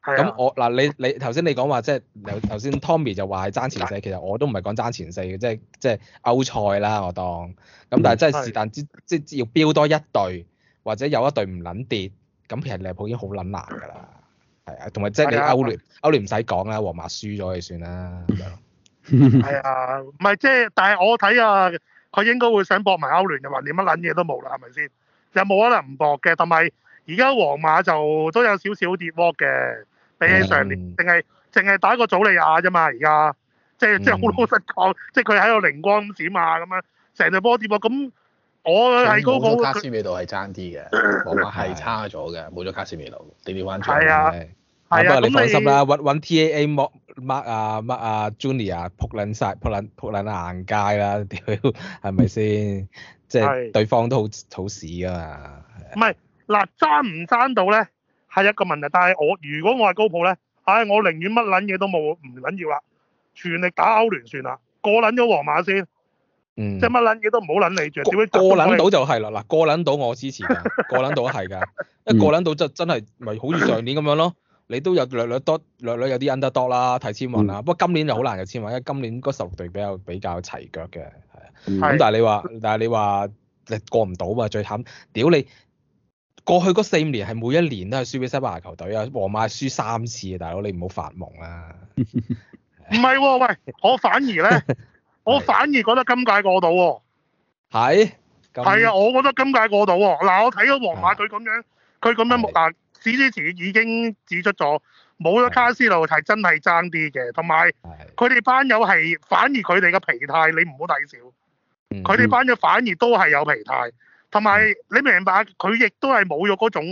係啊。咁我嗱，你你頭先你講話即係頭先 Tommy 就話係爭前四，其實我都唔係講爭前四嘅，即係即係歐賽啦，我當。咁但係真係是但之是即要標多一隊，或者有一隊唔撚跌，咁其實利物浦已經好撚難噶啦。係啊，同埋即係你歐聯，啊、歐聯唔使講啦，皇馬輸咗就算啦。係 啊，唔係即係，但係我睇啊。佢應該會想搏埋歐聯就話點乜撚嘢都冇啦，係咪先？有冇可能唔搏嘅？同埋而家皇馬就都有少少跌波嘅，比起上年，淨係淨係打個祖利亞啫嘛，而家即係即係好老實講，即係佢喺度靈光咁閃啊咁樣，成隊波跌波。咁我喺嗰個卡斯米魯係差啲嘅，皇馬係差咗嘅，冇咗卡斯米魯，跌跌番咗。係不過你放心啦，搵搵你 T A A Mark Mark 啊 Mark 啊 Junior 啊，仆撚曬，仆撚仆撚行街啦，屌，係咪先？哈哈 即係對方都好好屎㗎嘛。唔係嗱，爭唔爭到咧係一個問題，但係我如果我係高普咧，唉，我寧願乜撚嘢都冇，唔撚要啦，全力打歐聯算啦，過撚咗皇馬先，嗯，即係乜撚嘢都唔好撚你住。點樣過撚到就係啦，嗱，過撚 到，到我支持㗎， 過撚到都係㗎，一過撚到就真係咪好似上年咁樣咯。你都有略略多，略略有啲 underdog 啦，睇籤運啦。不過今年就好難有籤運，因為今年嗰十六隊比較比較齊腳嘅，係啊。咁但係你話，但係你話，你過唔到嘛？最慘，屌你！過去嗰四五年係每一年都係輸俾西班牙球隊啊，皇馬輸三次啊，大佬你唔好發夢啊。唔係喎，喂，我反而咧，我反而覺得今屆過到喎。係。係啊，我覺得今屆過到喎。嗱，我睇咗皇馬佢咁樣，佢咁樣莫大。史之前已經指出咗，冇咗卡斯路係真係爭啲嘅，同埋佢哋班友係反而佢哋嘅疲態，你唔好睇少。佢哋班友反而都係有疲態，同埋你明白佢亦都係冇咗嗰種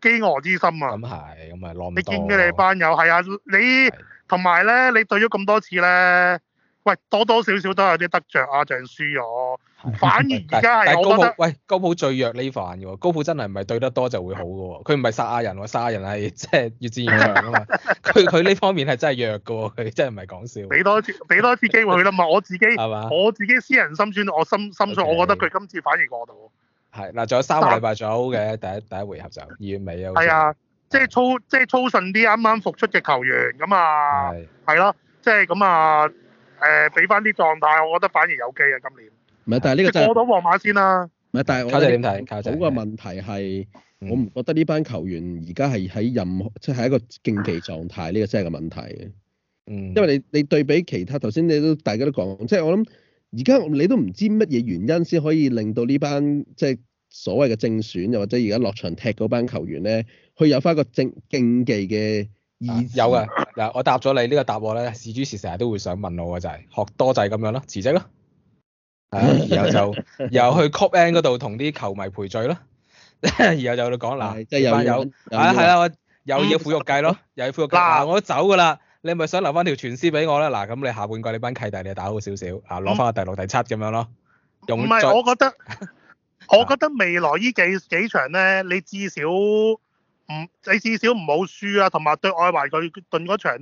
飢餓之心啊。咁係、嗯，咁咪攞你見佢哋班友係啊，你同埋咧，你對咗咁多次咧，喂，多多少少都有啲得着啊，最近輸咗。反而而家係，高普喂，高普最弱呢範嘅高普真係唔係對得多就會好嘅喎，佢唔係殺下人，殺下人係即係越戰越強啊嘛。佢佢呢方面係真係弱嘅，佢真係唔係講笑。俾多次俾多次機會佢啦嘛， 我自己係嘛， 我自己私人心酸，我心心酸，Okay. 我覺得佢今次反而過到。係嗱，仲有三個禮拜左右嘅，第一第一回合就二月尾啊。係的、即係、啊，即係操即係操順啲啱啱復出嘅球員咁啊，係咯，即係咁啊誒，俾翻啲狀態，我覺得反而有機啊今年。唔係，但係呢個就係、是、過到皇馬先啦。唔係，但係我哋點睇？好嘅問題係，嗯、我唔覺得呢班球員而家係喺任何，即、就、係、是、一個競技狀態呢、這個真係個問題嘅。嗯、因為你你對比其他頭先你都大家都講，即係我諗而家你都唔知乜嘢原因先可以令到呢班即係、就是、所謂嘅正選又或者而家落場踢嗰班球員咧，去有翻一個競技嘅意、啊。有啊。嗱，我答咗你呢、這個答案咧，史主持成日都會想問我嘅就係、是、學多就係咁樣咯，辭職咯。然後就又去 cop end 嗰度同啲球迷賠罪咯。然後就佢講嗱，即係有，係啦係啦，有要苦肉計咯，又要苦肉計。嗱，我都走噶啦，你咪想留翻條全屍俾我啦。嗱，咁你下半季你班契弟你打好少少啊，攞翻個第六第七咁樣咯。用再，我覺得我覺得未來呢幾幾場咧，你至少唔你至少唔好輸啊，同埋對愛華頓嗰場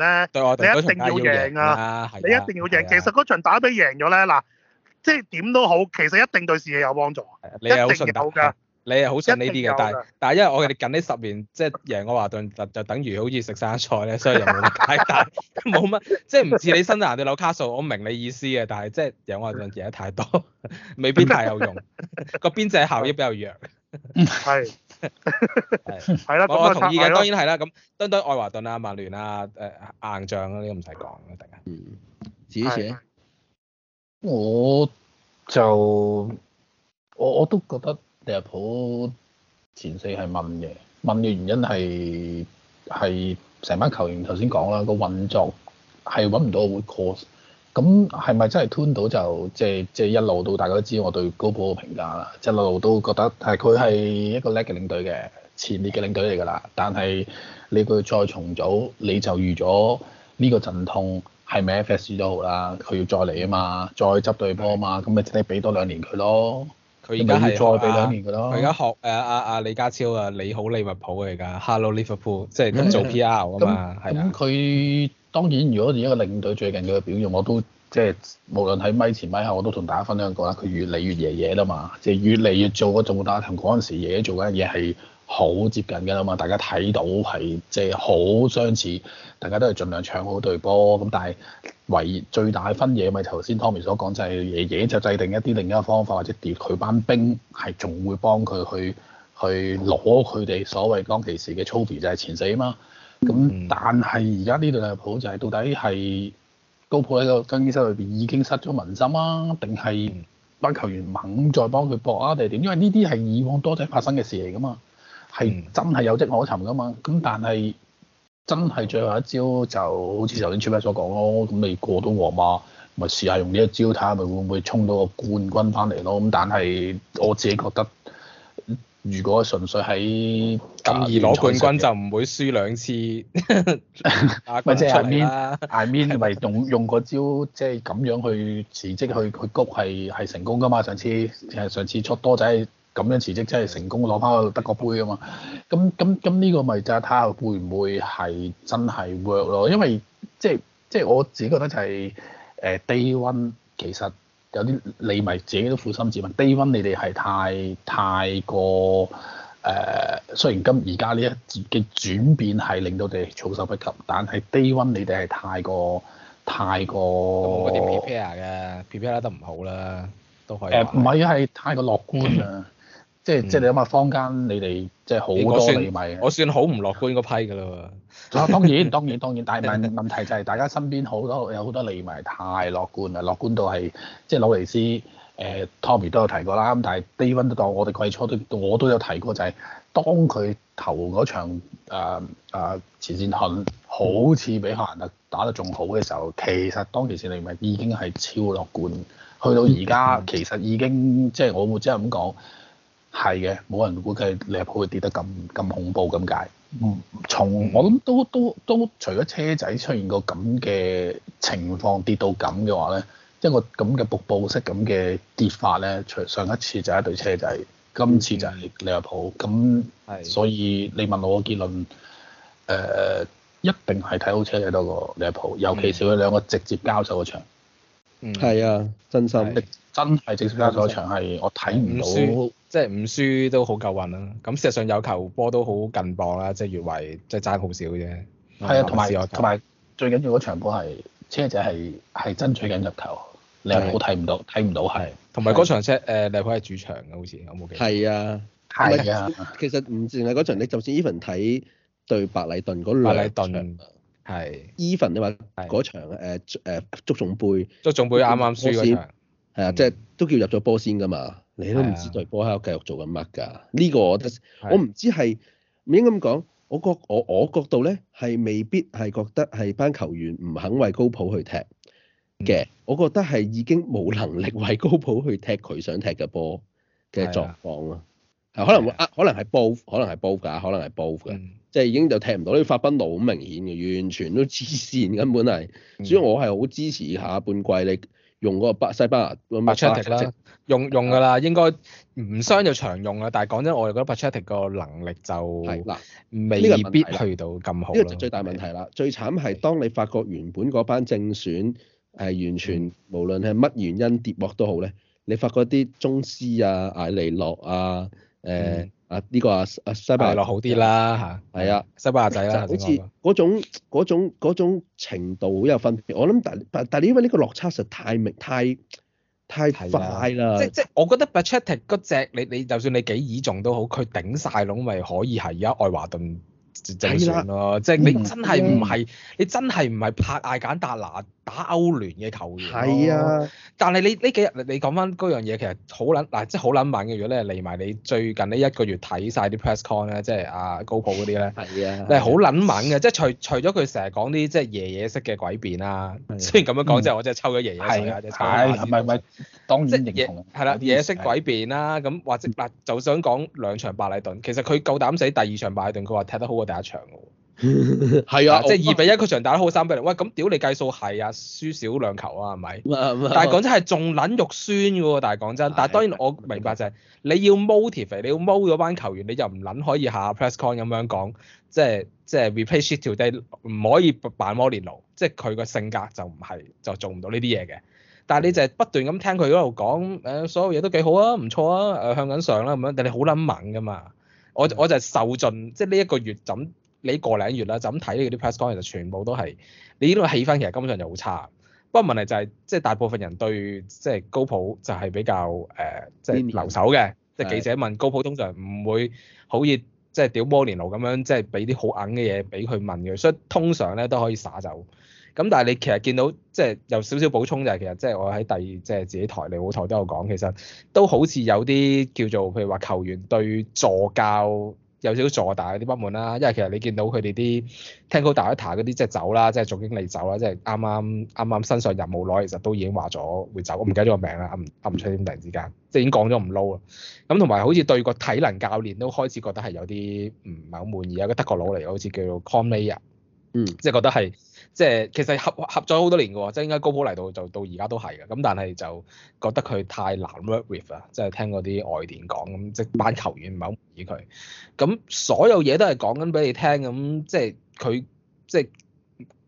我哋一定要贏啊，你一定要贏。其實嗰場打吡贏咗咧，嗱。即係點都好，其實一定對事業有幫助。係啊，你係好信得你係好信呢啲嘅。但係但係因為我哋近呢十年即係贏愛華頓就就等於好似食生菜咧，所以又冇太大冇乜，即係唔似你新大拿對樓卡數。我明你意思嘅，但係即係贏愛華頓贏得太多，未必太有用。個邊際效益比較弱。係係啦，我同意嘅，當然係啦。咁等等愛華頓啊、曼聯啊、誒硬仗啊，呢個唔使講一定。嗯，自己錢。我就我我都覺得利物浦前四係問嘅，問嘅原因係係成班球員頭先講啦，那個運作係揾唔到個 course，咁係咪真係吞到，就即係即係一路到大家都知我對高普嘅評價啦？即一路都覺得係佢係一個叻嘅領隊嘅，前列嘅領隊嚟噶啦。但係你佢再重組，你就預咗呢個陣痛。係咪 F.S.C 都好啦？佢要再嚟啊嘛，再執對波啊嘛，咁咪即係俾多兩年佢咯。佢而家係再俾兩年佢咯，佢而家學誒阿阿李家超啊，你好利物浦啊，而家 Hello Liverpool，即係做 P.R. 啊嘛，係啦。佢當然如果係一個領隊最近嘅表現，我都即係、就是、無論喺咪前咪後，我都同大家分享過啦。佢越嚟越爺爺啦嘛，即、就、係、是、越嚟越做嗰種打同嗰陣時爺爺做緊嘅嘢係。好接近㗎啦嘛，大家睇到係即係好相似，大家都係盡量搶好對波咁。但係為最大分野，咪頭先 Tommy 所講就係、是、爺爺就制定一啲另一個方法，或者跌佢班兵係仲會幫佢去去攞佢哋所謂當其時嘅操 r 就係前四啊嘛。咁但係而家呢度，利物就係到底係高普喺個更衣室裏邊已經失咗民心啊，定係班球員猛再幫佢搏啊，定係點？因為呢啲係以往多仔發生嘅事嚟噶嘛。係真係有跡可尋噶嘛？咁但係真係最後一招就好似頭先出 h 所講咯。咁你過到皇馬，咪試下用呢一招睇下，咪會唔會衝到個冠軍翻嚟咯？咁但係我自己覺得，如果純粹喺攞冠軍就唔會輸兩次。或者係面，係咪用用個招即係咁樣去辭職去去谷係係成功噶嘛？上次上次出多仔。咁樣辭職真係成功攞翻個德國杯啊嘛！咁咁咁呢個咪就係睇下會唔會係真係 work 咯？因為即係即係我自己覺得就係誒 Day One 其實有啲你咪自己都撫心自問。Day One 你哋係太太過誒、呃，雖然咁而家呢一嘅轉變係令到你哋措手不及，但係 Day One 你哋係太過太過。嗰啲 prepare 嘅 prepare 得唔好啦，都可以。誒唔係啊，係太過樂觀啊！ 嗯、即係即係你諗下坊間，你哋即係好多利迷，我算好唔樂觀，嗰批嘅啦。啊，當然當然當然，但係問題就係大家身邊好多有好多利迷太樂觀啦，樂觀到係即係紐尼斯誒、欸、Tommy 都有提過啦。咁但係低溫都當我哋季初都我都有提過、就是，就係當佢頭嗰場誒誒前線行好似比客人啊打得仲好嘅時候，其實當其時利迷已經係超樂觀，去到而家其實已經即係我會即係咁講。係嘅，冇人估計利物浦會跌得咁咁恐怖咁解。唔從我諗都都都，除咗車仔出現過咁嘅情況跌到咁嘅話咧，一個咁嘅瀑布式咁嘅跌法咧，除上一次就係一對車仔，今次就係利物浦，咁所以你問我個結論，誒、呃、一定係睇好車仔多過利物浦，尤其是佢兩個直接交手嘅場。嗯，係啊，真心，真係正式賽嗰場係我睇唔到，即係唔輸都好夠運啦。咁事實上有球波都好近磅啦，即係越位，即係爭好少啫。係啊，同埋同埋最緊要嗰場波係車仔係係爭取緊入球，你又睇唔到，睇唔到係。同埋嗰場車你利物浦係主場嘅，好似我冇記。係啊，係啊，其實唔淨係嗰場，你就算 even 睇對白禮頓嗰兩場。係，Even 你話嗰場誒足總杯，足總杯啱啱輸嗰場，係的啊，即係都叫入咗波先噶嘛。你都唔知對波喺度繼續做緊乜㗎？呢、呢個我覺得，的我唔知係，唔應咁講。我覺我我角度咧係未必係覺得係班球員唔肯為高普去踢嘅，嗯、我覺得係已經冇能力為高普去踢佢想踢嘅波嘅狀況咯。係的的可能會呃，可能係煲，可能係煲㗎，可能係煲嘅。即係已經就踢唔到，呢法賓奴好明顯嘅，完全都黐線，根本係。所以我係好支持下半季你用嗰個巴西班牙個巴切迪啦，用用㗎啦，對 應該唔傷就常用啦。但係講真，我哋覺得巴切迪個能力就係嗱，未必去到咁好。呢個就最大問題啦。最慘係當你發覺原本嗰班正選係完全、嗯、無論係乜原因跌落都好咧，你發覺啲宗師啊、艾尼洛啊、誒、呃。嗯啊呢個啊啊西班牙落、嗯、好啲啦嚇，係啊西班牙仔啦，好似嗰種嗰種程度好有分別。我諗但但但係因為呢個落差實在太明太太快啦，即即、啊即係即係、我覺得 Bachetti 嗰隻你你就算你幾倚重都好，佢頂晒籠咪可以係而家愛華頓正選咯，即、啊、你真係唔係你真係唔係拍艾簡達拿。打歐聯嘅球員係啊，但係你呢幾日你講翻嗰樣嘢，其實好撚嗱，即係好撚猛嘅。如果你係嚟埋你最近呢一個月睇晒啲 press con 咧，即係阿高普嗰啲咧，係啊，啊，係好撚猛嘅。啊、即係除除咗佢成日講啲即係爺爺式嘅詭辯啦，啊嗯、雖然咁樣講即係，我真係抽咗爺爺水啊，即係查下先。當然認同。係啦是，爺爺式詭辯啦，咁或者嗱，就想講兩場白禮頓，其實佢夠膽死第二場白禮頓，佢話踢、Red、得好過第一場喎。係啊， 即係二比一佢場打得好三比零，喂咁屌你計數係啊，輸少兩球啊，係咪？ 但係講真係仲撚肉酸㗎喎，但係講真，但係當然我明白就係、是、你要 motivate，你要 motivate 踎咗班球員，你就唔撚可以下 press con 咁樣講，即係即係 replace shit today 唔可以扮摩連奴，即係佢個性格就唔係就做唔到呢啲嘢嘅。但係你就係不斷咁聽佢嗰度講，誒、呃、所有嘢都幾好啊，唔錯啊，誒、呃、向緊上啦咁樣，但你好撚猛㗎嘛。我我就係受盡，即係呢一個月咁。你過個零月啦，就咁睇呢啲 press c o n f e 全部都係你呢個氣氛，其實根本上就好差。不過問題就係、是，即、就、係、是、大部分人對即係高普就係比較誒，即、呃、係、就是、留守嘅。面即係記者問的高普，通常唔會好熱，即係屌摩連奴咁樣，即係俾啲好硬嘅嘢俾佢問嘅。所以通常咧都可以耍走。咁但係你其實見到即係、就是、有少少補充就係、是，其實即係我喺第二，即、就、係、是、自己台、你我台都有講，其實都好似有啲叫做譬如話球員對助教。有少少坐大啲不滿啦，因為其實你見到佢哋啲 Tango Data 嗰啲即係走啦，即係總經理走啦，即係啱啱啱啱身上任務耐，其實都已經話咗會走，我唔記得咗個名啦，啱啓唔出，點突然之間即係已經講咗唔撈啦。咁同埋好似對個體能教練都開始覺得係有啲唔係好滿意啊，個德國佬嚟嘅，好似叫做 Comley 啊，嗯，即係覺得係。即係、就是、其實合合咗好多年嘅喎，即係應該高普嚟到就到而家都係嘅，咁但係就覺得佢太難 work with 啊，即、就、係、是、聽嗰啲外電講咁，即班球員唔係好滿意佢，咁所有嘢都係講緊俾你聽，咁即係佢即係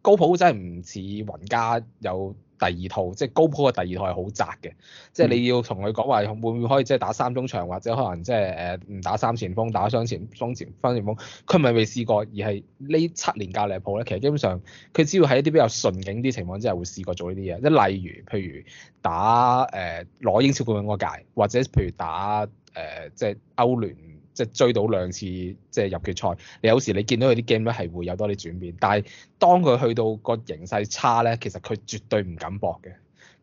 高普真係唔似雲加有。第二套即係高普嘅第二套係好窄嘅，即係你要同佢講話會唔會可以即係打三中場或者可能即係誒唔打三前鋒打雙前雙前分前，前鋒，佢唔係未試過，而係呢七年高普咧，其實基本上佢只要喺一啲比較順境啲情況之下會試過做呢啲嘢，即係例如譬如打誒攞、呃、英超冠軍嗰屆，或者譬如打誒、呃、即係歐聯。即係追到兩次，即係入決賽。你有時你見到佢啲 game 咧係會有多啲轉變，但係當佢去到個形勢差咧，其實佢絕對唔敢搏嘅。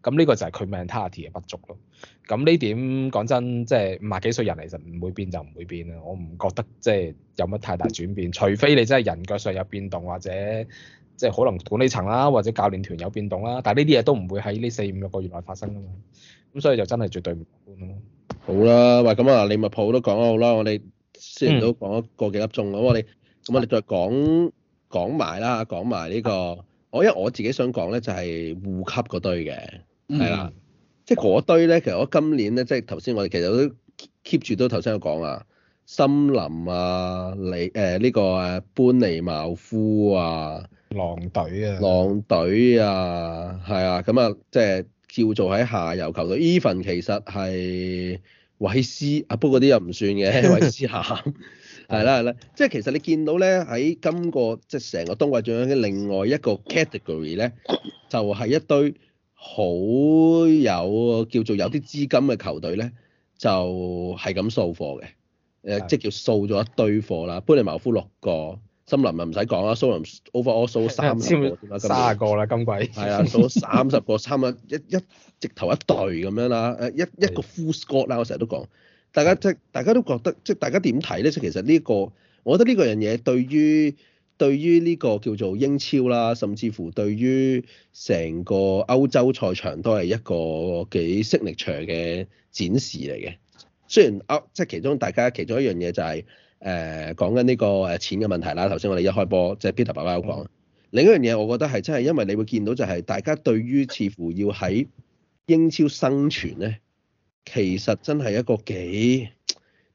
咁呢個就係佢 mentality 嘅不足咯。咁呢點講真，即係五十幾歲人嚟，其實唔會變就唔會變啦。我唔覺得即係有乜太大轉變，除非你真係人腳上有變動，或者即係可能管理層啦，或者教練團有變動啦。但係呢啲嘢都唔會喺呢四五六個月內發生噶嘛。咁所以就真係絕對唔樂好啦，喂，咁啊，利物浦都講得好啦，我哋先都講咗個幾粒鐘，咁、嗯、我哋，咁我哋再講講埋啦，講埋呢個，我因為我自己想講咧，就係護級嗰堆嘅，係啦，即係嗰堆咧，其實我今年咧，即係頭先我哋其實都 keep 住都頭先有講啊，森林啊，李誒呢個誒般尼茅夫啊，狼隊啊，狼隊啊，係啊，咁啊、就是，即係。叫做喺下游球隊，Even 其實係韋斯啊，不過啲又唔算嘅韋斯下，係啦，係啦，即係其實你見到咧喺今個即係成個冬季仲嘅另外一個 category 咧，就係、是、一堆好有叫做有啲資金嘅球隊咧，就係咁掃貨嘅，誒的即係叫掃咗一堆貨啦，般尼茅夫六個。森林咪唔使講啦，森林 over all 數三三十個啦，今季係啊，數三十個差唔多一一直頭一隊咁樣啦，誒一 一,一個 full squad 啦，我成日都講，大家即係是的 大家都覺得即係大家點睇咧？即係其實呢、這、一個，我覺得呢個樣嘢對於對於呢個叫做英超啦，甚至乎對於成個歐洲賽場都係一個幾色力場嘅展示嚟嘅。雖然歐即係其中大家，其中一樣嘢就係、是。誒、呃、講緊呢個誒錢嘅問題啦，頭先我哋一開波即係 Peter 爸爸有講。嗯、另一樣嘢，我覺得係真係因為你會見到就係、是、大家對於似乎要喺英超生存咧，其實真係一個幾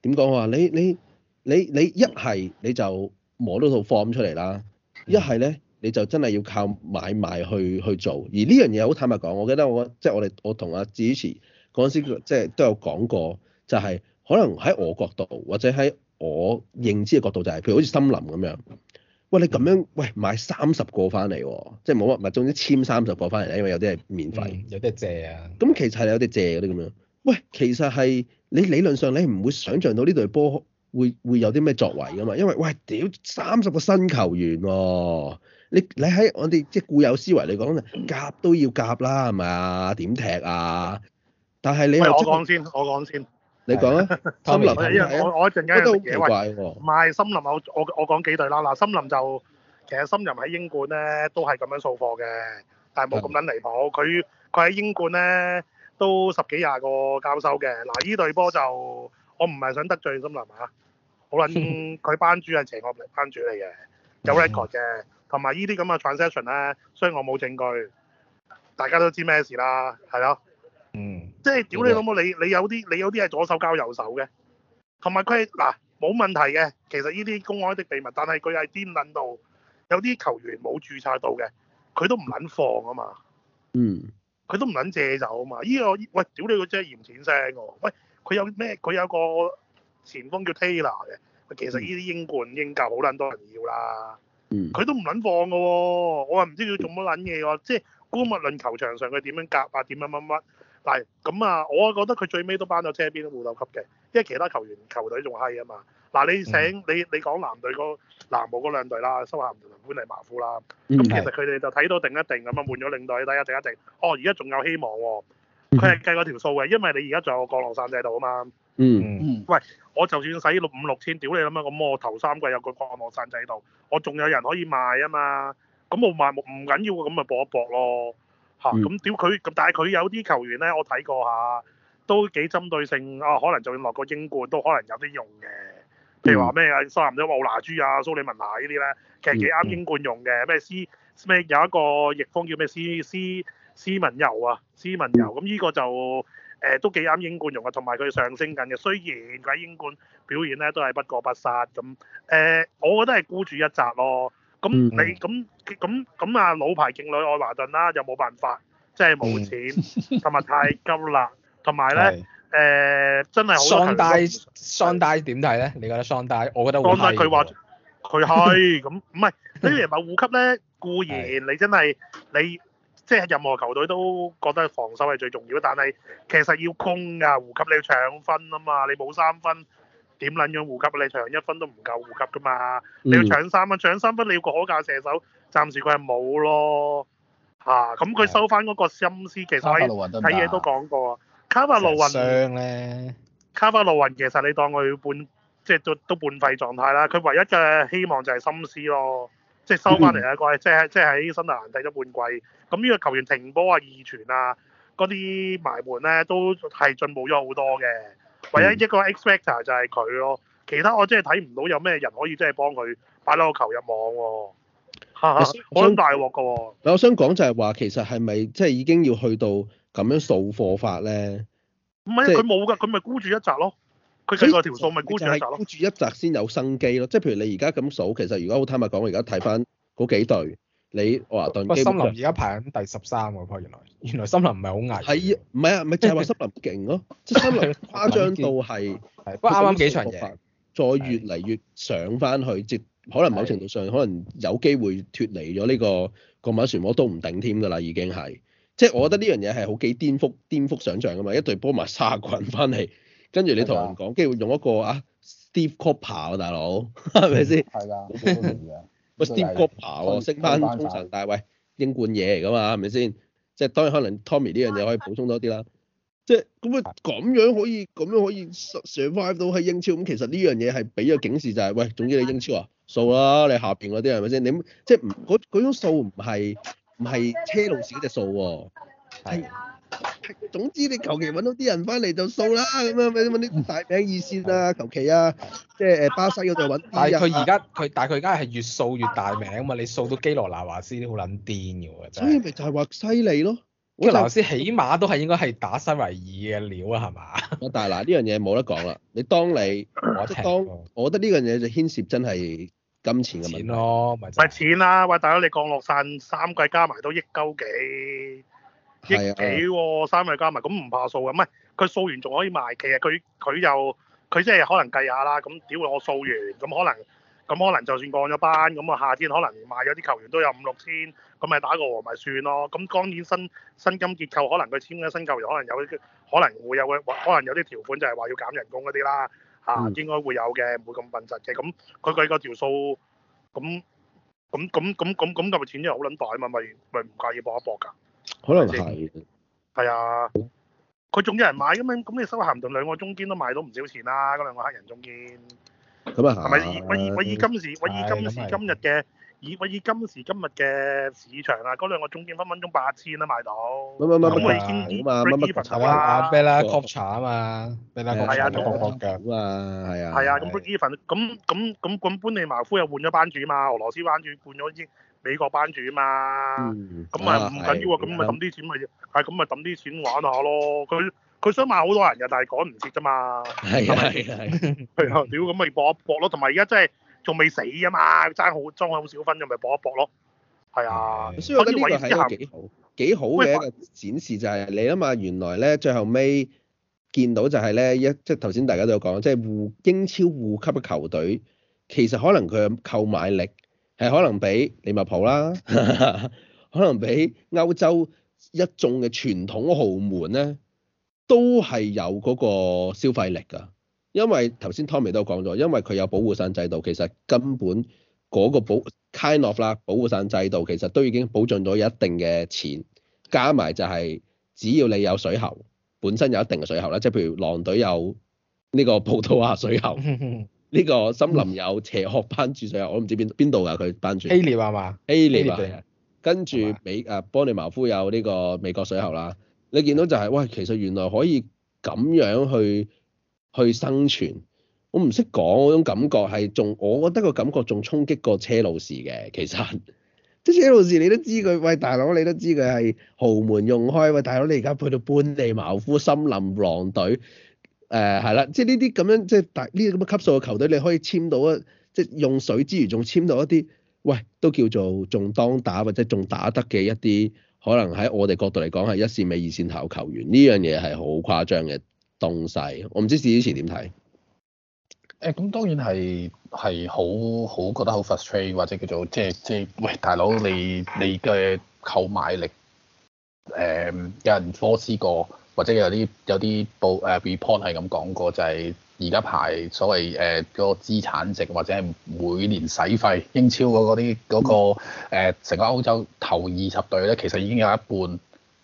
點講話？你你你你一係你，你，你就摸到套 form 出嚟啦，一係咧你就真係要靠買賣去去做。而呢樣嘢好坦白講，我記得我即係、就是、我哋我同阿、啊、志宇慈嗰陣時即係、就是、都有講過，就係、是、可能喺我角度或者喺我認知嘅角度就係、是，譬如好似森林咁樣，喂你咁樣，喂買三十個翻嚟喎，即係冇乜，唔係總之簽三十個翻嚟、啊，因為有啲係免費、嗯，有啲借啊。咁其實係有啲借嗰啲咁樣，喂，其實係你理論上你唔會想像到呢隊波會會有啲咩作為㗎嘛，因為喂屌三十個新球員喎、啊，你你喺我哋即係固有思維嚟講，夾都要夾啦，係咪啊？點踢啊？但係你又，我講先，我講先。你講啊，森 林，因為我我一陣間要食嘢，喂，唔係，森林，我我我講幾對啦。嗱，森林就其實森林喺英冠咧都係咁樣掃貨嘅，但係冇咁撚離譜。佢佢喺英冠咧都十幾廿個交收嘅。嗱，呢隊波就我唔係想得罪森林嚇、啊，好撚佢班主係邪惡力班主嚟嘅，有 record 嘅，同埋的呢啲咁嘅 transaction 咧，雖然我冇證據，大家都知咩事啦，係咯。即係屌、嗯、你老母！你有你有啲你有啲係左手交右手嘅，同埋佢係嗱冇問題嘅。其實呢啲公開的秘密，但係佢係癲撚到有啲球員冇註冊到嘅，佢都唔撚放啊嘛。嗯，佢都唔撚借走啊嘛。呢個喂屌你個真係嫌錢聲喎！喂，佢、嗯、有咩？佢有個前鋒叫 Taylor 嘅。其實呢啲英冠、英甲好撚多人要啦。佢、嗯、都唔撚放嘅喎、哦。我話唔知佢做乜撚嘢喎？即係姑勿論球場上佢點樣夾啊？點樣乜乜、啊？但係，咁啊，我覺得佢最尾都班咗車邊互鬥級嘅，因為其他球員球隊仲閪啊嘛。嗱、啊，你請你你講藍隊南部嗰兩隊啦，蘇亞文同般尼茅夫啦，咁、嗯嗯、其實佢哋就睇到定一定咁啊，換咗領隊，大家定一定。哦，而家仲有希望喎、哦，佢係計個條數嘅，因為你而家仲有個降落傘制度啊嘛。嗯，嗯喂，我就算使六五六千，屌你諗啊，咁我頭三季有個降落傘制度，我仲有人可以賣啊嘛，咁我賣唔緊要啊，咁咪搏一搏咯。嚇，咁屌佢咁，但係佢有啲球員咧，我睇過下，都幾針對性啊，可能就要落個英冠都可能有啲用嘅。譬如話咩啊，蘇亞門都話奧拿珠啊、蘇利文拿呢啲咧，其實幾啱英冠用嘅。咩斯咩有一個翼鋒叫咩斯斯斯文尤啊，斯文尤咁呢個就誒、呃、都幾啱英冠用嘅，同埋佢上升緊嘅。雖然佢喺英冠表現咧都係不過不失咁，誒、呃、我覺得係孤注一擲咯。咁你咁咁咁啊老牌勁旅愛華頓啦，又冇辦法，即係冇錢，同埋太急啦，同埋咧誒真係好難。桑戴桑戴點睇咧？你覺得桑戴？我覺得好差嘅喎。桑戴佢話佢去咁唔係呢啲人話護級咧，固然你真係你即係任何球隊都覺得防守係最重要，但係其實要控㗎護級你要搶分啊嘛，你冇三分。點撚樣護級，你長一分都唔夠護級噶嘛？你要搶三分，嗯、搶三分你要個可靠射手，暫時佢係冇咯嚇。咁、啊、佢收翻嗰個心思，其實喺睇嘢都講過啊。卡巴路雲咧，卡巴路雲其實你當佢半即係到到半廢狀態啦。佢唯一嘅希望就係心思咯，即係收翻嚟咧，個即係即係喺新特蘭第一半季。咁呢個球員停波啊、二傳啊嗰啲埋門咧、啊，都係進步咗好多嘅。唯一一個 expecter 就係佢咯，其他我真係睇唔到有咩人可以真係幫佢擺多個球入網喎想、啊，我想大鑊嘅喎。嗱，我想講就係話，其實係咪即係已經要去到咁樣掃貨法咧？唔係是，佢冇㗎，佢咪孤注一擲咯。佢整個條數咪孤注一擲咯。孤注一擲先有生機咯，即係譬如你而家咁數，其實如果好坦白講，我而家睇翻嗰幾隊。你華頓，不過森林而家排緊第十三喎，原來原來森林唔係好危。係唔係啊？唔係就係話森林勁咯，即森林誇張到係，不過啱啱幾場嘢，再越嚟越上翻去，即可能某程度上可能有機會脫離咗呢個降班漩渦，我都唔頂添㗎啦，已經係，即係我覺得呢樣嘢係好幾顛覆，顛覆想像㗎嘛，一隊波埋沙棍翻嚟，跟住你同人講，跟住用一個啊 Steve Cooper 喎，大佬係咪先？係㗎。喂，Steve Cooper 喎，升翻東神大，但係喂，英冠嘢嚟噶嘛，係咪先？即係當然可能 Tommy 呢樣嘢可以補充多啲啦。即係咁啊，咁樣可以，咁樣可以 survive 到喺英超，咁其實呢樣嘢係俾個警示就係、是，喂，總之你英超啊，數啦，你下邊嗰啲係咪先？你即係唔嗰嗰種數唔係唔係車路士嗰隻數喎、係，總之，你求其揾到啲人翻嚟就掃啦，咁樣咩？揾啲大名意先啦、啊。求其啊，即係誒巴西嗰度揾。但係佢而家佢，但係佢而家係越掃越大名啊嘛！你掃到基羅拿華斯你好撚癲嘅，真係。所以咪就係話犀利咯，因為拿華斯起碼都係應該係打西維爾嘅料啊，係嘛？ 但係嗱，呢樣嘢冇得講啦。你當你即係當，我覺得呢樣嘢就牽涉真係金錢嘅問題。錢咯，咪就錢啦！喂，大佬你降落曬三季，加埋都億鳩幾。億幾喎、哦，三位加埋，咁唔怕掃呀，唔係佢掃完仲可以賣。其實佢佢又佢即係可能計下啦，咁屌會我掃完，咁可能咁可能就算降咗班，咁啊夏天可能賣咗啲球員都有五六千，咁咪打個和咪算咯。咁當然，新薪金結構可能佢簽嘅新球員可能有可能會有嘅，可能有啲條款就係話要減人工嗰啲啦，嚇、嗯、應該會有嘅，唔會咁笨窒嘅。咁佢計個條數，咁咁咁咁咁咁咁嘅錢真係好撚大啊嘛，咪咪唔介意搏一搏㗎？可能係，係啊，佢仲有人買咁樣，咁你修咸頓兩個中堅都買到唔少錢啦。嗰兩個黑人中堅，咁啊，係咪？我以我以今時我以今時今日嘅以我以今時今日嘅市場啊，嗰兩個中堅分分鐘八千啦買到。咁我已乜啊咩啦？Cover 啊嘛，咩啦？係啊，學腳啊嘛，係啊、erm。咁 Break Even 咁咁咁咁般尼茅夫又換咗班主啊嘛、哎，俄羅斯班主換咗先。美國班主啊嘛，咁咪唔緊要啊，咁咪抌啲錢咪，係咁咪抌啲錢玩下咯。佢佢想買好多人嘅，但係趕唔切啫嘛。係係係。佢屌咁咪搏一搏咯，同埋而家真係仲未死啊嘛，爭好爭好少分嘅咪搏一搏咯。係啊，所以我覺得呢個係一個幾好幾好嘅一個展示，就係你諗嘛。原來咧最後尾見到就係咧一即係頭先大家都有講，即係護英超護級嘅球隊，其實可能佢嘅購買力。係可能比利物浦啦， 可能比歐洲一眾嘅傳統豪門咧，都係有嗰個消費力㗎。因為頭先 Tommy 都講咗，因為佢有保護傘制度，其實根本嗰個保 kind of 啦，保護傘制度其實都已經保障咗一定嘅錢，加埋就係只要你有水喉，本身有一定嘅水喉啦，即係譬如狼隊有呢個葡萄牙水喉。 呢個森林有邪學班主水喉，我唔知邊邊度㗎佢班主 a。Id, right? A 列啊、right? a 跟住美誒般尼茅夫有呢個美國水喉啦。你見到就係、是，喂，其實原來可以咁樣去去生存。我唔識講嗰種感覺係，仲我覺得個感覺仲衝擊過車路士嘅。其實即係 車路士，你都知佢，喂，大佬，你都知佢係豪門用開。喂，大佬，你而家去到般尼茅夫森林狼隊。誒係啦，即係呢啲咁樣，即係大呢啲咁嘅級數嘅球隊，你可以簽到一，即係用水之餘，仲簽到一啲，喂，都叫做仲當打或者仲打得嘅一啲，可能喺我哋角度嚟講係一線尾、二線頭球員，呢樣嘢係好誇張嘅東西。我唔知史以前點睇。誒、欸，咁、嗯、當然係係好好覺得好 frustrated 或者叫做即係即係，喂，大佬你你嘅購買力，誒、嗯，有人 force 過。或者有啲有啲報誒 report 係咁講過，就係而家排所謂誒個資產值或者係每年使費英超嗰啲嗰個成個歐洲頭二十隊咧，其實已經有一半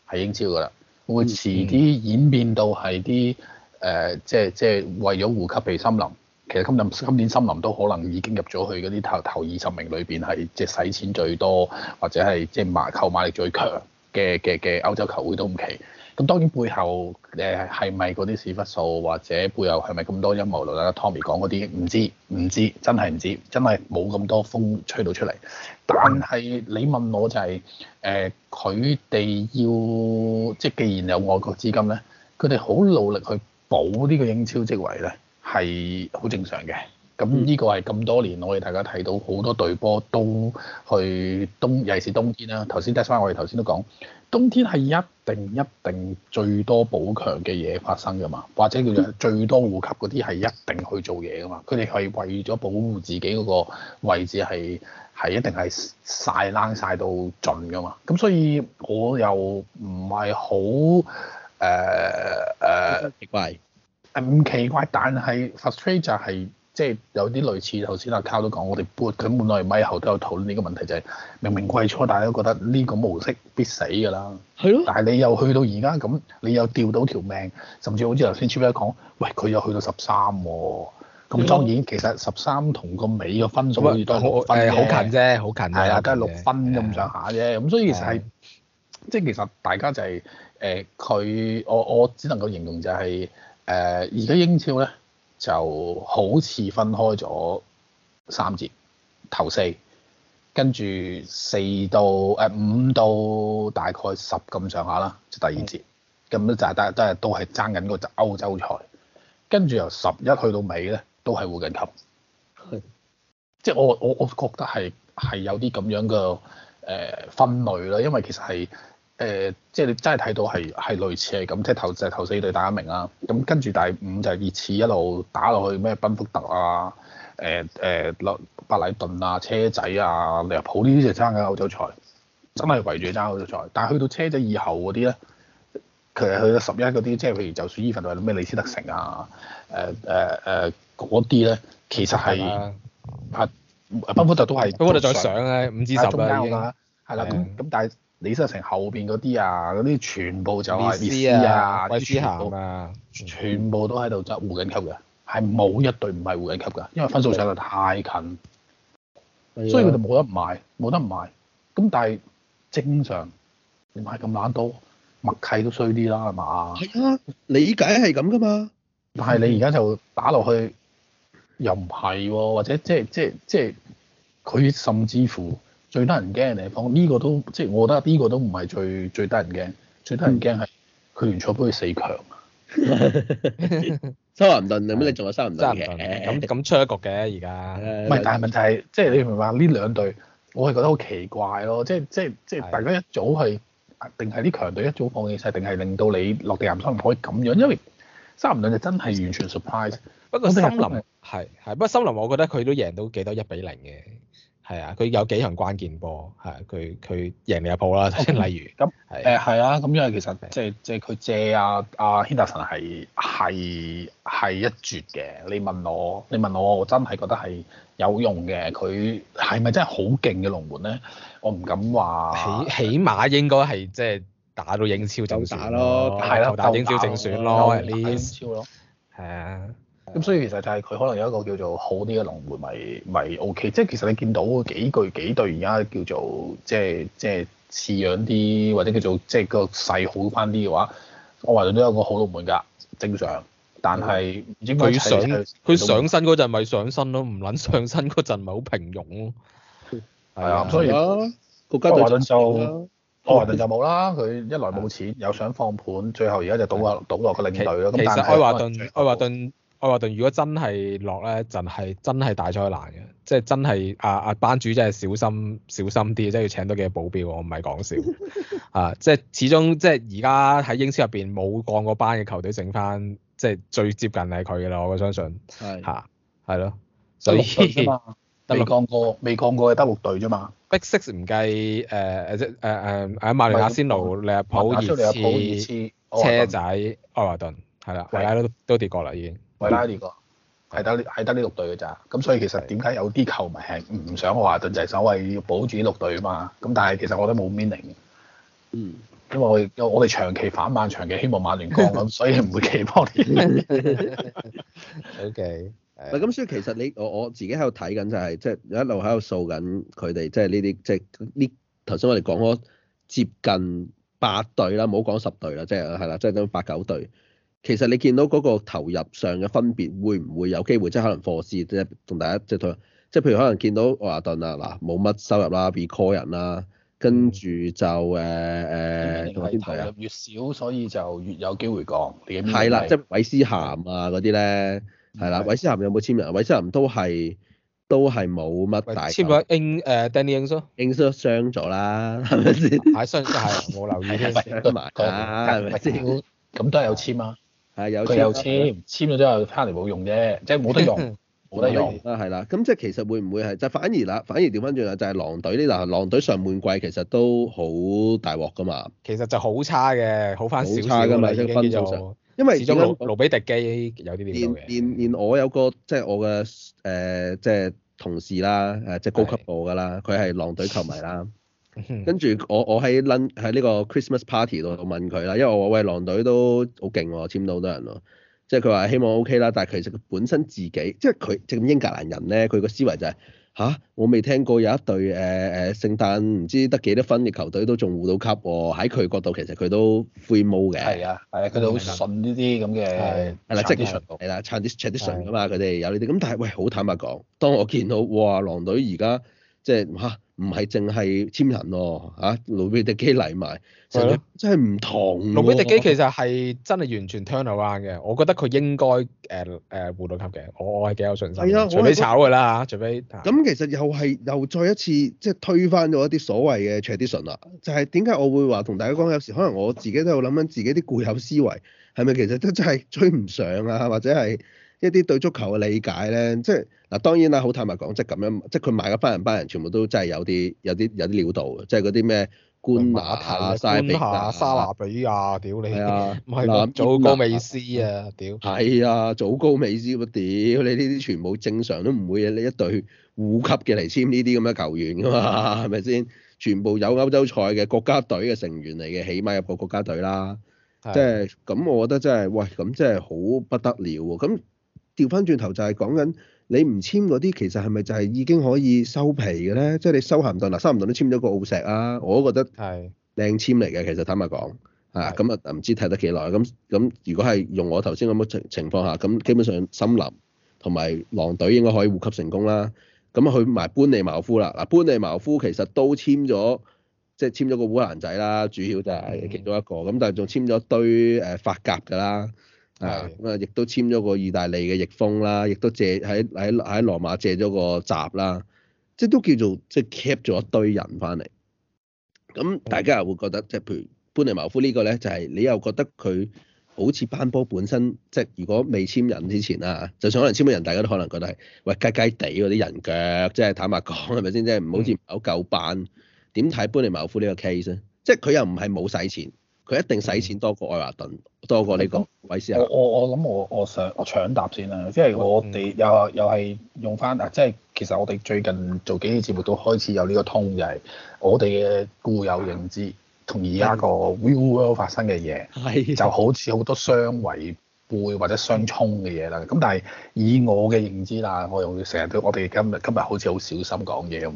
係英超㗎喇。會遲啲演變到係啲誒即係即係為咗護級被森林，其實今今年森林都可能已經入咗去嗰啲頭頭二十名裏邊，係即係使錢最多或者係即係買購買力最強嘅嘅嘅歐洲球會都唔奇。咁當然背後誒係咪嗰啲屎忽數或者背後係咪咁多陰謀論？嗱，Tommy 講嗰啲唔知唔知，真係唔知，真係冇咁多風吹到出嚟。但係你問我就係、是、誒，佢、呃、哋要即係既然有外國資金咧，佢哋好努力去保呢個英超職位咧，係好正常嘅。咁呢個係咁多年我哋大家睇到好多隊波都去冬，尤其是冬天啦。頭先 Devin，我哋頭先都講。冬天係一定一定最多補強嘅嘢發生噶嘛，或者叫做最多護級嗰啲係一定去做嘢噶嘛。佢哋係為咗保護自己嗰個位置，係係一定係晒冷晒到盡噶嘛。咁所以我又唔係好誒誒奇怪，誒、呃、唔、呃、奇怪，但係 frustrate 就係、是。即係有啲類似頭先阿卡都講，我哋撥佢本來咪後都有討論呢個問題，就係、是、明明季初大家都覺得呢個模式必死㗎啦，係咯的。但係你又去到而家咁，你又調到條命，甚至好似頭先 Cheaplad 講，喂，佢又去到十三喎。咁當然其實十三同個尾嘅分數都好誒，好的、欸、近啫，好近。係啊，都係六分咁上下啫。咁的所以其實係，的即係其實大家就係誒佢，我我只能夠形容就係、是、誒、呃、而家英超咧。就好似分開咗三節，頭四，跟住四到誒五到大概十咁上下啦，即第二節，咁、嗯、都就係得都係都係爭緊嗰個歐洲賽，跟住由十一去到尾咧，都係護緊級，是即我我我覺得係係有啲咁樣嘅誒、呃、分類啦，因為其實係。誒、呃就是，即係你真係睇到係係類似係咁，即係頭就頭四隊打一名啦。咁跟住第五就係熱刺一路打落去咩賓福特啊，誒誒落白禮頓啊、車仔啊、利物浦呢啲就爭緊歐洲賽，真係圍住爭歐洲賽。但係去到車仔以後嗰啲咧，佢係去到十一嗰啲，即係譬如就算依份度咩李斯特城啊、誒誒誒嗰啲咧，其實係係的、啊、賓福特都係賓福特再上咧，五至十啦已啦，咁、呃、咁、啊、但係、啊。李世成後邊嗰啲啊，嗰啲全部就係列斯啊，全部都喺度執護緊級嘅，係冇一隊唔係護緊級嘅，因為分數上嚟太近，的所以佢就冇得唔買，冇得唔買。咁但係正常，你買咁攬多，默契都衰啲啦，係嘛？係啊，理解係咁㗎嘛。但係你而家就打落去，又唔係喎，或者即係即係即係佢甚至乎。最得人驚嘅地方，呢個都即係我覺得呢個都唔係最最得人驚，最得人驚係佢聯賽杯嘅四強。修咸頓，你乜你仲有修咸頓嘅？咁咁出一局嘅而家。唔係，但係問題係即係你明白呢兩隊，我係覺得好奇怪咯，即係即係即係大家一早係定係啲強隊一早放棄晒，定係令到你落地岩修咸頓唔可以咁樣？因為修咸頓就真係完全 surprise，不過森林係係不過森林，我覺得佢都贏到幾多一比零嘅。係啊，佢有幾行關鍵波，係佢佢贏你一鋪啦。例如咁，誒係、okay. 嗯、啊，咁、嗯、因為其實即係即係佢借阿阿希達臣係係係一絕嘅。你問我，你問我，我真係覺得係有用嘅。佢係咪真係好勁嘅龍門咧？我唔敢話，起起碼應該係即係打到英超正選咯，係啦，打英超正選咯，呢英超咯，係啊、嗯。咁所以其實就係佢可能有一個叫做好啲嘅龍門，咪咪 O K。即係其實你見到幾句幾對而家叫做即係即係似樣啲，或者叫做即係個勢好翻啲嘅話，愛華頓都有個好龍門㗎，正常。但係唔應該上佢上身嗰陣咪上身咯，唔撚上身嗰陣咪好平庸咯、啊。係啊，所以國家隊就做，愛華、啊、頓就冇啦。佢、啊、一來冇錢，又的想放盤，最後而家就倒，的倒下倒落個領隊咯。其實但係愛華頓，愛華頓。愛華頓如果真係落咧，就係真係大災難嘅，即係真係啊啊班主真係小心小心啲，即係要請多幾個保鏢，我唔係講笑啊！即係始終即係而家喺英超入邊冇降過班嘅球隊，剩翻即係最接近係佢嘅啦，我相信吓係咯，所以未降過未降過嘅得六隊啫嘛，big six 唔計誒誒誒誒誒曼聯、阿仙奴、利物浦、車仔、愛華頓係啦，維拉都都跌過啦已經。係啦，呢、呢個係得呢係得呢六隊嘅咋，咁所以其實點解有啲球迷唔唔想華頓就係、係、所謂要保住呢六隊啊嘛，咁但係其實我覺得冇 meaning 嘅，嗯，因為我我哋長期反曼，長期希望曼聯降咁， 所以唔會期望你。O K，咁，所以其實你我我自己喺度睇緊就係即係一路喺度掃緊佢哋，即係呢啲即係呢頭先我哋講咗接近八隊啦，唔好講十隊啦，即係係啦，即係咁八九隊。其實你見到嗰個投入上嘅分別，會唔會有機會？即係可能貨市即係同大家即係睇，即係譬如可能見到愛華頓啊嗱，冇乜收入啦，be core 人啦，跟住就誒誒，投入越少，所以就越有機會降。係啦，即係韋斯咸啊嗰啲咧，係啦，韋斯咸有冇簽人？韋斯咸都係都係冇乜大。簽埋英 Danny Ings。Ings 傷咗啦，係咪先？係傷咗係，冇留意都埋啦，係咪先？咁都係有簽啊。.係有簽，簽咗之後翻嚟冇用啫，即係冇得用，冇得用啊，係啦。咁即係其實會唔會係就反而啦？反而調翻轉啦，就係狼隊呢，啦，狼隊上半季其實都好大鑊㗎嘛。其實就好差嘅，好翻少少。差㗎嘛，已因為始終盧比迪基有啲嘢嘅。連我有個即係我嘅誒，即係同事啦，誒即係高級部㗎啦，佢係狼隊球迷啦。跟住我我喺 lunch 喺呢個 Christmas party 度問佢啦，因為我話喂狼隊都好勁喎，簽到好多人喎，即係佢話希望 OK 啦，但係其實佢本身自己即係佢即係英格蘭人咧，佢個思維就係、是、吓，我未聽過有一隊誒誒、呃、聖誕唔知得幾多分嘅球隊都仲護到級喎，喺佢角度其實佢都灰毛嘅，係啊，係啊，佢哋好信呢啲咁嘅係啦，即係係啦 tradition 噶嘛，佢哋、啊、有呢啲咁，但係喂好坦白講，當我見到哇狼隊而家即係嚇。啊啊唔係淨係簽人喎，啊，嚇盧比迪基嚟埋，成日真係唔同。盧比迪基，的、啊、基其實係真係完全 turnaround 嘅，我覺得佢應該誒誒、呃呃、護級嘅，我我係幾有信心。係啊，那個、除非炒㗎啦，除非咁其實又係又再一次即係推翻咗一啲所謂嘅 tradition 啦。就係點解我會話同大家講，有時可能我自己都有諗緊自己啲固有思維係咪其實都真係追唔上啊，或者係？一啲對足球嘅理解咧，即係嗱，當然啦，好坦白講，即係咁樣，即係佢買嗰班人，班人全部都真係有啲有啲有啲料到即係嗰啲咩，官馬、塔、晒，比、沙拿比啊，屌你係啊，唔係祖高美斯啊，屌係啊，祖高美斯屌你呢啲全部正常都唔會你一隊護級嘅嚟籤呢啲咁嘅球員㗎嘛，係咪先？全部有歐洲賽嘅國家隊嘅成員嚟嘅，起碼有個國家隊啦，的即係咁，我覺得真係喂，咁真係好不得了喎，咁。調翻轉頭就係講緊你唔簽嗰啲，其實係咪就係已經可以收皮嘅咧？即、就、係、是、你收咸頓嗱，收咸頓都簽咗個澳石啦、啊。我都覺得係靚簽嚟嘅。其實坦白講，嚇咁是啊，唔、嗯、知睇得幾耐。咁、嗯、咁，如果係用我頭先咁嘅情情況下，咁、嗯嗯、基本上森林同埋狼隊應該可以護級成功啦。咁、嗯、啊，去埋般尼茅夫啦。嗱，般尼茅夫其實都簽咗，即係簽咗個烏蘭仔啦，主要就係其中一個。咁、嗯、但係仲簽咗堆誒法甲嘅啦。啊！咁啊，亦都簽咗個意大利嘅逆風啦，亦都借喺喺喺羅馬借咗個閘啦，即係都叫做即係 keep 咗一堆人翻嚟。咁大家又會覺得，即係譬如般尼茅夫個呢個咧，就係、是、你又覺得佢好似班波本身，即係如果未簽人之前啊，就算可能簽咗人，大家都可能覺得係喂雞雞地嗰啲人腳，即、就、係、是、坦白講係咪先啫？唔、嗯、好似唔夠夠班，點睇般尼茅夫呢個 case 咧？即係佢又唔係冇使錢。佢一定使錢多過愛華頓，多過你個韋斯啊！我我我諗我我搶我搶答先啦，即係我哋又又係用翻啊！即係其實我哋最近做幾期節目都開始有呢個通，就係我哋嘅固有認知同而家個 real world 發生嘅嘢，的就好似好多雙維。 會或者相沖嘅嘢啦，咁但係以我嘅認知啦，我又成日都我哋今日今日好似好小心講嘢咁。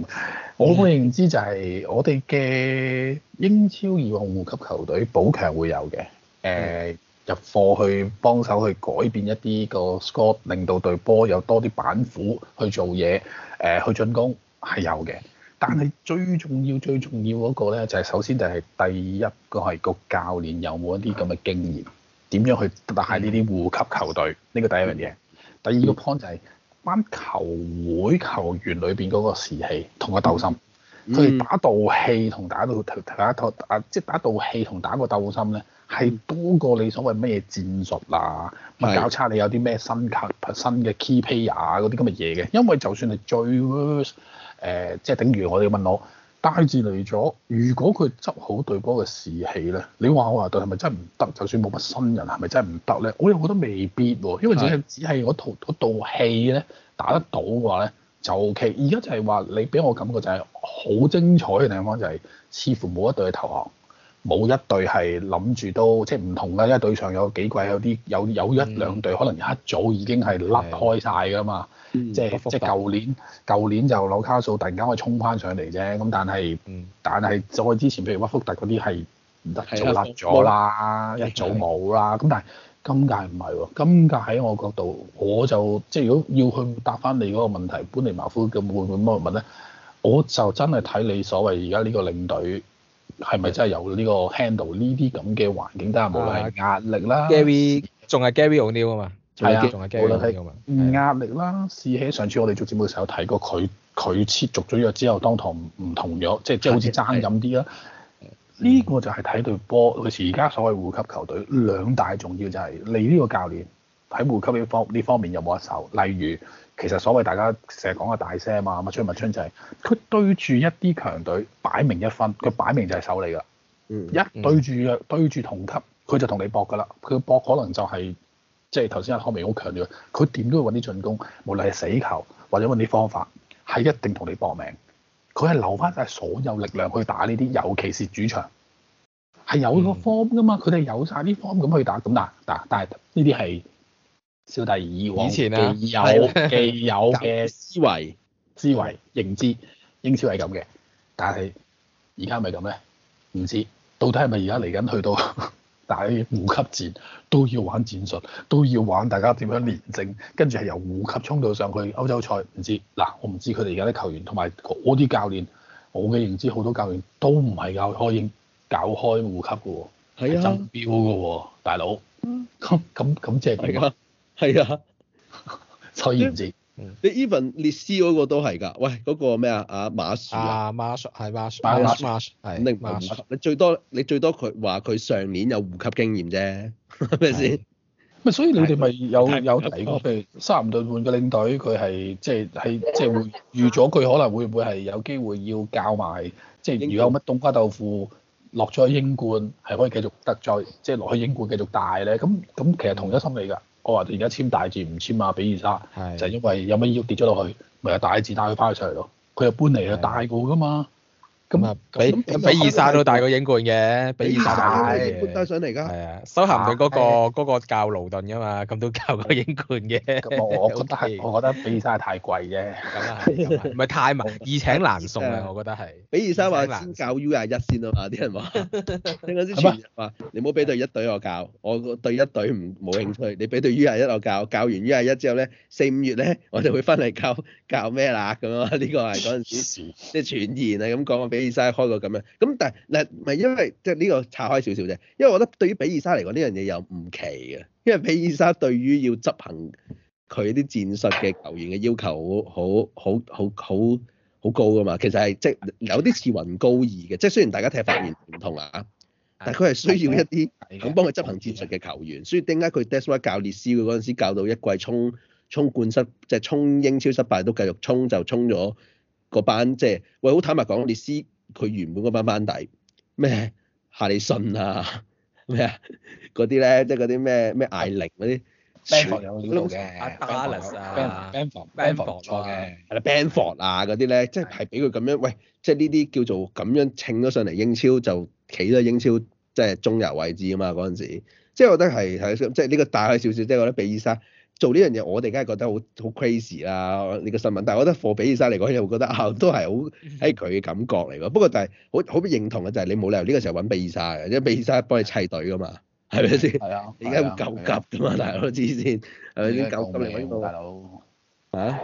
我嘅認知就係我哋嘅英超以往護級球隊補強會有嘅，誒、呃、入貨去幫手去改變一啲個 score，令到隊波有多啲板斧去做嘢，誒、呃、去進攻係有嘅。但係最重要最重要嗰個咧，就係、是、首先就係第一個係個教練有冇一啲咁嘅經驗。點樣去帶呢啲護級球隊？呢、這個第一樣嘢。第二個 point 就係、是、班球會球員裏邊嗰個士氣同個鬥心。佢哋、嗯、打鬥氣同打到打打打，即係打鬥氣同打個鬥心咧，係多過你所謂咩戰術啊，咪搞差你有啲咩新級新嘅 key player 嗰啲咁嘅嘢嘅。因為就算係最 worst，誒、呃，即係等於我哋問我。拉字嚟咗，如果佢執好隊波嘅士氣咧，你話我話，隊係咪真係唔得？就算冇乜新人，係咪真係唔得咧？我又覺得未必喎、啊，因為只係只係嗰套嗰戲咧，打得到嘅話咧就 O K。而家就係話你俾我感覺就係好精彩嘅地方就係、是，似乎冇一隊投降。冇一隊係諗住都，即係唔同啦。因為對上有幾季有啲有有一兩隊可能一早已經係甩開晒噶嘛，即係即係舊年舊年就攞卡素突然間可以衝翻上嚟啫。咁但係但係再之前，譬如屈福特嗰啲係唔得早甩咗啦，一早冇啦。咁但係今屆唔係喎，今屆喺我角度，我就即係如果要去答翻你嗰個問題，本尼馬夫咁會唔會乜乜咧？我就真係睇你所謂而家呢個領隊。係咪真係有呢個 handle 呢啲咁嘅環境？但係無論壓力啦，Gary 仲係 Gary O'Neill 啊嘛，係啊，仲係 Gary O'Neill 嘛，唔壓力啦，Gary, ill, 啊、試起上次我哋做節目嘅時候睇過佢，佢簽、啊、續咗約之後當堂唔同咗，即係即係好似爭咁啲啦。呢、啊啊嗯、個就係睇對波，類似而家所謂護級球隊兩大重要就係你呢個教練。喺護級呢方呢方面有冇一手？例如，其實所謂大家成日講嘅大聲啊嘛，乜春物春就係、是、佢對住一啲強隊擺明一分，佢擺明就係守你啦。嗯，一對住對住同級，佢就同你搏㗎啦。佢搏可能就係、是、即係頭先阿康明好強調，佢點都要揾啲進攻，無論係死球或者揾啲方法，係一定同你搏命。佢係留翻晒所有力量去打呢啲，尤其是主場係有個 form 㗎嘛，佢哋、嗯、有晒啲 form 咁去打咁打打，但係呢啲係。少大而以前，啊、既有既有嘅思維、 思維認知英超係咁嘅，但係而家係咪咁咧？唔知到底係咪而家嚟緊去到打護 級戰都要玩戰術，都要玩大家點樣連勝，跟住係由護級衝到上去歐洲賽，唔知嗱，我唔知佢哋而家啲球員同埋我啲教練，我嘅認知好多教練都唔係教開英教開護級嘅，係爭標嘅喎，大佬咁咁咁即係點啊？大 係啊，睇唔知你 even 列斯嗰個都係㗎。喂，嗰個咩啊？啊馬術啊馬術係馬術馬馬術係馬術，你最多你最多佢話佢上年有護級經驗啫，係咪先？咪所以你哋咪有有提過？譬如三連冠嘅領隊，佢係即係係即係預預咗佢可能會唔會係有機會要教埋即係如果有乜冬瓜豆腐落咗去英冠，係可以繼續得再即係落去英冠繼續帶咧？咁咁其實同一心理㗎。我話：而家簽大字唔簽啊，俾二三，是的 就係因為有乜要跌咗落去，咪又大字帶佢翻去出嚟咯。佢又搬嚟又大個㗎嘛。咁啊，比比二三都大過英冠嘅，比二三大。半帶上嚟噶。係啊，修咸頓嗰個教勞頓噶嘛，咁都教過英冠嘅。我我覺得係，我覺得比二三係太貴啫，咁啊，唔係太埋，易請難送啊，我覺得係。比二三話先教 U 廿一先啊嘛，啲人話。聽講你唔好俾對一隊我教，我對一隊唔冇興趣，你俾對 U 廿一我教，教完 U 廿一之後咧，四五月咧我就會翻嚟教教咩啦。咁啊，呢個係嗰陣時即傳言啊咁講啊。比爾沙開個咁樣，咁但係嗱，唔係因為即係呢個拆開少少啫。因為我覺得對於比爾沙嚟講，呢樣嘢又唔奇嘅，因為比爾沙對於要執行佢啲戰術嘅球員嘅要求好、好、好、好、好、好高㗎嘛。其實係即係有啲似雲高爾嘅，即係雖然大家睇踢法唔同啊，但係佢係需要一啲咁幫佢執行戰術嘅球員。所以點解佢 d e s c 教列斯嗰陣時，教到一季衝衝冠失，即係衝英超失敗都繼續衝就衝咗，個班即係、就是、喂，好坦白講，列斯佢原本嗰班班底，咩夏利信啊，咩啊嗰啲咧，即係嗰啲咩咩艾力嗰啲，錯嘅。阿 Dallas 啊，Bamford，Bamford，錯嘅，係啦，Bamford 啊嗰啲咧，即係俾佢咁樣喂，即係呢啲叫做咁樣稱咗上嚟英超就企咗英超即係、就是、中游位置啊嘛嗰陣時，即係我覺得係係即係呢個大嘅少少，即、就、係、是、我覺得俾醫生。做呢樣嘢，我哋梗係覺得好好 crazy 啦！呢個新聞，但係我覺得貨比爾沙嚟講，又覺得啊，都係好喺佢嘅感覺嚟㗎。不過但係好好認同嘅就係你冇理由呢個時候揾比爾沙嘅，因為比爾沙幫你砌隊㗎嘛，係咪先？係啊！你而家會救急㗎嘛？大佬知先係咪先？救急大佬嚇，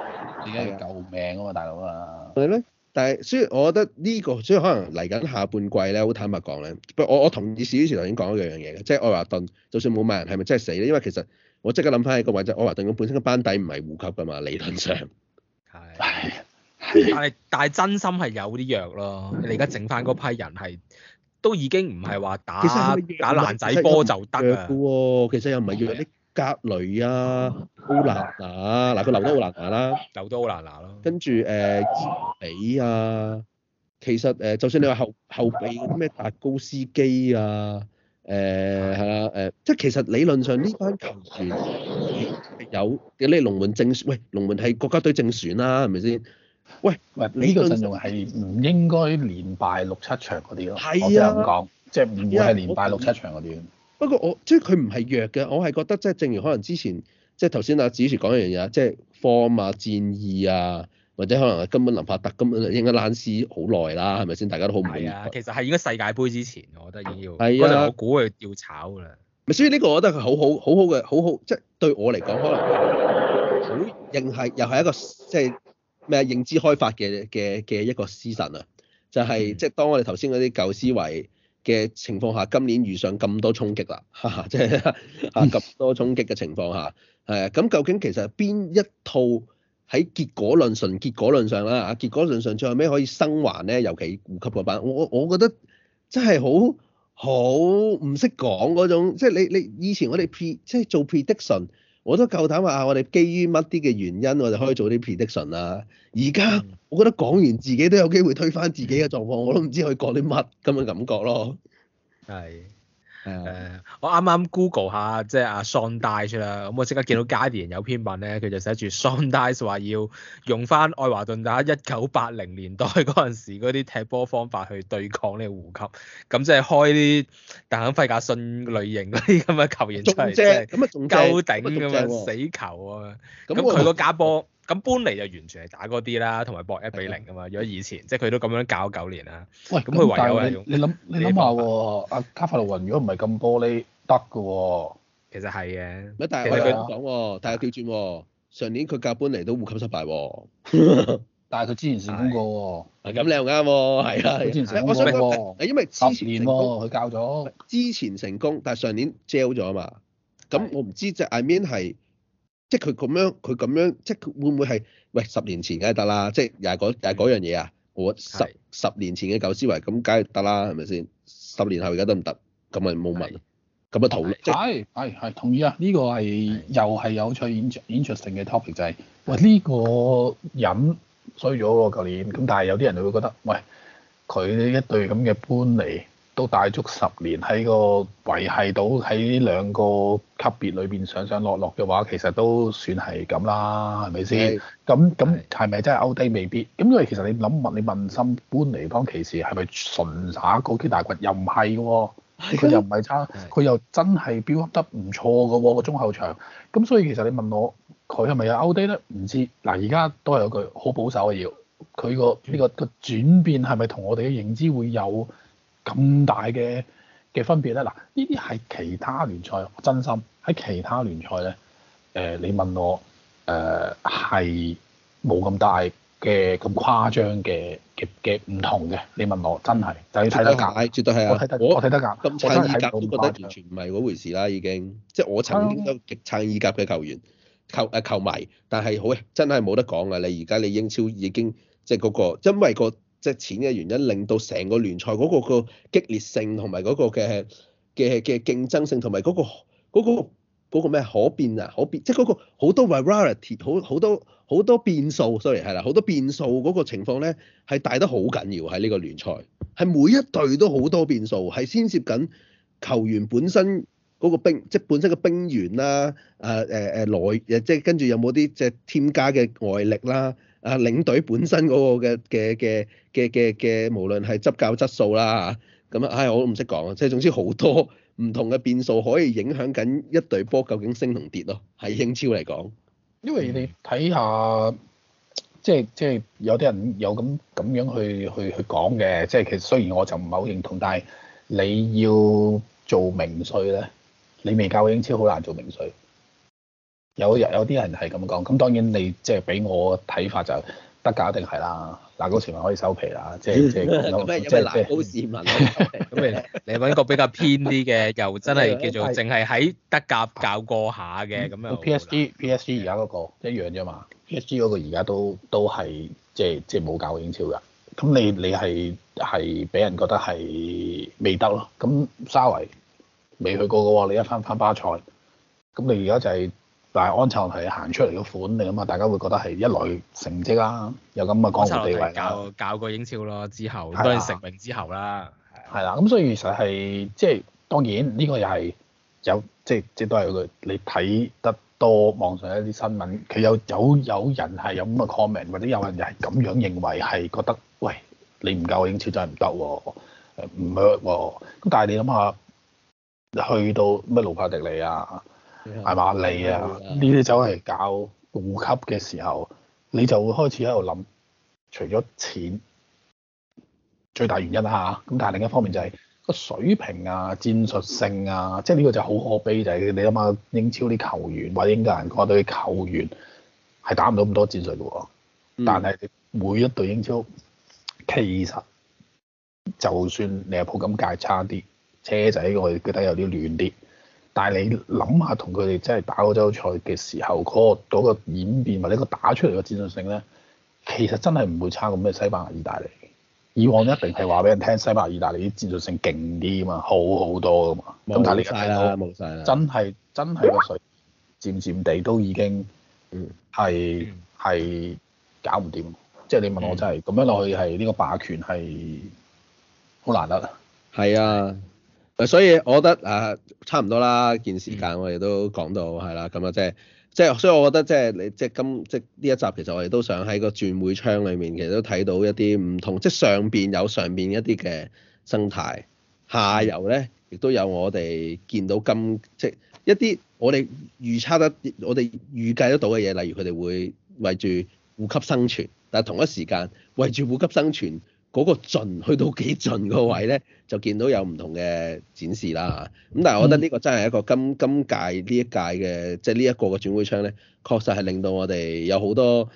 而家要救命啊嘛，大佬啊！係咯，但係雖然我覺得呢個，所以可能嚟緊下，下半季咧，好坦白講咧，不過我我同意史 Sir 頭先講一樣嘢嘅，即係愛華頓，就算冇買人，係咪真係死咧？因為其實。我即刻諗翻喺個位置。愛華頓佢本身個班底唔係護級噶嘛，理論上。係是。係。但係但係真心係有啲弱咯，你而家剩翻嗰批人係都已經唔係話打打爛仔波就得㗎喎。其實又唔係要啲格雷啊、奧蘭啊，嗱佢留得好難打啦，留得好難拿咯。跟住誒比啊，其實誒就算你話後後備咩達高斯基啊。誒係啦，誒即係其實理論上呢班球員有嘅咧，龍門正選，喂，龍門係國家隊正選啦，係咪先？喂，喂，呢個陣容係唔應該連敗六七場嗰啲咯，些我即係咁講，即係唔會係連敗六七場嗰啲。不過我即係佢唔係弱嘅，我係覺得即係正如可能之前，即係頭先阿子樹講一樣嘢，即係 form 啊戰意啊。或者可能根本林柏特根本應該攬屎好耐啦，係咪先？大家都好唔滿。係啊，其實係應該世界盃之前，我覺得已經要嗰陣、啊、我估佢要炒㗎啦。所以呢個我覺得佢好，好好好好嘅好好，即係對我嚟講可能好認係又係一個即係咩認知開發嘅嘅嘅一個思神啊，就係、是嗯、即係當我哋頭先嗰啲舊思維嘅情況下，今年遇上咁多衝擊啦，即係啊咁多衝擊嘅情況下，係、哎、咁究竟其實邊一套？喺結果論、純結果論上啦，啊，結果論上最後尾可以生還咧，尤其護級嗰班，我我覺得真係好，好唔識講嗰種，即係你你以前我哋 p 即係做 prediction，我都夠膽話，我哋基於乜啲嘅原因，我哋可以做啲 prediction 啦、啊。而家我覺得講完自己都有機會推翻自己嘅狀況，我都唔知可以講啲乜，咁嘅感覺咯。係。誒，uh, 嗯、我啱啱 Google 下，即、就、係、是、阿 Sonday 出啦，咁我即刻見到 Guardian 有篇文咧，佢就寫住 Sonday 話要用翻愛華頓打一九八零年代嗰陣時嗰啲踢波方法去對抗呢個護級，咁即係開啲鄧肯費格遜類型嗰啲咁嘅球員出嚟，即係正夠頂咁喎，啊、死球啊！咁佢、啊、個假波。咁搬嚟就完全係打嗰啲啦，同埋搏一比零㗎嘛。如果以前，即係佢都咁樣搞九年啦。喂，咁但係你你諗你諗下喎，阿卡法路雲如果唔係咁玻璃得嘅喎，其實係嘅。但係佢記講喎，但係調轉喎，上年佢教搬嚟都護級失敗喎。但係佢之前成功過喎。係咁你又啱喎，係啦。我想講係因為之前佢教咗之前成功，但係上年 fail 咗啊嘛。咁我唔知就係 I mean 係。即係佢咁樣，佢咁樣，即係會唔會係喂？十年前梗係得啦，即係又係嗰樣嘢啊！我十是的 十年前嘅舊思維咁梗係得啦，係咪先？是的 十年後而家得唔得？咁咪冇問，咁咪同意。係係同意啊！呢、這個係又係有趣演場演場性嘅 topic 就係、是、是的 喂，呢、這個飲衰咗喎，舊年咁，但係有啲人就會覺得喂佢呢一對咁嘅搬嚟。都大足十年喺個維繫到喺呢兩個級別裏邊上上落落嘅話，其實都算係咁啦，係咪先？咁咁係咪真係歐低未必？咁因為其實你諗問你問心搬尼方騎士係咪純耍高級大棍？又唔係嘅喎，佢的又唔係差，佢的又真係表現得唔錯嘅喎個中後場。咁所以其實你問我佢係咪有歐低咧？唔知嗱，而家都係有句好保守嘅要佢、呢個呢、呢個、呢個呢個呢個轉變係咪同我哋嘅認知會有？咁大嘅嘅分別咧，嗱呢啲係其他聯賽，真心喺其他聯賽咧，誒你問我誒係冇咁大嘅咁誇張嘅嘅嘅唔同嘅，你問我真係就你睇得㗎，絕對係我睇得我睇得㗎，咁撐意甲都覺得完全唔係嗰回事啦，已經即係我曾經都極撐意甲嘅球員、球誒球迷，但係好真係冇得講啊！你而家你英超已經即係、嗰、嗰個，因為、嗰個。即係錢嘅原因，令到成個聯賽嗰個激烈性，同埋嗰個嘅嘅嘅競爭性，同埋嗰個嗰個嗰個咩可變啊？可變即係嗰個好多 variety，好好多好多變數。sorry 係啦，好多變數嗰個情況咧係大得好緊要喺呢個聯賽，係每一隊都好多變數，係先涉緊球員本身嗰個兵，即係本身嘅兵源啦，誒誒誒內，即係跟住有冇啲即係添加嘅外力啦。啊！領隊本身嗰個嘅嘅嘅嘅嘅嘅，無論係執教質素啦，咁啊，唉、哎，我都唔識講啊。即係總之好多唔同嘅變數可以影響緊一隊波究竟升同跌咯，啊。喺英超嚟講，因為你睇下，即係即係有啲人有咁咁樣，樣去去去講嘅，即、就、係、是、其實雖然我就唔係好認同，但係你要做名帥咧，你未教英超，好難做名帥。有有啲人係咁講，咁當然你即係俾我睇法就德甲一定係啦。嗱，嗰時咪可以收皮啦，即係即係即係即係咁你你揾個比較偏啲嘅，又真係叫做淨係喺德甲教過下嘅，咁、嗯、樣 P S PS G P、嗰個、S G 而家個個一樣啫嘛。P S G 嗰個而家都都係即係即係冇教英超㗎。咁你你係係俾人覺得係未得咯？咁沙維未去過嘅喎，你一翻翻巴塞，咁你而家就係、是。但係安切洛蒂行出嚟嘅款嚟啊嘛，大家會覺得係一來成績啦、啊，有咁嘅江湖地位搞、啊、搞過英超咯，之後都係成名之後啦。係啦的，咁所以其實係即係當然呢個又係有即係即係都係佢，你睇得多網上一啲新聞，佢有有有人係有咁嘅 comment，或者有人又係咁樣認為係覺得喂你唔夠英超真係唔得喎，唔弱喎，咁但係你諗下去到咩盧帕迪尼啊？係嘛？你啊，呢啲就係搞護級嘅時候，你就會開始喺度諗，除咗錢最大原因啦、啊、咁但係另一方面就係、是、個水平啊、戰術性啊，即係呢個就好可悲，就係、是、你諗下英超啲球員或者英格蘭國家隊球員係打唔到咁多戰術嘅喎、啊。但係每一隊英超其實就算你話普金界差啲車仔，我覺得有啲亂啲。但係你諗下，同佢哋真係打歐洲賽嘅時候，嗰、嗰個演變或者個打出嚟嘅戰術性咧，其實真係唔會差咁咩西班牙、意大利。以往一定係話俾人聽西班牙、意大利啲戰術性勁啲啊嘛，好好多啊嘛。冇曬啦，冇曬啦！真係真係個水漸漸地都已經係係、嗯、搞唔掂。即係、嗯、你問我真係咁、嗯、樣落去係呢個霸權係好難得啦。係、嗯、啊。所以我覺得啊，差唔多啦，見時間我哋都講到係啦，咁啊即係，即係、即係、所以我覺得即係你即係今即係呢一集其實我哋都想喺個轉會窗裏面，其實都睇到一啲唔同，即係上邊有上邊一啲嘅生態，下游咧亦都有我哋見到咁即係一啲我哋預測得、我哋預計得到嘅嘢，例如佢哋會為住呼吸生存，但係同一時間為住呼吸生存。嗰個盡去到幾盡個位咧，就見到有唔同嘅展示啦。咁但係我覺得呢個真係一個今今屆呢一屆嘅，即係呢一個嘅轉會窗咧，確實係令到我哋有好多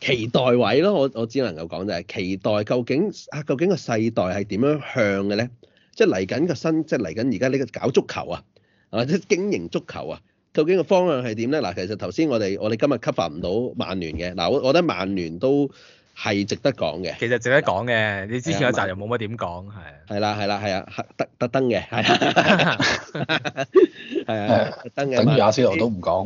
期待位咯。我我只能夠講就係期待究竟啊，究竟，究竟個世代係點樣向嘅咧？即係嚟緊個新，即係嚟緊而家呢個搞足球啊，或者經營足球啊，究竟個方向係點咧？嗱，其實頭先我哋我哋今日 cover 唔到曼聯嘅。嗱，我我覺得曼聯都，係值得講嘅，其實值得講嘅，你之前嗰集又冇乜點講，係啊，係啦係啦係啊，特特登嘅係啊，啊，特登嘅，等住阿仙奴我都唔講，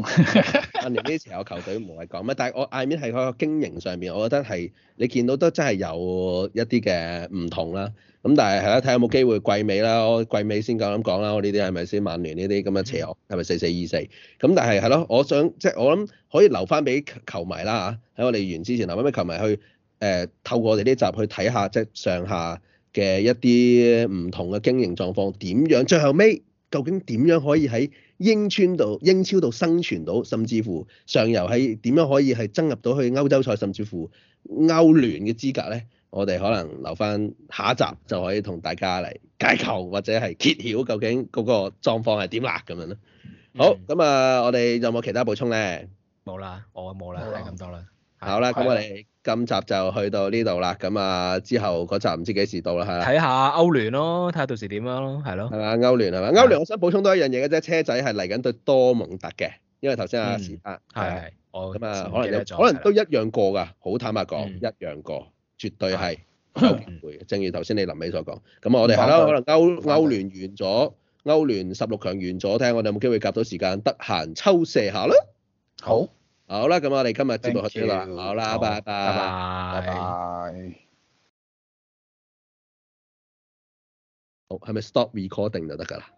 曼聯呢啲邪惡球隊唔係講咩，但係我艾面係個經營上面，我覺得係你見到都真係有一啲嘅唔同啦，咁但係係咯，睇下有冇機會季尾啦，季尾先夠膽講啦，我呢啲係咪先？曼聯呢啲咁嘅邪惡係咪四四二四？咁但係係咯，我想即係我諗可以留翻俾球迷啦嚇，喺我嚟完之前留翻俾球迷去。誒，透過我哋呢集去睇下即上下嘅一啲唔同嘅經營狀況點樣，最後尾究竟點樣可以喺英村度英超度生存到，甚至乎上游係點樣可以係增入到去歐洲賽，甚至乎歐聯嘅資格咧？我哋可能留翻下，下一集就可以同大家嚟解構或者係揭曉究竟嗰個狀況係點啦。咁樣咯，好咁啊！嗯、我哋有冇其他補充咧？冇啦，我冇啦，係咁多啦。好啦，咁我哋。今集就去到呢度啦，咁啊之後嗰集唔知幾時到啦，係啦。睇下歐聯咯，睇下到時點樣咯，係咯。係啊，歐聯係嘛？歐聯我想補充多一樣嘢嘅啫，車仔係嚟緊對多蒙特嘅，因為頭先啊時啊係，咁啊可能有，可能都一樣過㗎，好坦白講，一樣過，絕對係會。正如頭先你臨尾所講，咁啊我哋係咯，可能歐歐聯完咗，歐聯十六強完咗，睇下我哋有冇機會夾到時間，得閒抽射下啦。好。好啦，咁我哋今日節目結束啦。Thank you. 好啦了，拜拜，拜拜，拜拜。好，係咪 stop recording 就得㗎啦？